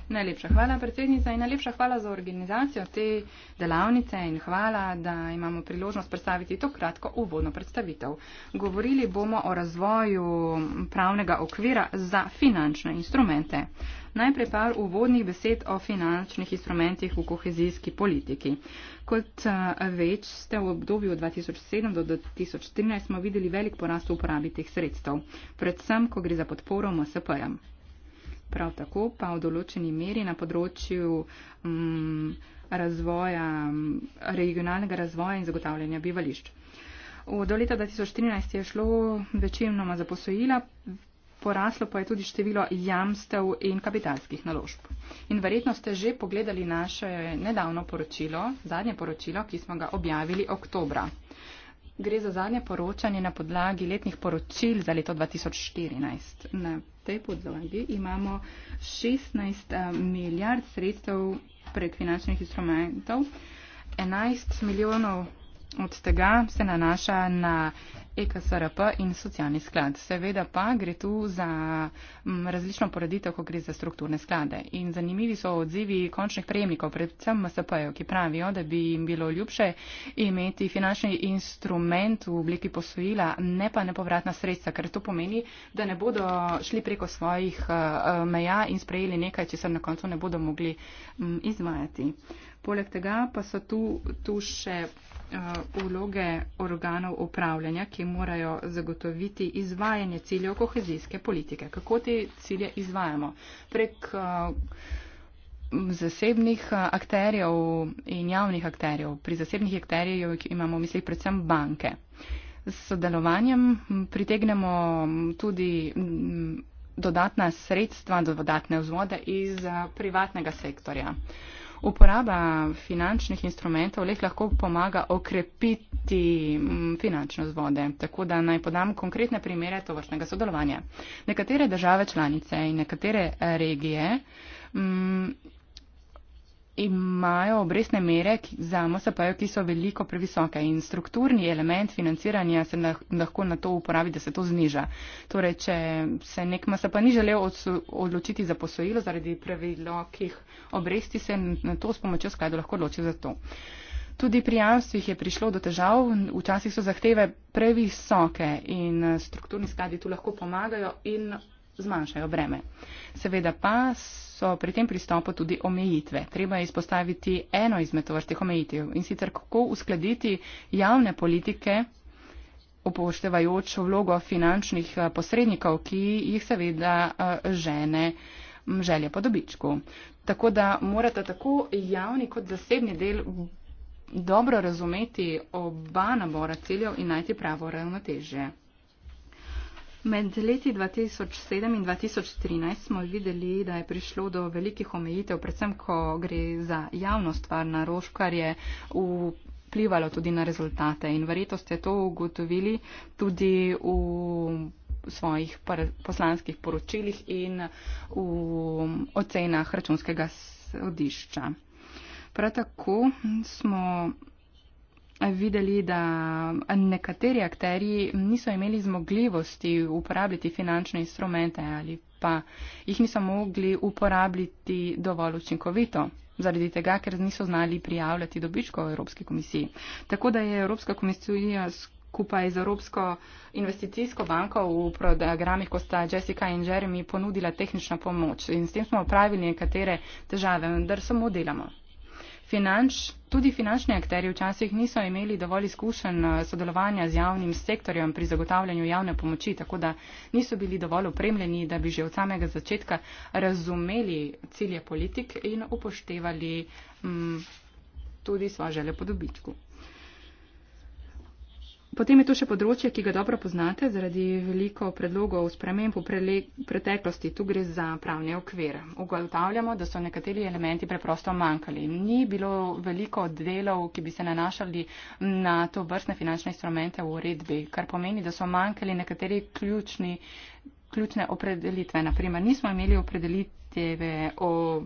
Najlepša hvala, predsednica, in najlepša hvala za organizacijo te delavnice in hvala, da imamo priložnost predstaviti to kratko uvodno predstavitev. Govorili bomo o razvoju pravnega okvira za finančne instrumente. Najprej par uvodnih besed o finančnih instrumentih v kohezijski politiki. Kot eh, več ste v obdobju 2007 do 2013 smo videli velik porast uporabi teh sredstev, predvsem, ko gre za podporo MSP-jem. Prav tako pa v določeni meri na področju m, mm, razvoja, regionalnega razvoja in zagotavljanja bivališč. Do leta 2013 je šlo večinoma za posojila, poraslo pa je tudi število jamstev in kapitalskih naložb. In verjetno ste že pogledali naše nedavno poročilo, zadnje poročilo, ki smo ga objavili oktobra. Gre za zadnje poročanje na podlagi letnih poročil za leto 2014. Na tej podlagi imamo 16 eh, milijard sredstev prek finančnih instrumentov, 11 milijonov od tega se nanaša na EKSRP in socialni sklad. Seveda pa gre tu za različno poreditev, ko gre za strukturne sklade. In zanimivi so odzivi končnih prejemnikov, predvsem MSP-jev, ki pravijo, da bi jim bilo ljubše imeti finančni instrument v obliki posojila, ne pa nepovratna sredstva, ker to pomeni, da ne bodo šli preko svojih eh, eh, meja in sprejeli nekaj, če se na koncu ne bodo mogli izvajati. Poleg tega pa so tu, tu še Eh, vloge organov upravljanja, ki morajo zagotoviti izvajanje ciljev kohezijske politike. Kako te cilje izvajamo? Prek eh, zasebnih eh, akterjev in javnih akterjev. Pri zasebnih akterjev imamo v mislih predvsem banke. S sodelovanjem pritegnemo tudi dodatna sredstva, dodatne vzvode iz privatnega sektorja. Uh, uporaba finančnih instrumentov le lahko pomaga okrepiti mm, finančnost vode. Tako da naj podam konkretne primere tovršnega sodelovanja. Nekatere države članice in nekatere regije mm, imajo obrestne mere za MSP-je, ki so veliko previsoke in strukturni element financiranja se lahko na to uporabi, da se to zniža. Torej, če se nek MSP ni želel odločiti za posojilo zaradi previlokih obresti, se na to s pomočjo skladu lahko odloči za to. Tudi pri jamstvih je prišlo do težav, včasih so zahteve previsoke in strukturni skladi tu lahko pomagajo in zmanjšajo breme. Seveda pa so pri tem pristopu tudi omejitve. Treba je izpostaviti eno izmed tovrstih omejitev in sicer kako uskladiti javne politike upoštevajoč vlogo finančnih eh, posrednikov, ki jih seveda eh, žene želje po dobičku. Tako da morate tako javni kot zasebni del dobro razumeti oba nabora ciljev in najti pravo ravnotežje. Med leti 2007 in 2013 smo videli, da je prišlo do velikih omejitev, predvsem ko gre za javno stvar na rož, kar je vplivalo tudi na rezultate. In verjetno ste to ugotovili tudi v svojih poslanskih poročilih in v ocenah računskega sodišča. Prav tako smo videli, da nekateri akteri niso imeli zmogljivosti uporabljati finančne instrumente ali pa jih niso mogli uporabljati dovolj učinkovito, zaradi tega, ker niso znali prijavljati dobičko Evropske komisiji. Tako da je Evropska komisija skupaj z Evropsko investicijsko banko v programih, ko sta Jessica in Jeremy ponudila tehnična pomoč. In s tem smo opravili nekatere težave, vendar samo delamo. Finanč, tudi finančni akteri včasih niso imeli dovolj izkušen eh, sodelovanja z javnim sektorjem pri zagotavljanju javne pomoči, tako da niso bili dovolj opremljeni, da bi že od samega začetka razumeli cilje politik in upoštevali m, mm, tudi svoje želje po dobičku. Potem je tu še področje, ki ga dobro poznate zaradi veliko predlogov sprememb v preteklosti. Tu gre za pravni okvir. Ugotavljamo, da so nekateri elementi preprosto manjkali. Ni bilo veliko delov, ki bi se nanašali na to vrstne finančne instrumente v uredbi, kar pomeni, da so manjkali nekateri ključni ključne opredelitve. Naprimer, nismo imeli opredelitve o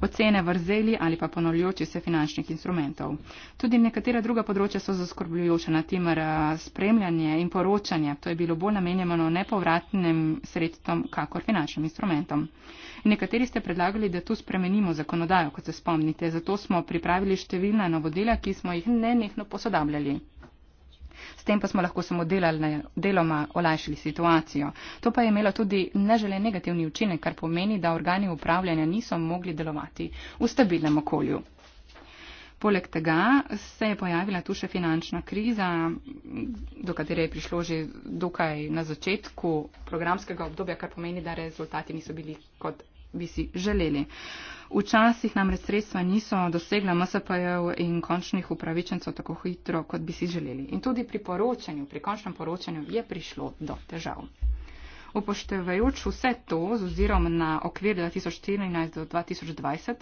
ocene vrzeli ali pa ponovljujoči se finančnih instrumentov. Tudi nekatera druga področja so zaskrbljujoča, na primer eh, spremljanje in poročanje. To je bilo bolj namenjeno nepovratnim sredstvom, kakor finančnim instrumentom. Nekateri ste predlagali, da tu spremenimo zakonodajo, kot se spomnite. Zato smo pripravili številna novodela, ki smo jih nenehno posodabljali s tem pa smo lahko samo delali, deloma olajšali situacijo. To pa je imelo tudi neželen negativni učinek, kar pomeni, da organi upravljanja niso mogli delovati v stabilnem okolju. Poleg tega se je pojavila tu še finančna kriza, do katere je prišlo že dokaj na začetku programskega obdobja, kar pomeni, da rezultati niso bili kot bi si želeli. Včasih namreč sredstva niso dosegla MSP-jev in končnih upravičencev tako hitro, kot bi si želeli. In tudi pri poročanju, pri končnem poročanju je prišlo do težav. Upoštevajoč vse to z ozirom na okvir 2014 do 2020,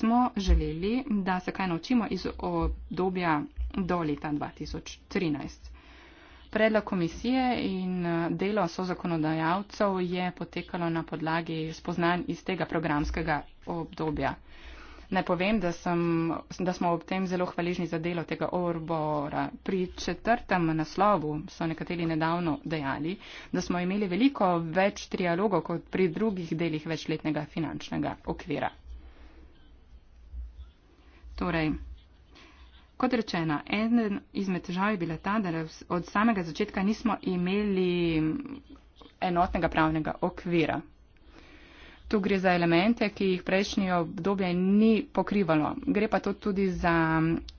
smo želeli, da se kaj naučimo iz obdobja do leta 2013. Predlog komisije in eh, delo so zakonodajalcev je potekalo na podlagi spoznanj iz tega programskega obdobja. Ne povem, da, sem, da smo ob tem zelo hvaležni za delo tega orbora. Pri četrtem naslovu so nekateri nedavno dejali, da smo imeli veliko več trialogov kot pri drugih delih večletnega finančnega okvira. Torej, Kot rečeno, eden izmed težav je bila ta, da od samega začetka nismo imeli enotnega pravnega okvira. Tu gre za elemente, ki jih prejšnje obdobje ni pokrivalo. Gre pa to tudi za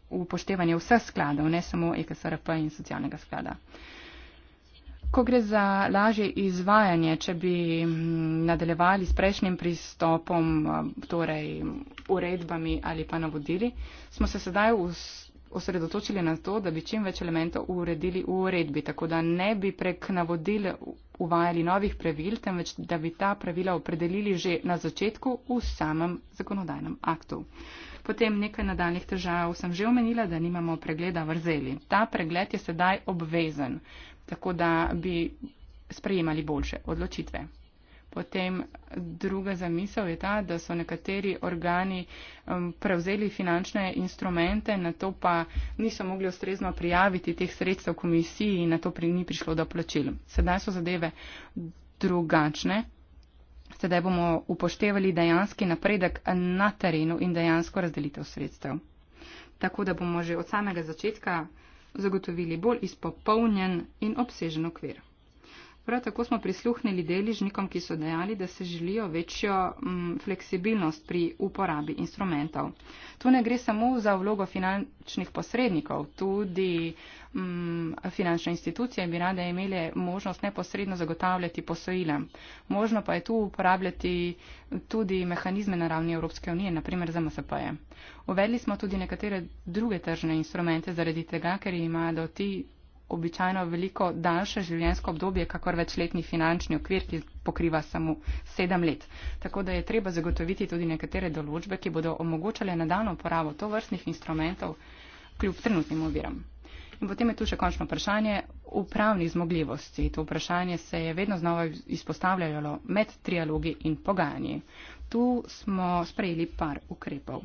upoštevanje vseh skladov, ne samo EKSRP in socialnega sklada. Ko gre za lažje izvajanje, če bi nadaljevali s prejšnjim pristopom, torej uredbami ali pa navodili, smo se sedaj ustavili osredotočili na to, da bi čim več elementov uredili v uredbi, tako da ne bi prek navodil uvajali novih pravil, temveč da bi ta pravila opredelili že na začetku v samem zakonodajnem aktu. Potem nekaj nadaljnih težav sem že omenila, da nimamo pregleda vrzeli. Ta pregled je sedaj obvezen, tako da bi sprejemali boljše odločitve. Potem druga zamisel je ta, da so nekateri organi um, prevzeli finančne instrumente, na to pa niso mogli ustrezno prijaviti teh sredstev komisiji in na to pri ni prišlo do plačil. Sedaj so zadeve drugačne. Sedaj bomo upoštevali dejanski napredek na terenu in dejansko razdelitev sredstev. Tako da bomo že od samega začetka zagotovili bolj izpopolnjen in obsežen okvir. Prav tako smo prisluhnili deližnikom, ki so dejali, da se želijo večjo m, mm, fleksibilnost pri uporabi instrumentov. Tu ne gre samo za vlogo finančnih posrednikov, tudi m, mm, finančne institucije bi rade imele možnost neposredno zagotavljati posojile. Možno pa je tu uporabljati tudi mehanizme na ravni Evropske unije, naprimer za MSP-je. Uvedli smo tudi nekatere druge tržne instrumente zaradi tega, ker imajo ti običajno veliko daljše življenjsko obdobje, kakor večletni finančni okvir, ki pokriva samo sedem let. Tako da je treba zagotoviti tudi nekatere določbe, ki bodo omogočale nadaljno uporabo to vrstnih instrumentov kljub trenutnim oviram. In potem je tu še končno vprašanje upravnih zmogljivosti. To vprašanje se je vedno znova izpostavljalo med trialogi in pogajanji tu smo sprejeli par ukrepov.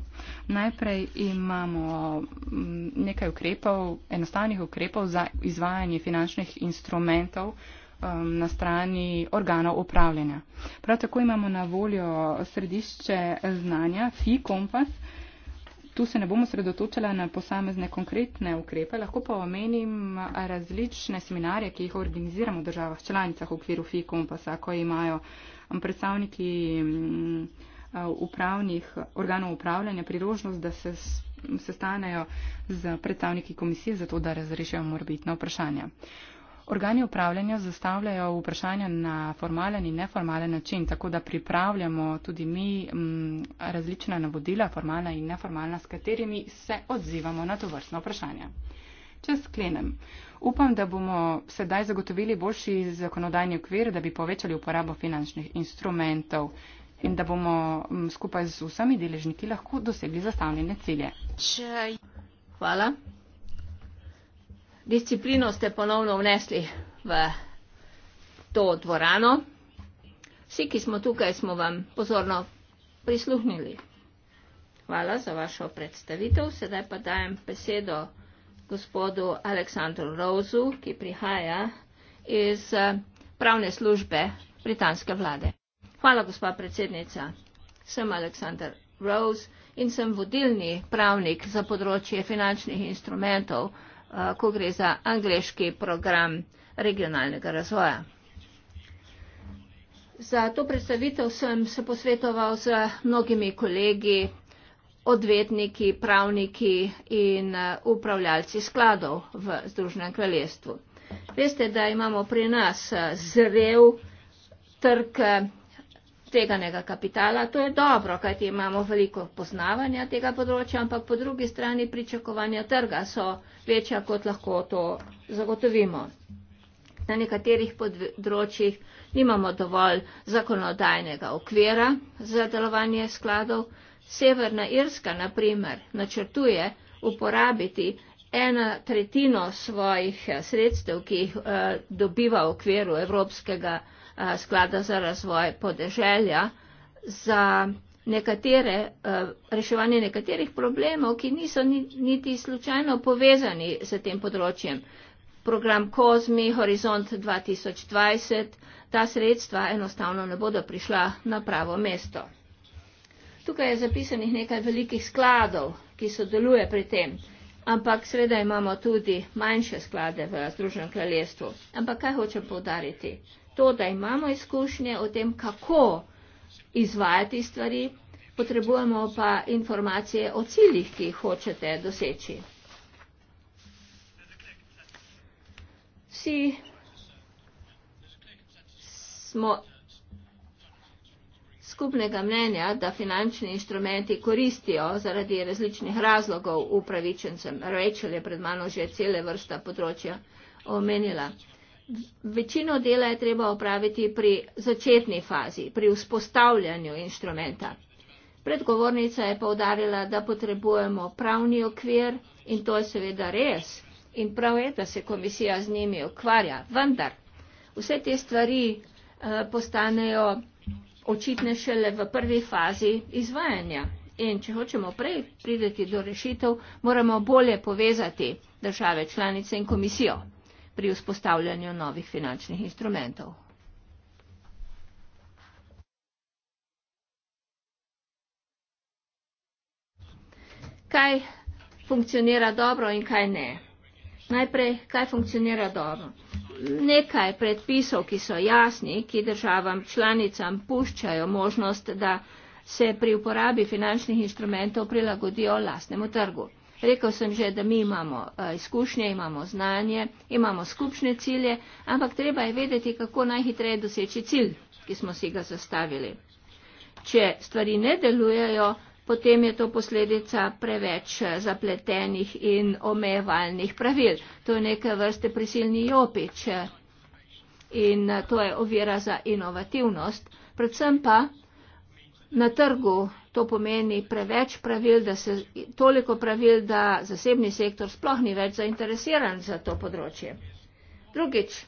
Najprej imamo mm, nekaj ukrepov, enostavnih ukrepov za izvajanje finančnih instrumentov mm, na strani organov upravljanja. Prav tako imamo na voljo središče znanja FI Kompas. Tu se ne bomo sredotočila na posamezne konkretne ukrepe, lahko pa omenim različne seminarje, ki jih organiziramo v državah članicah v okviru FI Kompasa, ko imajo uh, Um, predstavniki um, uh, upravnih organov upravljanja priložnost, da se sestanejo z predstavniki komisije, zato da razrešijo morbitna vprašanja. Organi upravljanja zastavljajo vprašanja na formalen in neformalen način, tako da pripravljamo tudi mi m, um, različna navodila, formalna in neformalna, s katerimi se odzivamo na to vrstno vprašanje. Če sklenem, Upam, da bomo sedaj zagotovili boljši zakonodajni okvir, da bi povečali uporabo finančnih instrumentov in da bomo mm, skupaj z vsemi deležniki lahko dosegli zastavljene cilje. Hvala. Disciplino ste ponovno vnesli v to dvorano. Vsi, ki smo tukaj, smo vam pozorno prisluhnili. Hvala za vašo predstavitev. Sedaj pa dajem besedo gospodu Aleksandru Rozu, ki prihaja iz eh, pravne službe britanske vlade. Hvala, gospa predsednica. Sem Aleksandr Rose in sem vodilni pravnik za področje finančnih instrumentov, eh, ko gre za angliški program regionalnega razvoja. Za to predstavitev sem se posvetoval z mnogimi kolegi, odvetniki, pravniki in eh, upravljalci skladov v Združenem kraljestvu. Veste, da imamo pri nas eh, zrev trg eh, tveganega kapitala. To je dobro, kajti imamo veliko poznavanja tega področja, ampak po drugi strani pričakovanja trga so večja, kot lahko to zagotovimo. Na nekaterih področjih nimamo dovolj zakonodajnega okvira za delovanje skladov. Severna Irska, na primer, načrtuje uporabiti eno tretjino svojih eh, sredstev, ki jih eh, dobiva v okviru Evropskega eh, sklada za razvoj podeželja, za nekatere, reševanje nekaterih problemov, ki niso niti slučajno povezani s tem področjem. Program COSMI, Horizont 2020, ta sredstva enostavno ne bodo prišla na pravo mesto. Tukaj je zapisanih nekaj velikih skladov, ki sodeluje pri tem, ampak sreda imamo tudi manjše sklade v Združenem kraljestvu. Ampak kaj hočem povdariti? To, da imamo izkušnje o tem, kako izvajati stvari, potrebujemo pa informacije o ciljih, ki jih hočete doseči. Vsi smo skupnega mnenja, da finančni instrumenti koristijo zaradi različnih razlogov upravičencem. Rachel je pred mano že cele vrsta področja omenila. Večino dela je treba opraviti pri začetni fazi, pri vzpostavljanju instrumenta. Predgovornica je povdarjala, da potrebujemo pravni okvir in to je seveda res in prav je, da se komisija z njimi ukvarja. Vendar vse te stvari uh, postanejo očitne šele v prvi fazi izvajanja. In če hočemo prej prideti do rešitev, moramo bolje povezati države članice in komisijo pri vzpostavljanju novih finančnih instrumentov. Kaj funkcionira dobro in kaj ne? Najprej, kaj funkcionira dobro? Nekaj predpisov, ki so jasni, ki državam članicam puščajo možnost, da se pri uporabi finančnih instrumentov prilagodijo lastnemu trgu. Rekel sem že, da mi imamo eh, izkušnje, imamo znanje, imamo skupšne cilje, ampak treba je vedeti, kako najhitreje doseči cilj, ki smo si ga zastavili. Če stvari ne delujejo, potem je to posledica preveč zapletenih in omejevalnih pravil. To je neke vrste prisilni jopič in to je ovira za inovativnost. Predvsem pa na trgu to pomeni preveč pravil, da se toliko pravil, da zasebni sektor sploh ni več zainteresiran za to področje. Drugič,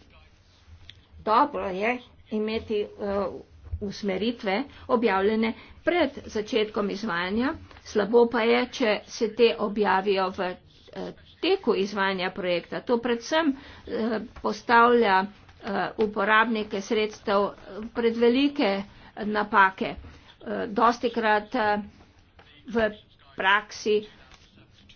dobro je imeti. Uh, usmeritve objavljene pred začetkom izvajanja. Slabo pa je, če se te objavijo v eh, teku izvajanja projekta. To predvsem eh, postavlja eh, uporabnike sredstev pred velike napake. Dosti krat v praksi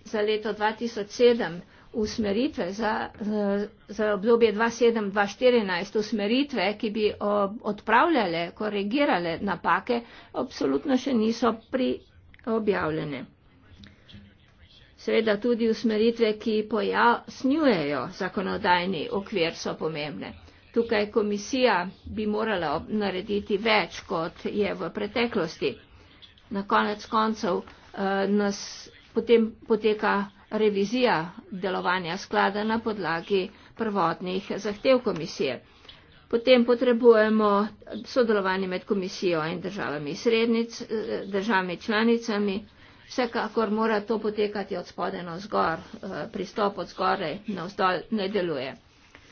za leto 2007 usmeritve za, eh, za obdobje 2007-2014, usmeritve, ki bi odpravljale, korigirale napake, apsolutno še niso pri objavljene. Seveda tudi usmeritve, ki pojasnjujejo zakonodajni okvir, so pomembne. Tukaj komisija bi morala narediti več, kot je v preteklosti. Na konec koncev eh, nas potem poteka revizija delovanja sklada na podlagi prvotnih zahtev komisije. Potem potrebujemo sodelovanje med komisijo in državami srednic, eh, državami članicami. Vsekakor mora to potekati od spodaj na zgor, eh, pristop od zgoraj na vzdolj ne deluje.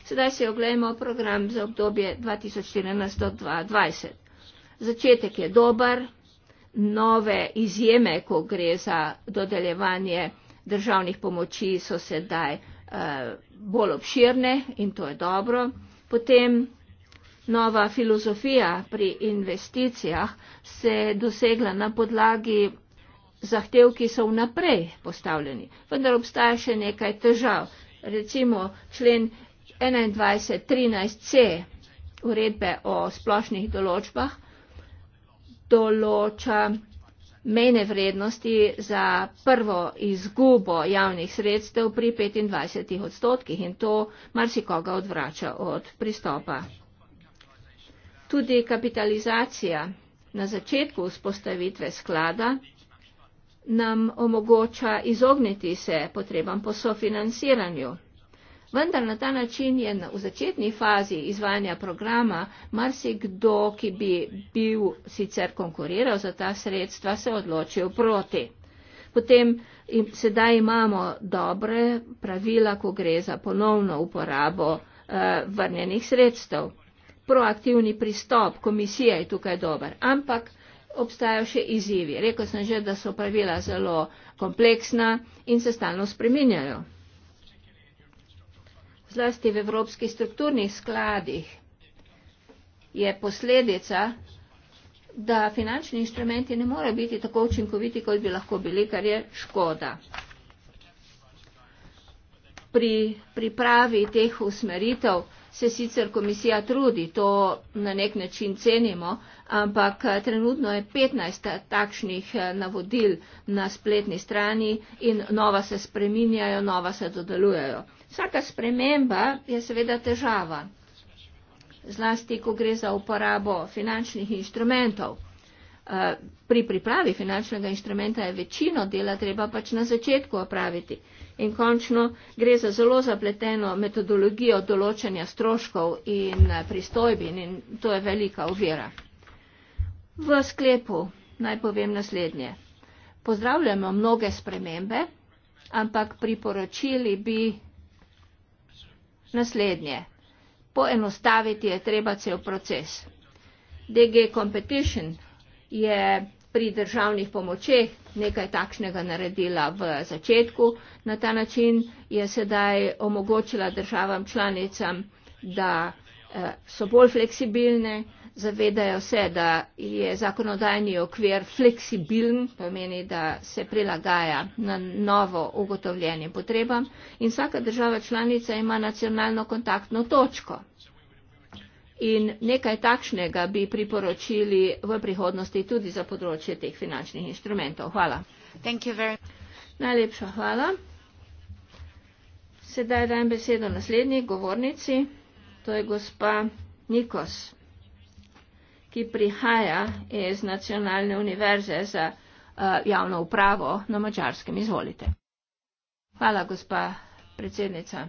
Sedaj si oglejmo program za obdobje 2014-2020. Začetek je dober, nove izjeme, ko gre za dodeljevanje državnih pomoči so sedaj eh, bolj obširne in to je dobro. Potem nova filozofija pri investicijah se je dosegla na podlagi zahtev, ki so vnaprej postavljeni. Vendar obstaja še nekaj težav. Recimo člen 21.13c uredbe o splošnih določbah določa mejne vrednosti za prvo izgubo javnih sredstev pri 25 odstotkih in to marsikoga odvrača od pristopa. Tudi kapitalizacija na začetku vzpostavitve sklada nam omogoča izogniti se potrebam po sofinanciranju. Vendar na ta način je v začetni fazi izvajanja programa marsikdo, ki bi bil sicer konkuriral za ta sredstva, se odločil proti. Potem in, sedaj imamo dobre pravila, ko gre za ponovno uporabo uh, vrnjenih sredstev. Proaktivni pristop komisije je tukaj dober, ampak obstajajo še izzivi. Rekl sem že, da so pravila zelo kompleksna in se stalno spreminjajo zlasti v evropskih strukturnih skladih, je posledica, da finančni inštrumenti ne morejo biti tako učinkoviti, kot bi lahko bili, kar je škoda. Pri pripravi teh usmeritev se sicer komisija trudi, to na nek način cenimo, ampak trenutno je 15 takšnih navodil na spletni strani in nova se spreminjajo, nova se dodelujejo. Vsaka sprememba je seveda težava, zlasti, ko gre za uporabo finančnih inštrumentov. Eh, pri pripravi finančnega inštrumenta je večino dela treba pač na začetku opraviti. In končno gre za zelo zapleteno metodologijo določanja stroškov in eh, pristojbin in to je velika uvira. V sklepu naj povem naslednje. Pozdravljamo mnoge spremembe, ampak priporočili bi naslednje. Poenostaviti je treba cel proces. DG Competition je pri državnih pomočeh nekaj takšnega naredila v začetku. Na ta način je sedaj omogočila državam članicam, da eh, so bolj fleksibilne, zavedajo se, da je zakonodajni okvir fleksibilen, pomeni, da se prilagaja na novo ugotovljenje potrebam in vsaka država članica ima nacionalno kontaktno točko. In nekaj takšnega bi priporočili v prihodnosti tudi za področje teh finančnih inštrumentov. Hvala. Najlepša hvala. Sedaj dajem besedo naslednji govornici, to je gospa Nikos ki prihaja iz nacionalne univerze za eh, javno upravo na mačarskem. Izvolite. Hvala, gospa predsednica.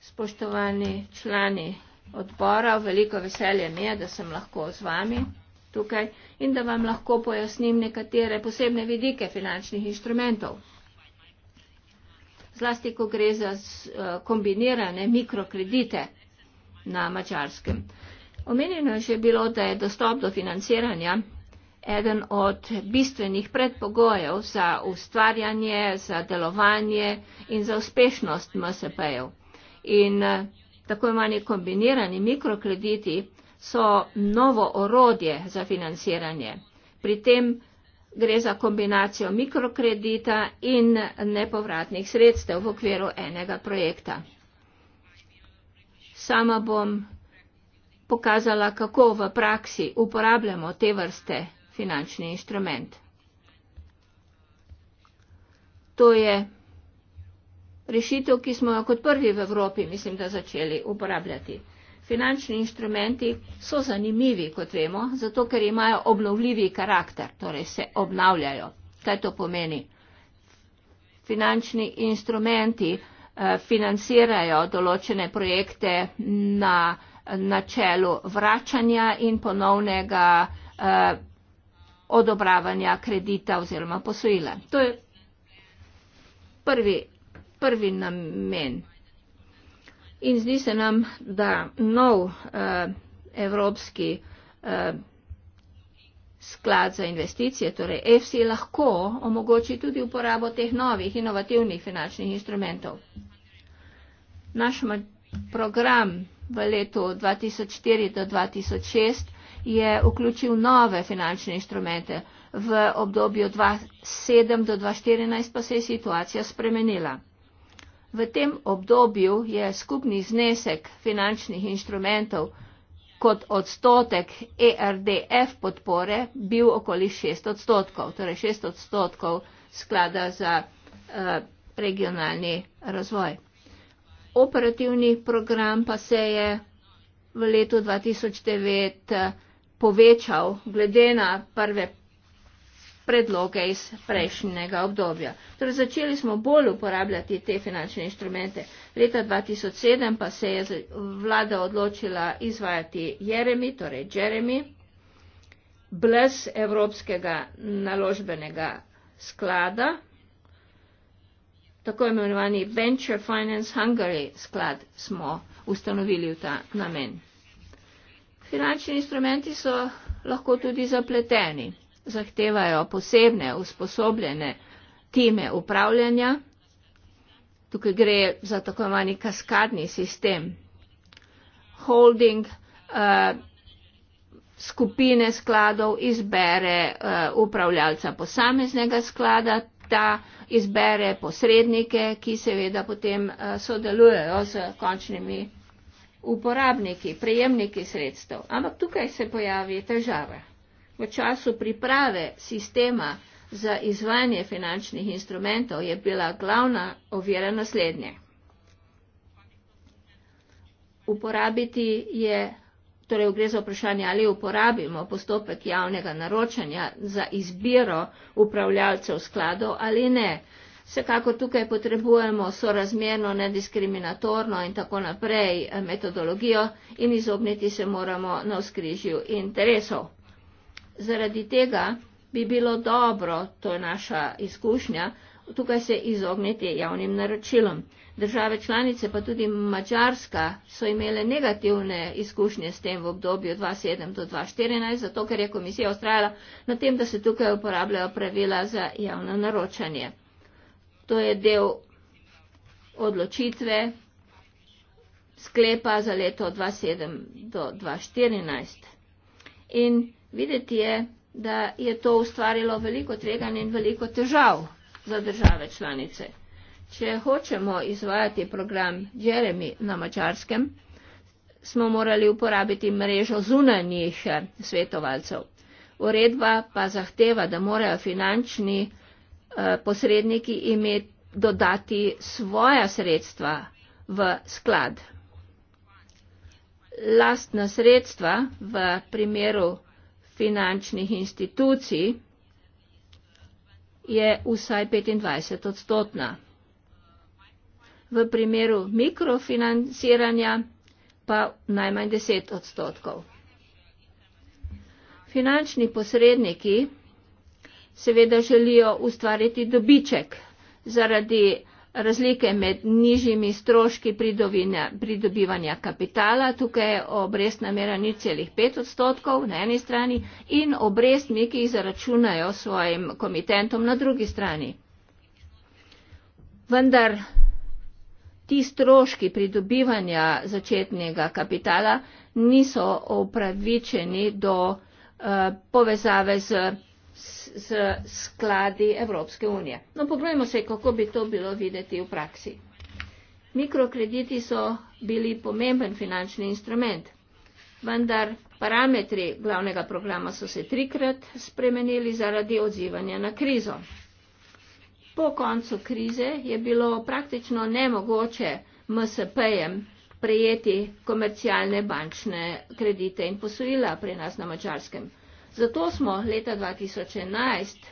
Spoštovani člani odbora, veliko veselje mi je, da sem lahko z vami tukaj in da vam lahko pojasnim nekatere posebne vidike finančnih inštrumentov. Zlasti, ko gre za eh, kombinirane mikrokredite na mačarskem. Uh, Omenjeno je že bilo, da je dostop do financiranja eden od bistvenih predpogojev za ustvarjanje, za delovanje in za uspešnost MSP-jev. In eh, tako imani kombinirani mikrokrediti so novo orodje za financiranje. Pri tem gre za kombinacijo mikrokredita in nepovratnih sredstev v okviru enega projekta. Sama bom pokazala, kako v praksi uporabljamo te vrste finančni instrument. To je rešitev, ki smo jo kot prvi v Evropi, mislim, da začeli uporabljati. Finančni inštrumenti so zanimivi, kot vemo, zato ker imajo obnovljivi karakter, torej se obnavljajo. Kaj to pomeni? Finančni inštrumenti eh, financirajo določene projekte na eh, načelu vračanja in ponovnega eh, odobravanja kredita oziroma posojila. To je prvi, prvi namen. In zdi se nam, da nov eh, evropski eh, sklad za investicije, torej EFSI, lahko omogoči tudi uporabo teh novih inovativnih finančnih instrumentov. Naš program v letu 2004 do 2006 je vključil nove finančne instrumente. V obdobju 2007 do 2014 pa se je situacija spremenila. V tem obdobju je skupni znesek finančnih instrumentov kot odstotek ERDF podpore bil okoli 6 odstotkov, torej 6 odstotkov sklada za uh, regionalni razvoj operativni program pa se je v letu 2009 eh, povečal glede na prve predloge iz prejšnjega obdobja. Torej začeli smo bolj uporabljati te finančne inštrumente. Leta 2007 pa se je vlada odločila izvajati Jeremi, torej Jeremi, brez Evropskega naložbenega sklada, tako imenovani Venture Finance Hungary sklad smo ustanovili v ta namen. Finančni instrumenti so lahko tudi zapleteni, zahtevajo posebne usposobljene time upravljanja. Tukaj gre za tako imenovani kaskadni sistem. Holding uh, skupine skladov izbere uh, eh, upravljalca posameznega sklada, ta izbere posrednike, ki seveda potem eh, sodelujejo z končnimi uporabniki, prejemniki sredstev. Ampak tukaj se pojavi težava. V času priprave sistema za izvajanje finančnih instrumentov je bila glavna ovira naslednje. Uporabiti je Torej gre za vprašanje, ali uporabimo postopek javnega naročanja za izbiro upravljalcev skladov ali ne. Vsekako tukaj potrebujemo sorazmerno, nediskriminatorno in tako naprej eh, metodologijo in izogniti se moramo na skrižju interesov. Zaradi tega bi bilo dobro, to je naša izkušnja, tukaj se izognete javnim naročilom. Države članice, pa tudi Mačarska, so imele negativne izkušnje s tem v obdobju 2007 do 2014, zato ker je komisija ustrajala na tem, da se tukaj uporabljajo pravila za javno naročanje. To je del odločitve sklepa za leto 2007 do 2014. In videti je, da je to ustvarilo veliko tveganj in veliko težav za države članice. Če hočemo izvajati program Jeremy na mačarskem, smo morali uporabiti mrežo zunanjih eh, svetovalcev. Uredba pa zahteva, da morajo finančni eh, posredniki imeti dodati svoja sredstva v sklad. Lastna sredstva v primeru finančnih institucij je vsaj 25 odstotna. V primeru mikrofinanciranja pa najmanj 10 odstotkov. Finančni posredniki seveda želijo ustvariti dobiček zaradi razlike med nižjimi stroški pridobivanja, pridobivanja kapitala, tukaj je obrestna mera ni celih pet odstotkov na eni strani in obrestmi, ki jih zaračunajo svojim komitentom na drugi strani. Vendar ti stroški pridobivanja začetnega kapitala niso upravičeni do uh, povezave z s skladi Evropske unije. No, pogledajmo se, kako bi to bilo videti v praksi. Mikrokrediti so bili pomemben finančni instrument, vendar parametri glavnega programa so se trikrat spremenili zaradi odzivanja na krizo. Po koncu krize je bilo praktično nemogoče MSP-jem prejeti komercialne bančne kredite in posojila pri nas na Mačarskem. Zato smo leta 2011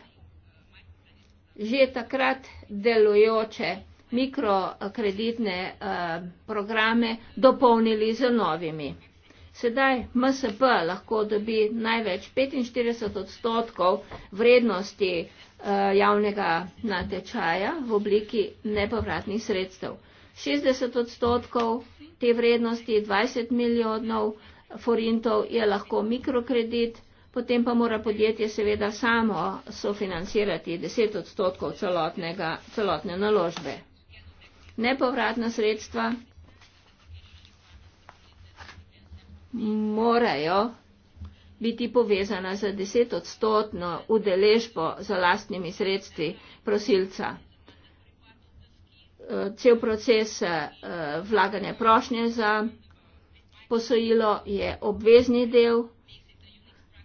že takrat delujoče mikrokreditne eh, programe dopolnili z novimi. Sedaj MSP lahko dobi največ 45 odstotkov vrednosti eh, javnega natečaja v obliki nepovratnih sredstev. 60 odstotkov te vrednosti, 20 milijonov forintov je lahko mikrokredit, potem pa mora podjetje seveda samo sofinancirati 10 odstotkov celotne naložbe. Nepovratna sredstva morajo biti povezana za 10 odstotno udeležbo za lastnimi sredstvi prosilca. Eh, cel proces eh, vlaganja prošnje za posojilo je obvezni del prosilca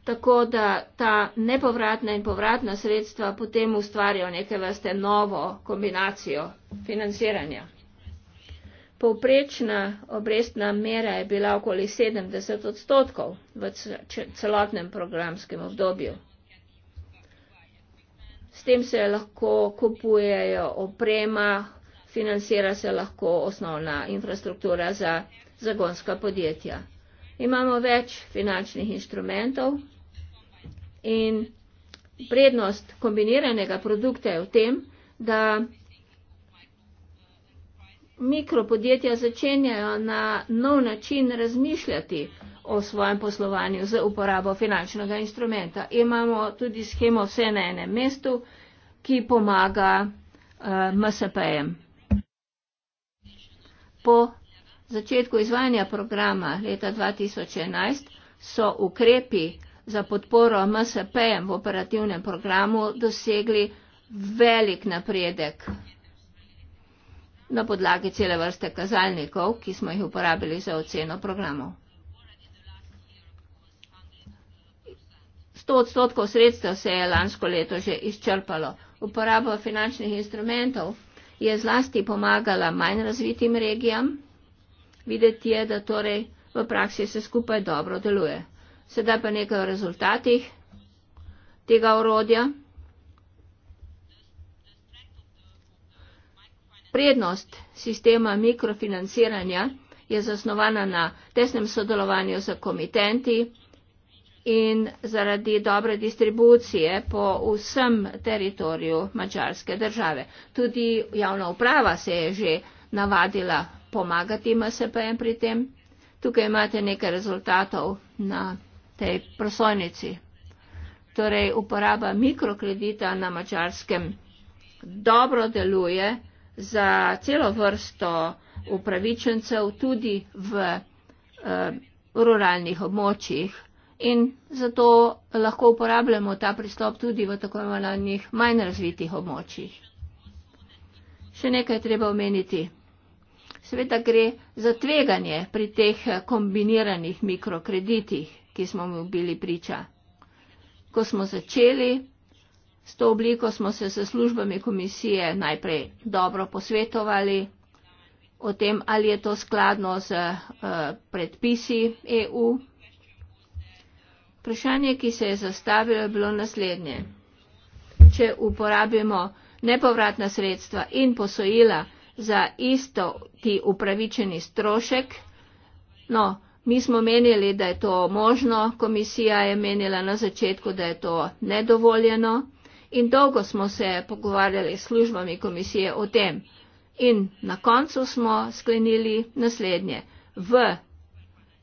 tako da ta nepovratna in povratna sredstva potem ustvarjajo neke vrste novo kombinacijo financiranja. Povprečna obrestna mera je bila okoli 70 odstotkov v celotnem programskem obdobju. S tem se lahko kupujejo oprema, financira se lahko osnovna infrastruktura za zagonska podjetja. Imamo več finančnih instrumentov, In prednost kombiniranega produkta je v tem, da mikropodjetja začenjajo na nov način razmišljati o svojem poslovanju z uporabo finančnega instrumenta. Imamo tudi schemo vse na enem mestu, ki pomaga uh, eh, MSP-jem. Po začetku izvajanja programa leta 2011 so ukrepi za podporo MSP-jem v operativnem programu dosegli velik napredek na podlagi cele vrste kazalnikov, ki smo jih uporabili za oceno programov. 100 odstotkov sredstev se je lansko leto že izčrpalo. Uporaba finančnih instrumentov je zlasti pomagala manj razvitim regijam. Videti je, da torej v praksi se skupaj dobro deluje. Sedaj pa nekaj o rezultatih tega orodja. Prednost sistema mikrofinanciranja je zasnovana na tesnem sodelovanju z komitenti in zaradi dobre distribucije po vsem teritoriju mačarske države. Tudi javna uprava se je že navadila pomagati MSPM pri tem. Tukaj imate nekaj rezultatov na tej prosojnici. Torej, uporaba mikrokredita na mačarskem dobro deluje za celo vrsto upravičencev tudi v uh, ruralnih območjih in zato lahko uporabljamo ta pristop tudi v tako imenovanih manj razvitih območjih. Še nekaj treba omeniti. Seveda gre za tveganje pri teh eh, kombiniranih mikrokreditih ki smo mu bili priča. Ko smo začeli s to obliko, smo se s službami komisije najprej dobro posvetovali o tem, ali je to skladno z uh, predpisi EU. Vprašanje, ki se je zastavilo, je bilo naslednje. Če uporabimo nepovratna sredstva in posojila za isto ti upravičeni strošek, no, Mi smo menili, da je to možno, komisija je menila na začetku, da je to nedovoljeno in dolgo smo se pogovarjali s službami komisije o tem. In na koncu smo sklenili naslednje. V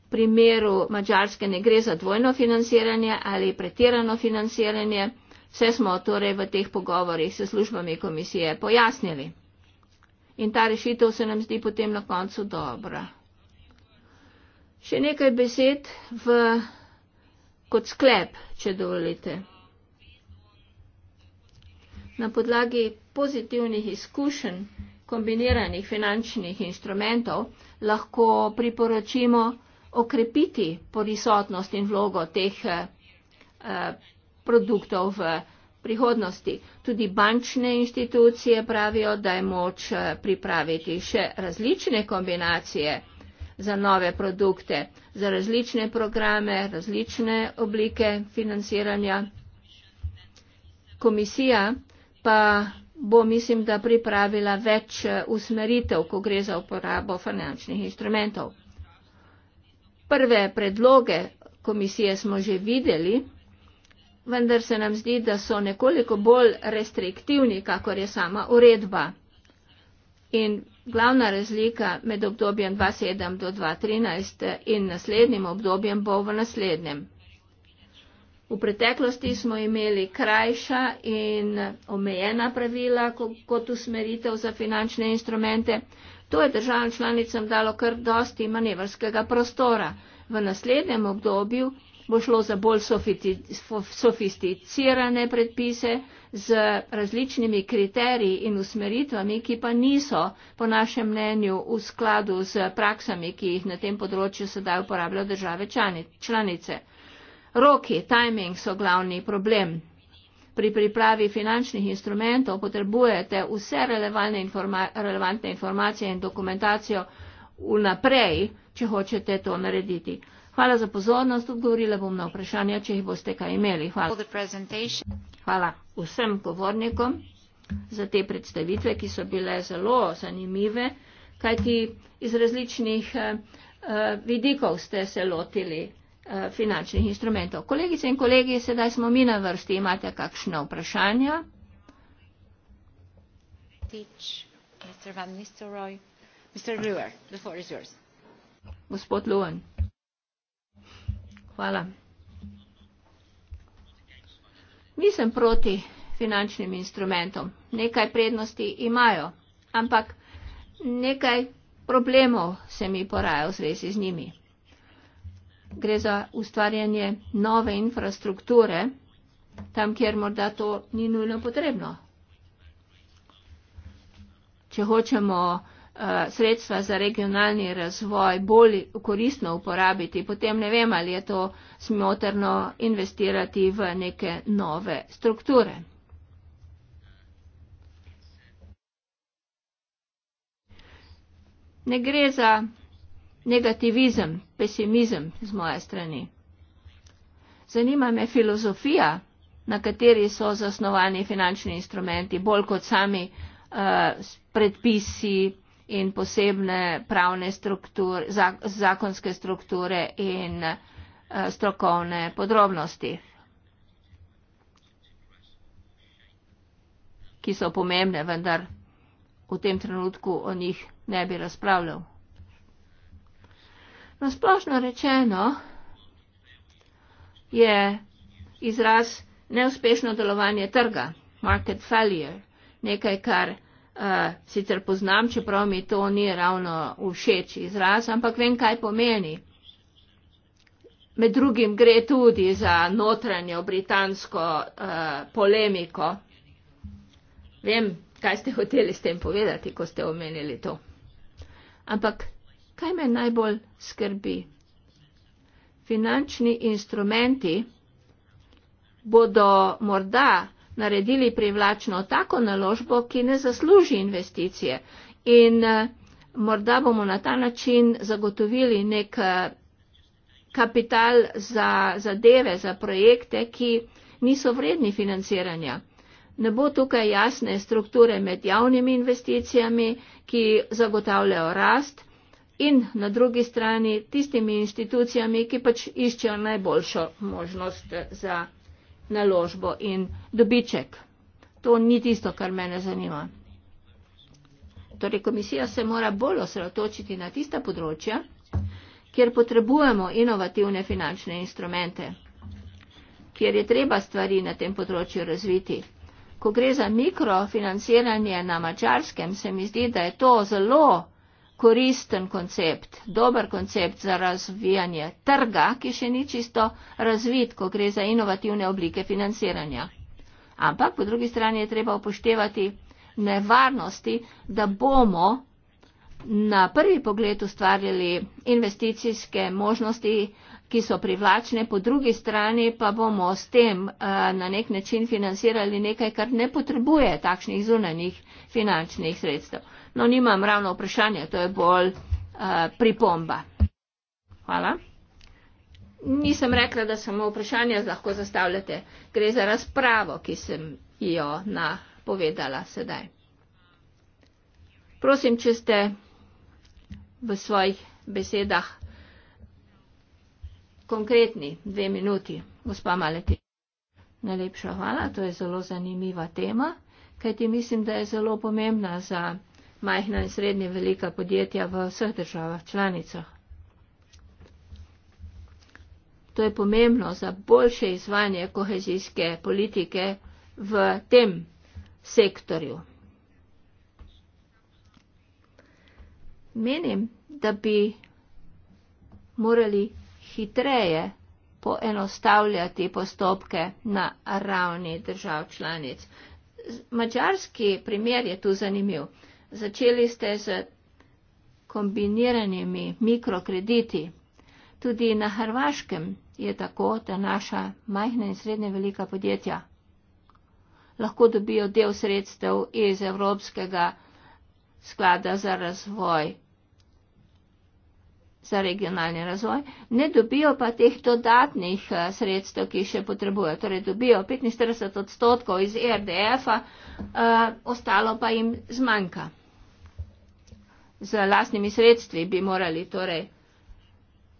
primeru Mačarske ne gre za dvojno financiranje ali pretirano financiranje. Vse smo torej v teh pogovorih s službami komisije pojasnili. In ta rešitev se nam zdi potem na koncu dobra. Še nekaj besed v, kot sklep, če dovolite. Na podlagi pozitivnih izkušenj kombiniranih finančnih instrumentov lahko priporočimo okrepiti prisotnost in vlogo teh eh, produktov v prihodnosti. Tudi bančne inštitucije pravijo, da je moč eh, pripraviti še različne kombinacije za nove produkte, za različne programe, različne oblike financiranja. Komisija pa bo, mislim, da pripravila več eh, usmeritev, ko gre za uporabo finančnih instrumentov. Prve predloge komisije smo že videli, vendar se nam zdi, da so nekoliko bolj restriktivni, kakor je sama uredba. In glavna razlika med obdobjem 2007 do 2013 in naslednjim obdobjem bo v naslednjem. V preteklosti smo imeli krajša in omejena pravila kot usmeritev za finančne instrumente. To je državam članicam dalo kar dosti manevrskega prostora. V naslednjem obdobju bo šlo za bolj sofisticirane predpise, z različnimi kriteriji in usmeritvami, ki pa niso po našem mnenju v skladu z praksami, ki jih na tem področju sedaj uporabljajo države članice. Roki, timing so glavni problem. Pri pripravi finančnih instrumentov potrebujete vse relevantne, informa relevantne informacije in dokumentacijo vnaprej, če hočete to narediti. Hvala za pozornost, odgovorila bom na vprašanja, če jih boste kaj imeli. Hvala. Hvala vsem govornikom za te predstavitve, ki so bile zelo zanimive, kajti iz različnih uh, vidikov ste se lotili uh, finančnih instrumentov. Kolegice in kolegi, sedaj smo mi na vrsti. Imate kakšne vprašanja? Teach, Mr. Van Nistelrooy. Mr. Brewer, the floor is yours. Gospod Luan. Hvala. Nisem proti finančnim instrumentom. Nekaj prednosti imajo, ampak nekaj problemov se mi poraja v zvezi z njimi. Gre za ustvarjanje nove infrastrukture, tam, kjer morda to ni nujno potrebno. Če hočemo Eh, sredstva za regionalni razvoj bolj koristno uporabiti, potem ne vem, ali je to smotrno investirati v neke nove strukture. Ne gre za negativizem, pesimizem z moje strani. Zanima me filozofija, na kateri so zasnovani finančni instrumenti, bolj kot sami uh, predpisi, in posebne pravne strukture, zakonske strukture in eh, strokovne podrobnosti, ki so pomembne, vendar v tem trenutku o njih ne bi razpravljal. No, splošno rečeno je izraz neuspešno delovanje trga, market failure, nekaj, kar Eh, sicer poznam, čeprav mi to ni ravno všeč izraz, ampak vem, kaj pomeni. Med drugim gre tudi za notranjo britansko uh, polemiko. Vem, kaj ste hoteli s tem povedati, ko ste omenili to. Ampak kaj me najbolj skrbi? Finančni instrumenti bodo morda naredili privlačno tako naložbo, ki ne zasluži investicije. In eh, morda bomo na ta način zagotovili nek eh, kapital za zadeve, za projekte, ki niso vredni financiranja. Ne bo tukaj jasne strukture med javnimi investicijami, ki zagotavljajo rast, in na drugi strani tistimi institucijami, ki pač iščejo najboljšo možnost eh, za naložbo in dobiček. To ni tisto, kar mene zanima. Torej, komisija se mora bolj osredotočiti na tista področja, kjer potrebujemo inovativne finančne instrumente, kjer je treba stvari na tem področju razviti. Ko gre za mikrofinanciranje na mačarskem, se mi zdi, da je to zelo koristen koncept, dober koncept za razvijanje trga, ki še ni čisto razvit, ko gre za inovativne oblike financiranja. Ampak po drugi strani je treba upoštevati nevarnosti, da bomo na prvi pogled ustvarjali investicijske možnosti, ki so privlačne, po drugi strani pa bomo s tem eh, na nek način financirali nekaj, kar ne potrebuje takšnih zunanjih finančnih sredstev. No, nimam ravno vprašanja, to je bolj uh, pripomba. Hvala. Nisem rekla, da samo vprašanja lahko zastavljate. Gre za razpravo, ki sem jo napovedala sedaj. Prosim, če ste v svojih besedah konkretni, dve minuti, gospa Maleti. Najlepša hvala, to je zelo zanimiva tema, kajti mislim, da je zelo pomembna za majhna in srednje velika podjetja v vseh državah članicah. To je pomembno za boljše izvanje kohezijske politike v tem sektorju. Menim, da bi morali hitreje poenostavljati postopke na ravni držav članic. Mačarski primer je tu zanimiv. Začeli ste z kombiniranimi mikrokrediti. Tudi na Hrvaškem je tako, da naša majhna in srednje velika podjetja lahko dobijo del sredstev iz Evropskega sklada za razvoj, za regionalni razvoj, ne dobijo pa teh dodatnih eh, sredstev, ki še potrebujejo. Torej dobijo 45 odstotkov iz e RDF-a, eh, ostalo pa jim zmanjka z lastnimi sredstvi bi morali torej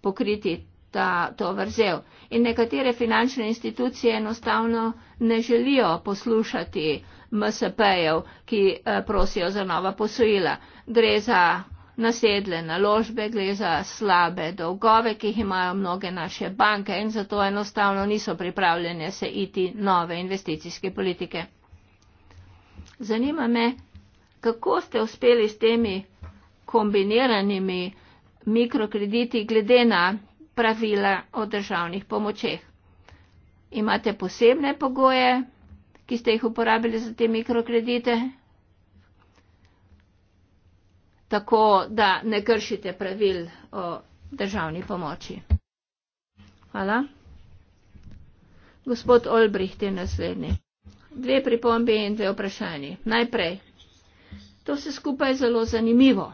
pokriti ta, to vrzel. In nekatere finančne institucije enostavno ne želijo poslušati MSP-jev, ki eh, prosijo za nova posojila. Gre za nasedle naložbe, gre za slabe dolgove, ki jih imajo mnoge naše banke in zato enostavno niso pripravljene se iti nove investicijske politike. Zanima me, kako ste uspeli s temi kombiniranimi mikrokrediti glede na pravila o državnih pomočeh. Imate posebne pogoje, ki ste jih uporabili za te mikrokredite? Tako, da ne kršite pravil o državni pomoči. Hvala. Gospod Olbricht je naslednji. Dve pripombe in dve vprašanji. Najprej. To se skupaj zelo zanimivo.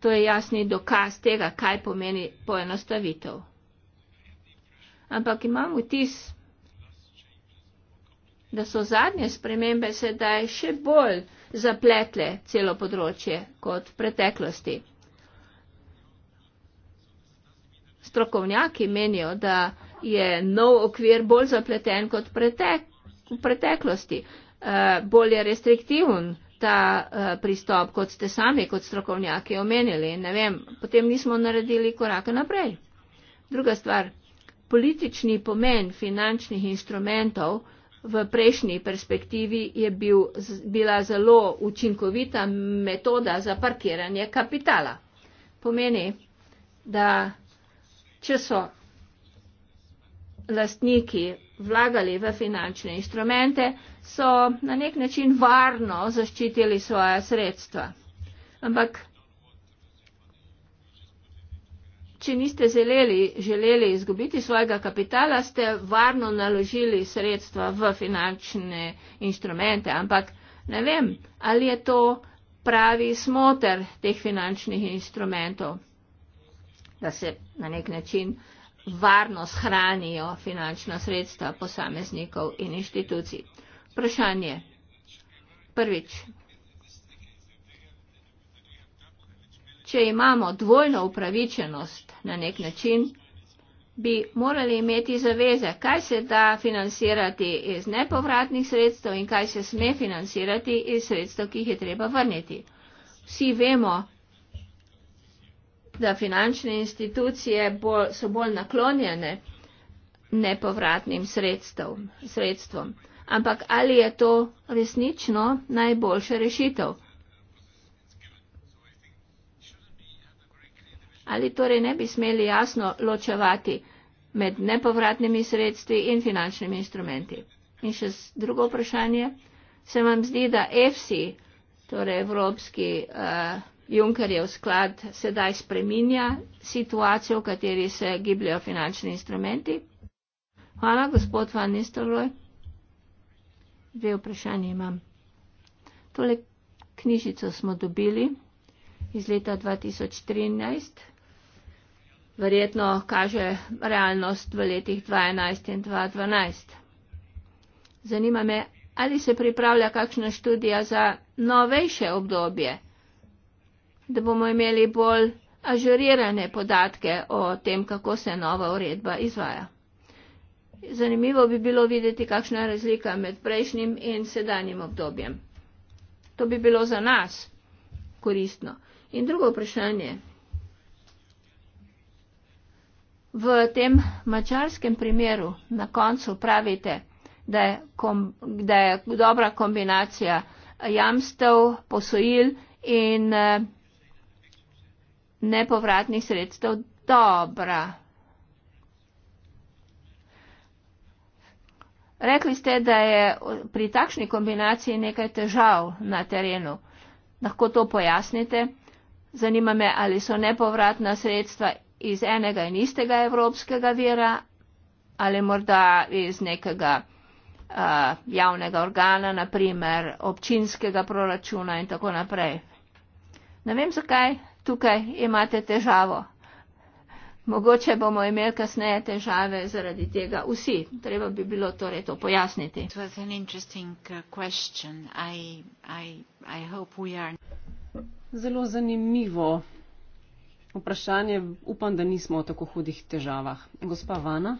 To je jasni dokaz tega, kaj pomeni poenostavitev. Ampak imam vtis, da so zadnje spremembe sedaj še bolj zapletle celo področje kot v preteklosti. Strokovnjaki menijo, da je nov okvir bolj zapleten kot v preteklosti, eh, bolje restriktivn, ta uh, pristop, kot ste sami, kot strokovnjaki omenili. Vem, potem nismo naredili koraka naprej. Druga stvar, politični pomen finančnih instrumentov v prejšnji perspektivi je bil, z, bila zelo učinkovita metoda za parkiranje kapitala. Pomeni, da če so lastniki vlagali v finančne instrumente, so na nek način varno zaščitili svoja sredstva. Ampak, če niste želeli, želeli izgubiti svojega kapitala, ste varno naložili sredstva v finančne instrumente. Ampak, ne vem, ali je to pravi smoter teh finančnih instrumentov, da se na nek način varno shranijo finančna sredstva posameznikov in inštitucij. Vprašanje. Prvič. Če imamo dvojno upravičenost na nek način, bi morali imeti zaveze, kaj se da financirati iz nepovratnih sredstev in kaj se sme financirati iz sredstev, ki jih je treba vrniti. Vsi vemo, da finančne institucije bol, so bolj naklonjene nepovratnim sredstv, sredstvom. Ampak ali je to resnično najboljša rešitev? Ali torej ne bi smeli jasno ločevati med nepovratnimi sredstvi in finančnimi instrumenti? In še drugo vprašanje. Se vam zdi, da EFSI, torej Evropski uh, Junkerjev sklad sedaj spreminja situacijo, v kateri se gibljajo finančni instrumenti. Hvala, gospod Van Nistelrooy. Dve vprašanje imam. Tole knjižico smo dobili iz leta 2013. Verjetno kaže realnost v letih 2011 in 2012. Zanima me, ali se pripravlja kakšna študija za novejše obdobje da bomo imeli bolj ažurirane podatke o tem, kako se nova uredba izvaja. Zanimivo bi bilo videti, kakšna je razlika med prejšnjim in sedanjim obdobjem. To bi bilo za nas koristno. In drugo vprašanje. V tem mačarskem primeru na koncu pravite, da je, kom, da je dobra kombinacija jamstev, posojil in eh, nepovratnih sredstev dobra. Rekli ste, da je pri takšni kombinaciji nekaj težav na terenu. Lahko to pojasnite. Zanima me, ali so nepovratna sredstva iz enega in istega evropskega vira ali morda iz nekega uh, javnega organa, naprimer občinskega proračuna in tako naprej. Ne vem, zakaj tukaj imate težavo. Mogoče bomo imeli kasneje težave zaradi tega vsi. Treba bi bilo torej to pojasniti. Uh, I, I, I Zelo zanimivo vprašanje. Upam, da nismo v tako hudih težavah. Gospa Vana.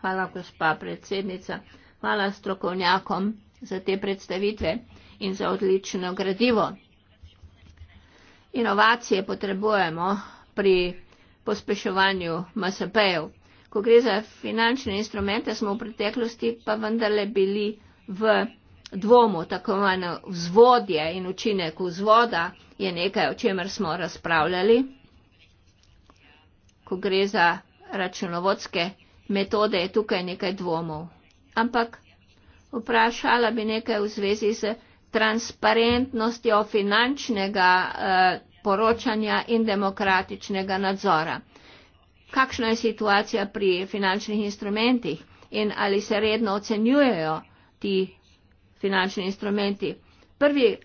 Hvala, gospa predsednica. Hvala strokovnjakom za te predstavitve in za odlično gradivo inovacije potrebujemo pri pospeševanju MSP-jev. Ko gre za finančne instrumente, smo v preteklosti pa vendarle bili v dvomu, tako imenovano vzvodje in učinek vzvoda je nekaj, o čemer smo razpravljali. Ko gre za računovodske metode, je tukaj nekaj dvomov. Ampak vprašala bi nekaj v zvezi z transparentnostjo finančnega eh, poročanja in demokratičnega nadzora. Kakšna je situacija pri finančnih instrumentih in ali se redno ocenjujejo ti finančni instrumenti? Prvi,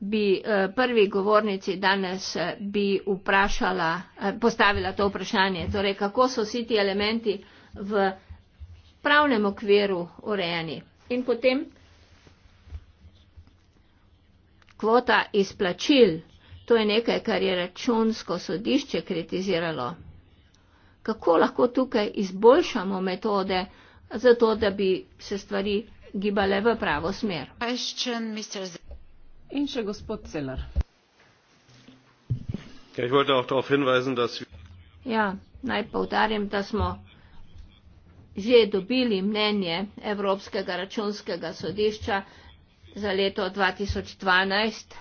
bi, eh, prvi govornici danes eh, bi vprašala, eh, postavila to vprašanje, torej kako so vsi ti elementi v pravnem okviru urejeni. In potem kvota izplačil To je nekaj, kar je računsko sodišče kritiziralo. Kako lahko tukaj izboljšamo metode, zato da bi se stvari gibale v pravo smer? In še gospod Celer. Ja, ja, naj povdarim, da smo že dobili mnenje Evropskega računskega sodišča za leto 2012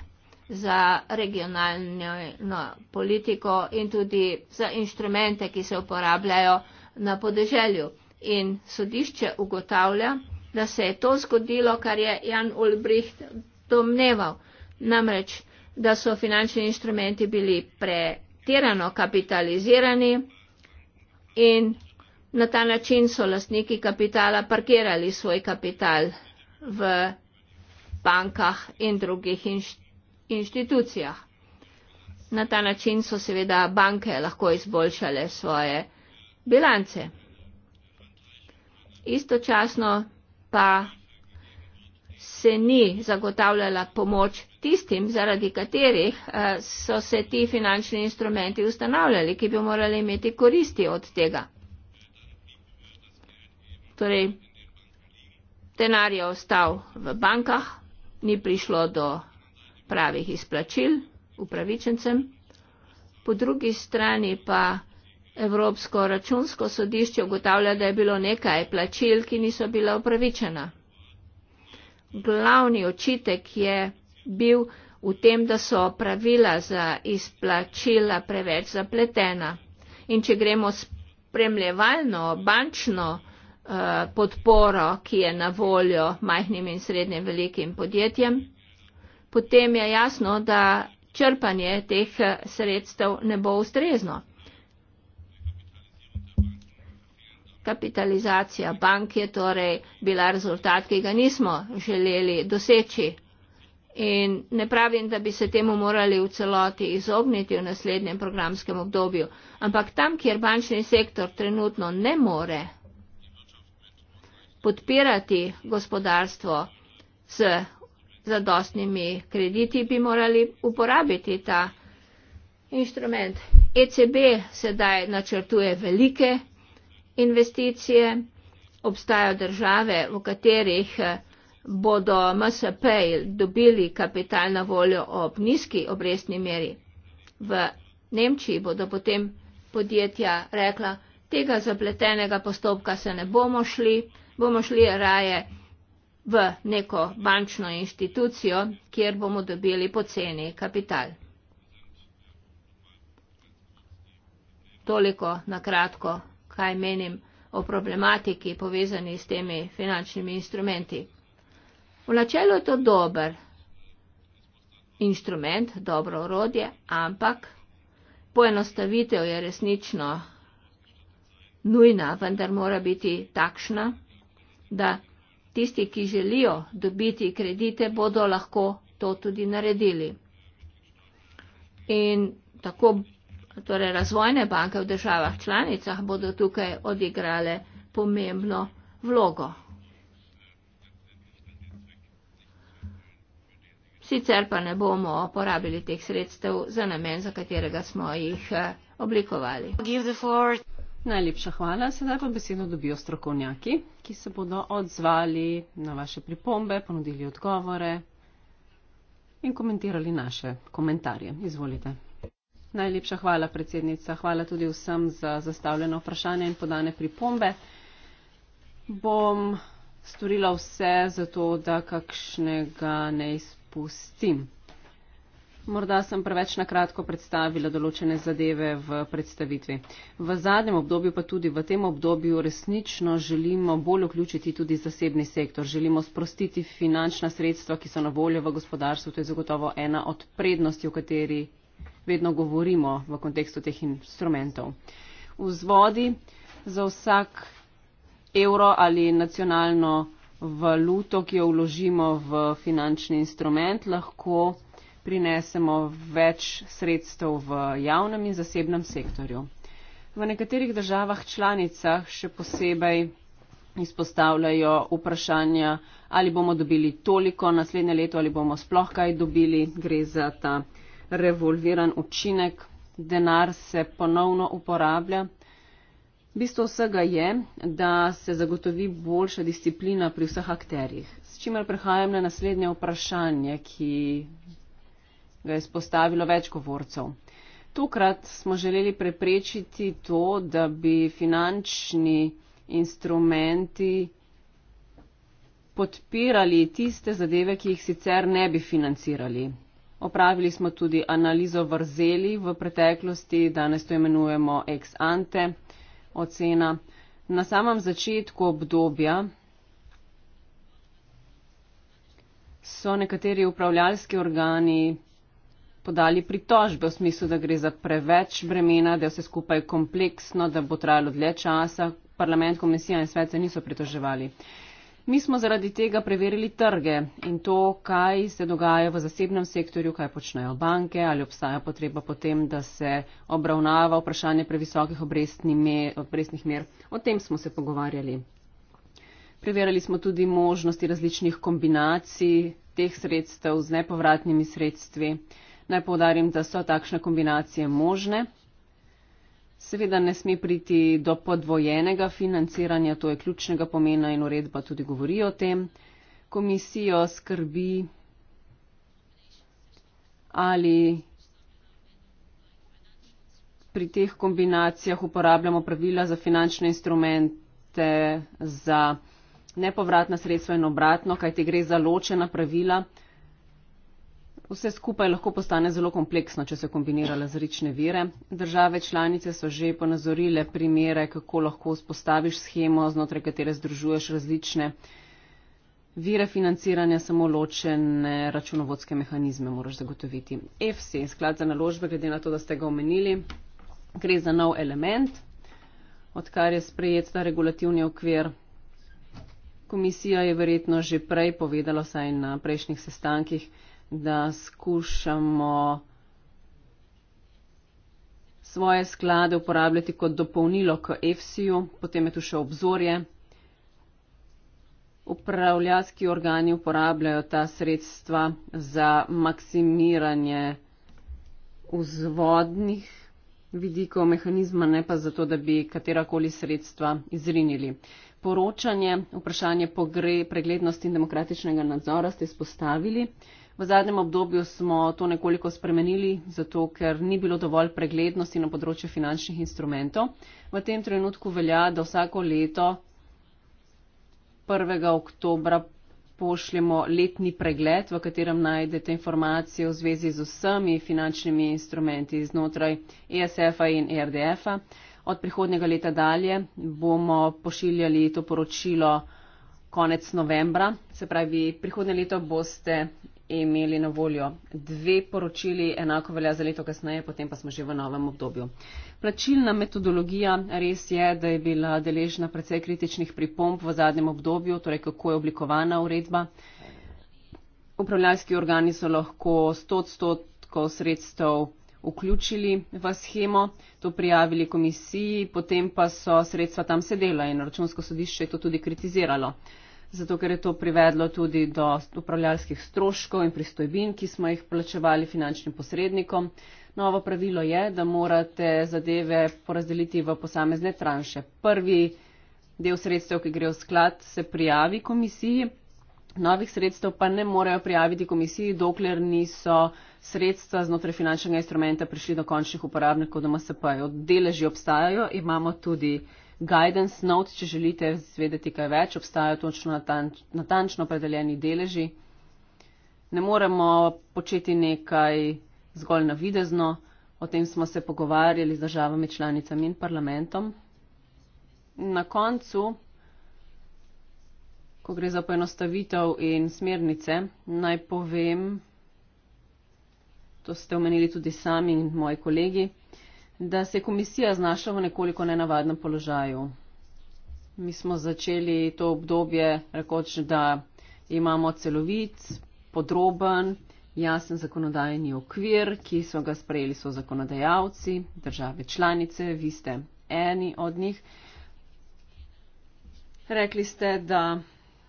za regionalno politiko in tudi za inštrumente, ki se uporabljajo na podeželju. In sodišče ugotavlja, da se je to zgodilo, kar je Jan Ulbricht domneval. Namreč, da so finančni inštrumenti bili pretirano kapitalizirani in na ta način so lastniki kapitala parkirali svoj kapital v bankah in drugih inštrumentih inštitucijah. Na ta način so seveda banke lahko izboljšale svoje bilance. Istočasno pa se ni zagotavljala pomoč tistim, zaradi katerih eh, so se ti finančni instrumenti ustanavljali, ki bi morali imeti koristi od tega. Torej, denar je ostal v bankah, ni prišlo do pravih izplačil upravičencem, po drugi strani pa Evropsko računsko sodišče ugotavlja, da je bilo nekaj plačil, ki niso bila upravičena. Glavni očitek je bil v tem, da so pravila za izplačila preveč zapletena. In če gremo spremljevalno bančno eh, podporo, ki je na voljo majhnim in srednjim velikim podjetjem, potem je jasno, da črpanje teh eh, sredstev ne bo ustrezno. Kapitalizacija bank je torej bila rezultat, ki ga nismo želeli doseči. In ne pravim, da bi se temu morali v celoti izogniti v naslednjem programskem obdobju, ampak tam, kjer bančni sektor trenutno ne more podpirati gospodarstvo z zadostnimi krediti, bi morali uporabiti ta inštrument. ECB sedaj načrtuje velike investicije, obstajajo države, v katerih eh, bodo MSP dobili kapital na voljo ob nizki obrestni meri. V Nemčiji bodo potem podjetja rekla, tega zapletenega postopka se ne bomo šli, bomo šli raje v neko bančno inštitucijo, kjer bomo dobili poceni kapital. Toliko na kratko, kaj menim o problematiki povezani s temi finančnimi instrumenti. V načelu je to dober inštrument, dobro orodje, ampak poenostavitev je resnično nujna, vendar mora biti takšna, da tisti, ki želijo dobiti kredite, bodo lahko to tudi naredili. In tako torej razvojne banke v državah članicah bodo tukaj odigrale pomembno vlogo. Sicer pa ne bomo porabili teh sredstev za namen, za katerega smo jih eh, oblikovali. Najlepša hvala. Sedaj pa besedo dobijo strokovnjaki, ki se bodo odzvali na vaše pripombe, ponudili odgovore in komentirali naše komentarje. Izvolite. Najlepša hvala, predsednica. Hvala tudi vsem za zastavljeno vprašanje in podane pripombe. Bom storila vse za to, da kakšnega ne izpustim. Morda sem preveč nakratko predstavila določene zadeve v predstavitvi. V zadnjem obdobju, pa tudi v tem obdobju, resnično želimo bolj vključiti tudi zasebni sektor. Želimo sprostiti finančna sredstva, ki so na voljo v gospodarstvu. To je zagotovo ena od prednosti, o kateri vedno govorimo v kontekstu teh instrumentov. Vzvodi za vsak evro ali nacionalno valuto, ki jo vložimo v finančni instrument, lahko prinesemo več sredstev v javnem in zasebnem sektorju. V nekaterih državah članicah še posebej izpostavljajo vprašanja, ali bomo dobili toliko naslednje leto, ali bomo sploh kaj dobili. Gre za ta revolveran učinek, denar se ponovno uporablja. Bistvo vsega je, da se zagotovi boljša disciplina pri vseh akterjih. S čimer prehajam na naslednje vprašanje, ki ga je spostavilo več govorcev. Tokrat smo želeli preprečiti to, da bi finančni instrumenti podpirali tiste zadeve, ki jih sicer ne bi financirali. Opravili smo tudi analizo vrzeli v preteklosti, danes to imenujemo ex ante ocena. Na samem začetku obdobja so nekateri upravljalski organi podali pritožbe v smislu, da gre za preveč bremena, da je vse skupaj kompleksno, da bo trajalo dlje časa. Parlament, komisija in svet se niso pritoževali. Mi smo zaradi tega preverili trge in to, kaj se dogaja v zasebnem sektorju, kaj počnejo banke, ali obstaja potreba potem, da se obravnava vprašanje previsokih obrestnih mer. O tem smo se pogovarjali. Preverili smo tudi možnosti različnih kombinacij teh sredstev z nepovratnimi sredstvi. Uh, Naj povdarim, da so takšne kombinacije možne. Seveda ne sme priti do podvojenega financiranja, to je ključnega pomena in uredba tudi govori o tem. Komisijo skrbi ali pri teh kombinacijah uporabljamo pravila za finančne instrumente, za nepovratna sredstva in obratno, kajti gre za ločena pravila. Vse skupaj lahko postane zelo kompleksno, če se kombinira različne vire. Države članice so že ponazorile primere, kako lahko spostaviš schemo, znotraj katere združuješ različne vire financiranja, samo ločene računovodske mehanizme moraš zagotoviti. FC, sklad za naložbe, glede na to, da ste ga omenili, gre za nov element, odkar je sprejet ta regulativni okvir. Komisija je verjetno že prej povedala, saj na prejšnjih sestankih, da skušamo svoje sklade uporabljati kot dopolnilo k EFSI-ju, potem je tu še obzorje. Upravljalski organi uporabljajo ta sredstva za maksimiranje vzvodnih vidikov mehanizma, ne pa zato, da bi katerakoli sredstva izrinili. Poročanje, vprašanje pogre, preglednosti in demokratičnega nadzora ste izpostavili. Uh, V zadnjem obdobju smo to nekoliko spremenili, zato ker ni bilo dovolj preglednosti na področju finančnih instrumentov. V tem trenutku velja, da vsako leto 1. oktobra pošljemo letni pregled, v katerem najdete informacije v zvezi z vsemi finančnimi instrumenti znotraj ESF-a in ERDF-a. Od prihodnjega leta dalje bomo pošiljali to poročilo konec novembra, se pravi, prihodnje leto boste imeli na voljo dve poročili, enako velja za leto kasneje, potem pa smo že v novem obdobju. Plačilna metodologija res je, da je bila deležna precej kritičnih pripomb v zadnjem obdobju, torej kako je oblikovana uredba. Upravljalski organi so lahko 100 odstotkov sredstev vključili v schemo, to prijavili komisiji, potem pa so sredstva tam sedela in računsko sodišče je to tudi kritiziralo. Uh, zato ker je to privedlo tudi do upravljalskih stroškov in pristojbin, ki smo jih plačevali finančnim posrednikom. Novo pravilo je, da morate zadeve porazdeliti v posamezne tranše. Prvi del sredstev, ki gre v sklad, se prijavi komisiji, novih sredstev pa ne morejo prijaviti komisiji, dokler niso sredstva znotraj finančnega instrumenta prišli do končnih uporabnikov, da MSP-jo deleži obstajajo, imamo tudi guidance note, če želite zvedeti kaj več, obstajajo točno natanč, natančno predeljeni deleži. Ne moremo početi nekaj zgolj navidezno, o tem smo se pogovarjali z državami članicami in parlamentom. Na koncu, ko gre za poenostavitev in smernice, naj povem, to ste omenili tudi sami in moji kolegi, da se je komisija znašla v nekoliko nenavadnem položaju. Mi smo začeli to obdobje, rekoč, da imamo celovit, podroben, jasen zakonodajni okvir, ki so ga sprejeli so zakonodajalci, države članice, vi ste eni od njih. Rekli ste, da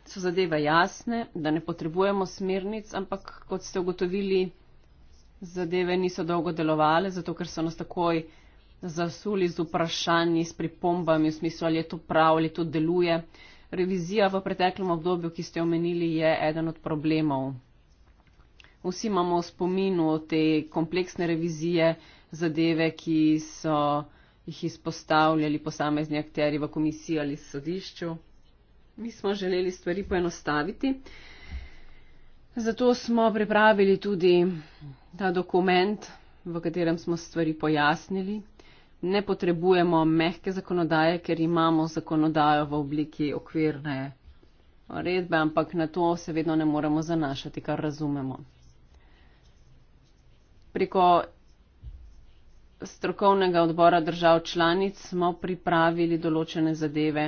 so zadeve jasne, da ne potrebujemo smernic, ampak kot ste ugotovili, zadeve niso dolgo delovale, zato ker so nas takoj zasuli z vprašanji, s pripombami v smislu, ali je to prav, ali to deluje. Revizija v preteklem obdobju, ki ste omenili, je eden od problemov. Vsi imamo v spominu te kompleksne revizije zadeve, ki so jih izpostavljali posamezni akteri v komisiji ali sodišču. Mi smo želeli stvari poenostaviti. Zato smo pripravili tudi ta dokument, v katerem smo stvari pojasnili, ne potrebujemo mehke zakonodaje, ker imamo zakonodajo v obliki okvirne redbe, ampak na to se vedno ne moremo zanašati, kar razumemo. Preko strokovnega odbora držav članic smo pripravili določene zadeve.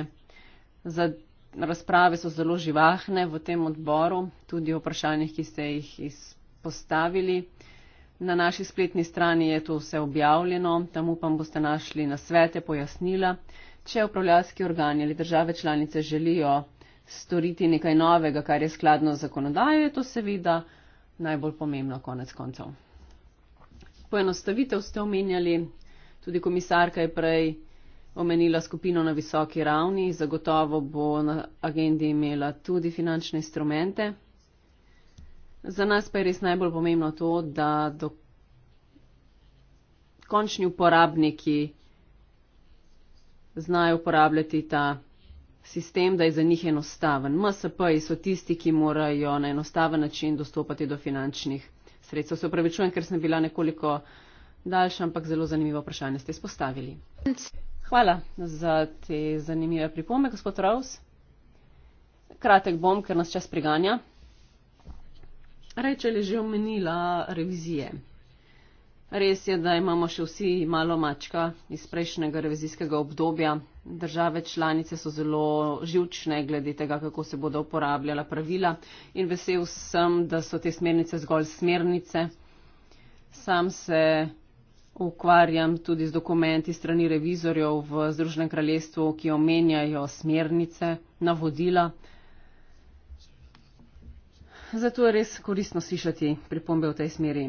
Za razprave so zelo živahne v tem odboru, tudi o vprašanjih, ki ste jih izpostavili. Na naši spletni strani je to vse objavljeno, tam upam boste našli nasvete, pojasnila. Če upravljalski organi ali države članice želijo storiti nekaj novega, kar je skladno z zakonodajo, je to seveda najbolj pomembno konec koncev. Poenostavitev ste omenjali, tudi komisarka je prej omenila skupino na visoki ravni, zagotovo bo na agendi imela tudi finančne instrumente. Za nas pa je res najbolj pomembno to, da do končni uporabniki znajo uporabljati ta sistem, da je za njih enostaven. MSP-ji so tisti, ki morajo na enostaven način dostopati do finančnih sredstev. Se upravičujem, ker sem bila nekoliko daljša, ampak zelo zanimivo vprašanje ste izpostavili. Hvala za te zanimive pripombe, gospod Raus. Kratek bom, ker nas čas priganja. Rečel je že omenila revizije. Res je, da imamo še vsi malo mačka iz prejšnjega revizijskega obdobja. Države članice so zelo živčne glede tega, kako se bodo uporabljala pravila in vesel sem, da so te smernice zgolj smernice. Sam se ukvarjam tudi z dokumenti strani revizorjev v Združenem kraljestvu, ki omenjajo smernice, navodila zato je res koristno slišati pripombe v tej smeri.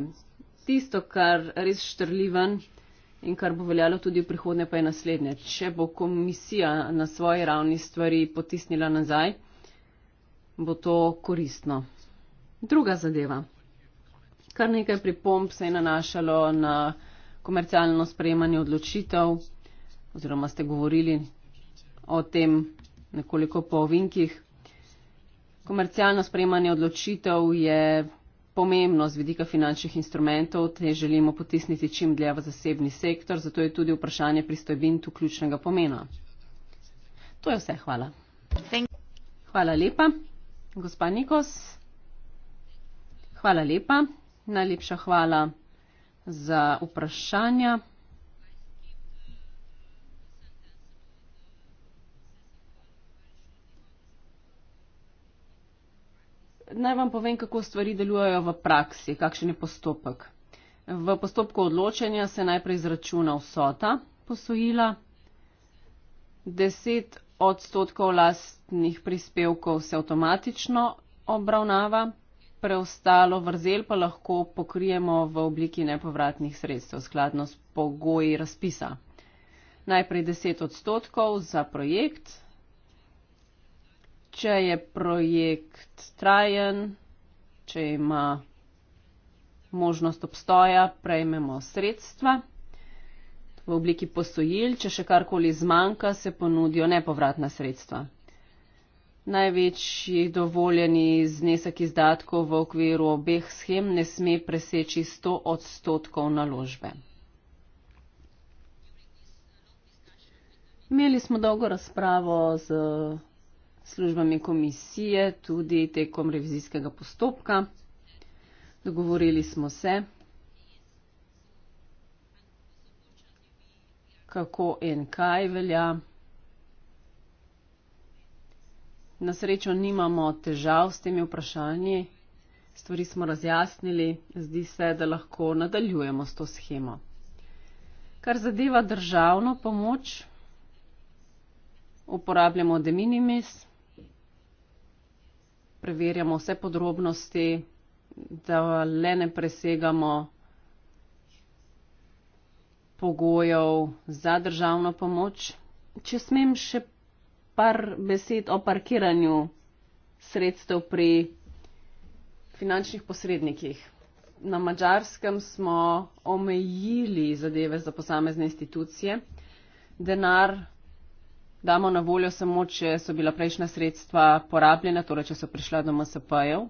Tisto, kar res štrljivan in kar bo veljalo tudi v prihodnje, pa je naslednje. Če bo komisija na svoji ravni stvari potisnila nazaj, bo to koristno. Druga zadeva. Kar nekaj pripomb se je nanašalo na komercialno sprejemanje odločitev oziroma ste govorili o tem nekoliko po ovinkih. Komercialno sprejemanje odločitev je pomembno z vidika finančnih instrumentov, te želimo potisniti čim dlje v zasebni sektor, zato je tudi vprašanje pristojbin tu ključnega pomena. To je vse, hvala. Hvala lepa. Gospa Nikos, hvala lepa. Najlepša hvala za vprašanja. naj vam povem, kako stvari delujejo v praksi, kakšen je postopek. V postopku odločanja se najprej izračuna vsota posojila, 10 odstotkov lastnih prispevkov se avtomatično obravnava, preostalo vrzel pa lahko pokrijemo v obliki nepovratnih sredstev skladno s pogoji razpisa. Najprej 10 odstotkov za projekt, če je projekt trajen, če ima možnost obstoja, prejmemo sredstva v obliki posojil, če še karkoli zmanjka, se ponudijo nepovratna sredstva. Največji dovoljeni znesek izdatkov v okviru obeh schem ne sme preseči 100 odstotkov naložbe. Imeli smo dolgo razpravo z službami komisije tudi tekom revizijskega postopka. Dogovorili smo se, kako in kaj velja. Na srečo nimamo težav s temi vprašanji, stvari smo razjasnili, zdi se, da lahko nadaljujemo s to schemo. Kar zadeva državno pomoč, uporabljamo de minimis preverjamo vse podrobnosti, da le ne presegamo pogojev za državno pomoč. Če smem še par besed o parkiranju sredstev pri finančnih posrednikih. Na mačarskem smo omejili zadeve za posamezne institucije. Denar damo na voljo samo, če so bila prejšnja sredstva porabljena, torej če so prišla do MSP-jev.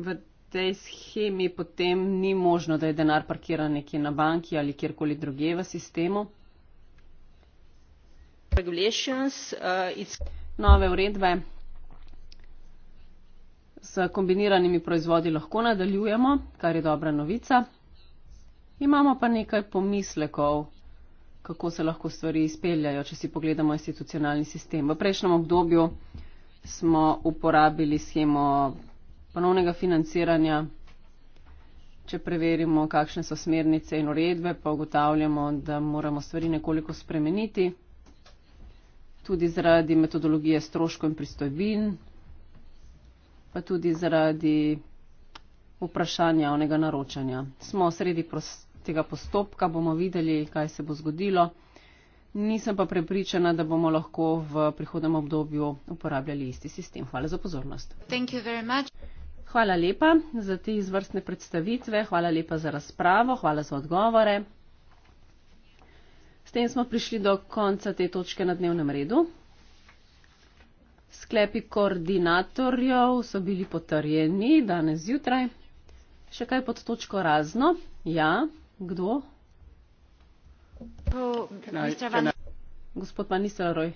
V tej schemi potem ni možno, da je denar parkiran nekje na banki ali kjerkoli druge v sistemu. Uh, Nove uredbe. S kombiniranimi proizvodi lahko nadaljujemo, kar je dobra novica. Imamo pa nekaj pomislekov kako se lahko stvari izpeljajo, če si pogledamo institucionalni sistem. V prejšnjem obdobju smo uporabili schemo ponovnega financiranja. Če preverimo, kakšne so smernice in uredbe, pa ugotavljamo, da moramo stvari nekoliko spremeniti, tudi zaradi metodologije stroškov in pristojbin, pa tudi zaradi vprašanja onega naročanja. Smo sredi tega postopka, bomo videli, kaj se bo zgodilo. Nisem pa prepričana, da bomo lahko v prihodnem obdobju uporabljali isti sistem. Hvala za pozornost. Hvala lepa za te izvrstne predstavitve, hvala lepa za razpravo, hvala za odgovore. S tem smo prišli do konca te točke na dnevnem redu. Sklepi koordinatorjev so bili potrjeni danes zjutraj. Še kaj pod točko razno? Ja, kdo? Gospod minister Roj.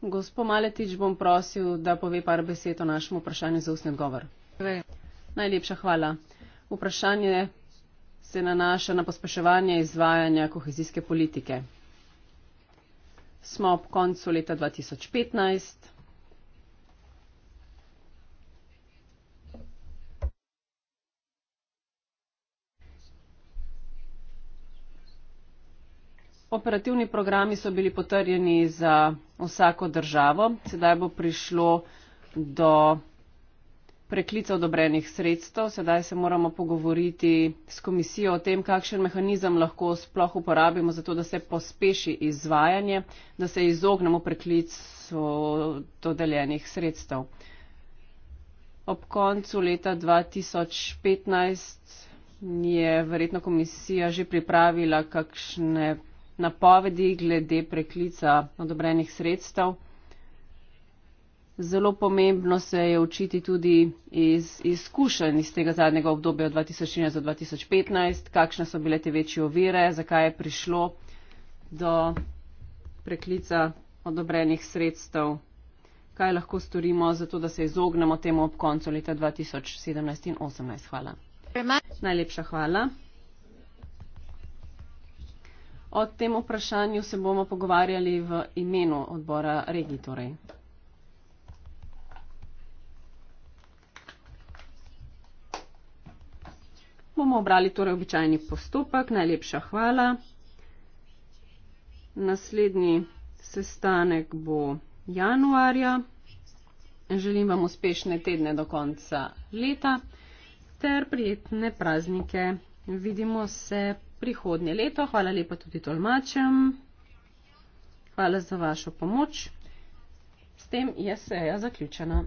Gospod Maletič bom prosil, da pove par besed o našem vprašanju za ustni odgovor. Najlepša hvala. Vprašanje se nanaša na pospeševanje izvajanja kohezijske politike. Smo ob koncu leta 2015. Operativni programi so bili potrjeni za vsako državo. Sedaj bo prišlo do preklica odobrenih sredstev. Sedaj se moramo pogovoriti s komisijo o tem, kakšen mehanizem lahko sploh uporabimo, zato da se pospeši izvajanje, da se izognemo preklicu dodeljenih sredstev. Ob koncu leta 2015 je verjetno komisija že pripravila kakšne napovedi glede preklica odobrenih sredstev. Zelo pomembno se je učiti tudi iz izkušenj iz tega zadnjega obdobja 2013 do 2015, kakšne so bile te večje ovire, zakaj je prišlo do preklica odobrenih sredstev, kaj lahko storimo za to, da se izognemo temu ob koncu leta 2017 in 2018. Hvala. Najlepša hvala. O tem vprašanju se bomo pogovarjali v imenu odbora regij. Torej. Bomo obrali torej običajni postopek. Najlepša hvala. Naslednji sestanek bo januarja. Želim vam uspešne tedne do konca leta ter prijetne praznike. Vidimo se prihodnje leto. Hvala lepa tudi tolmačem. Hvala za vašo pomoč. S tem je seja zaključena.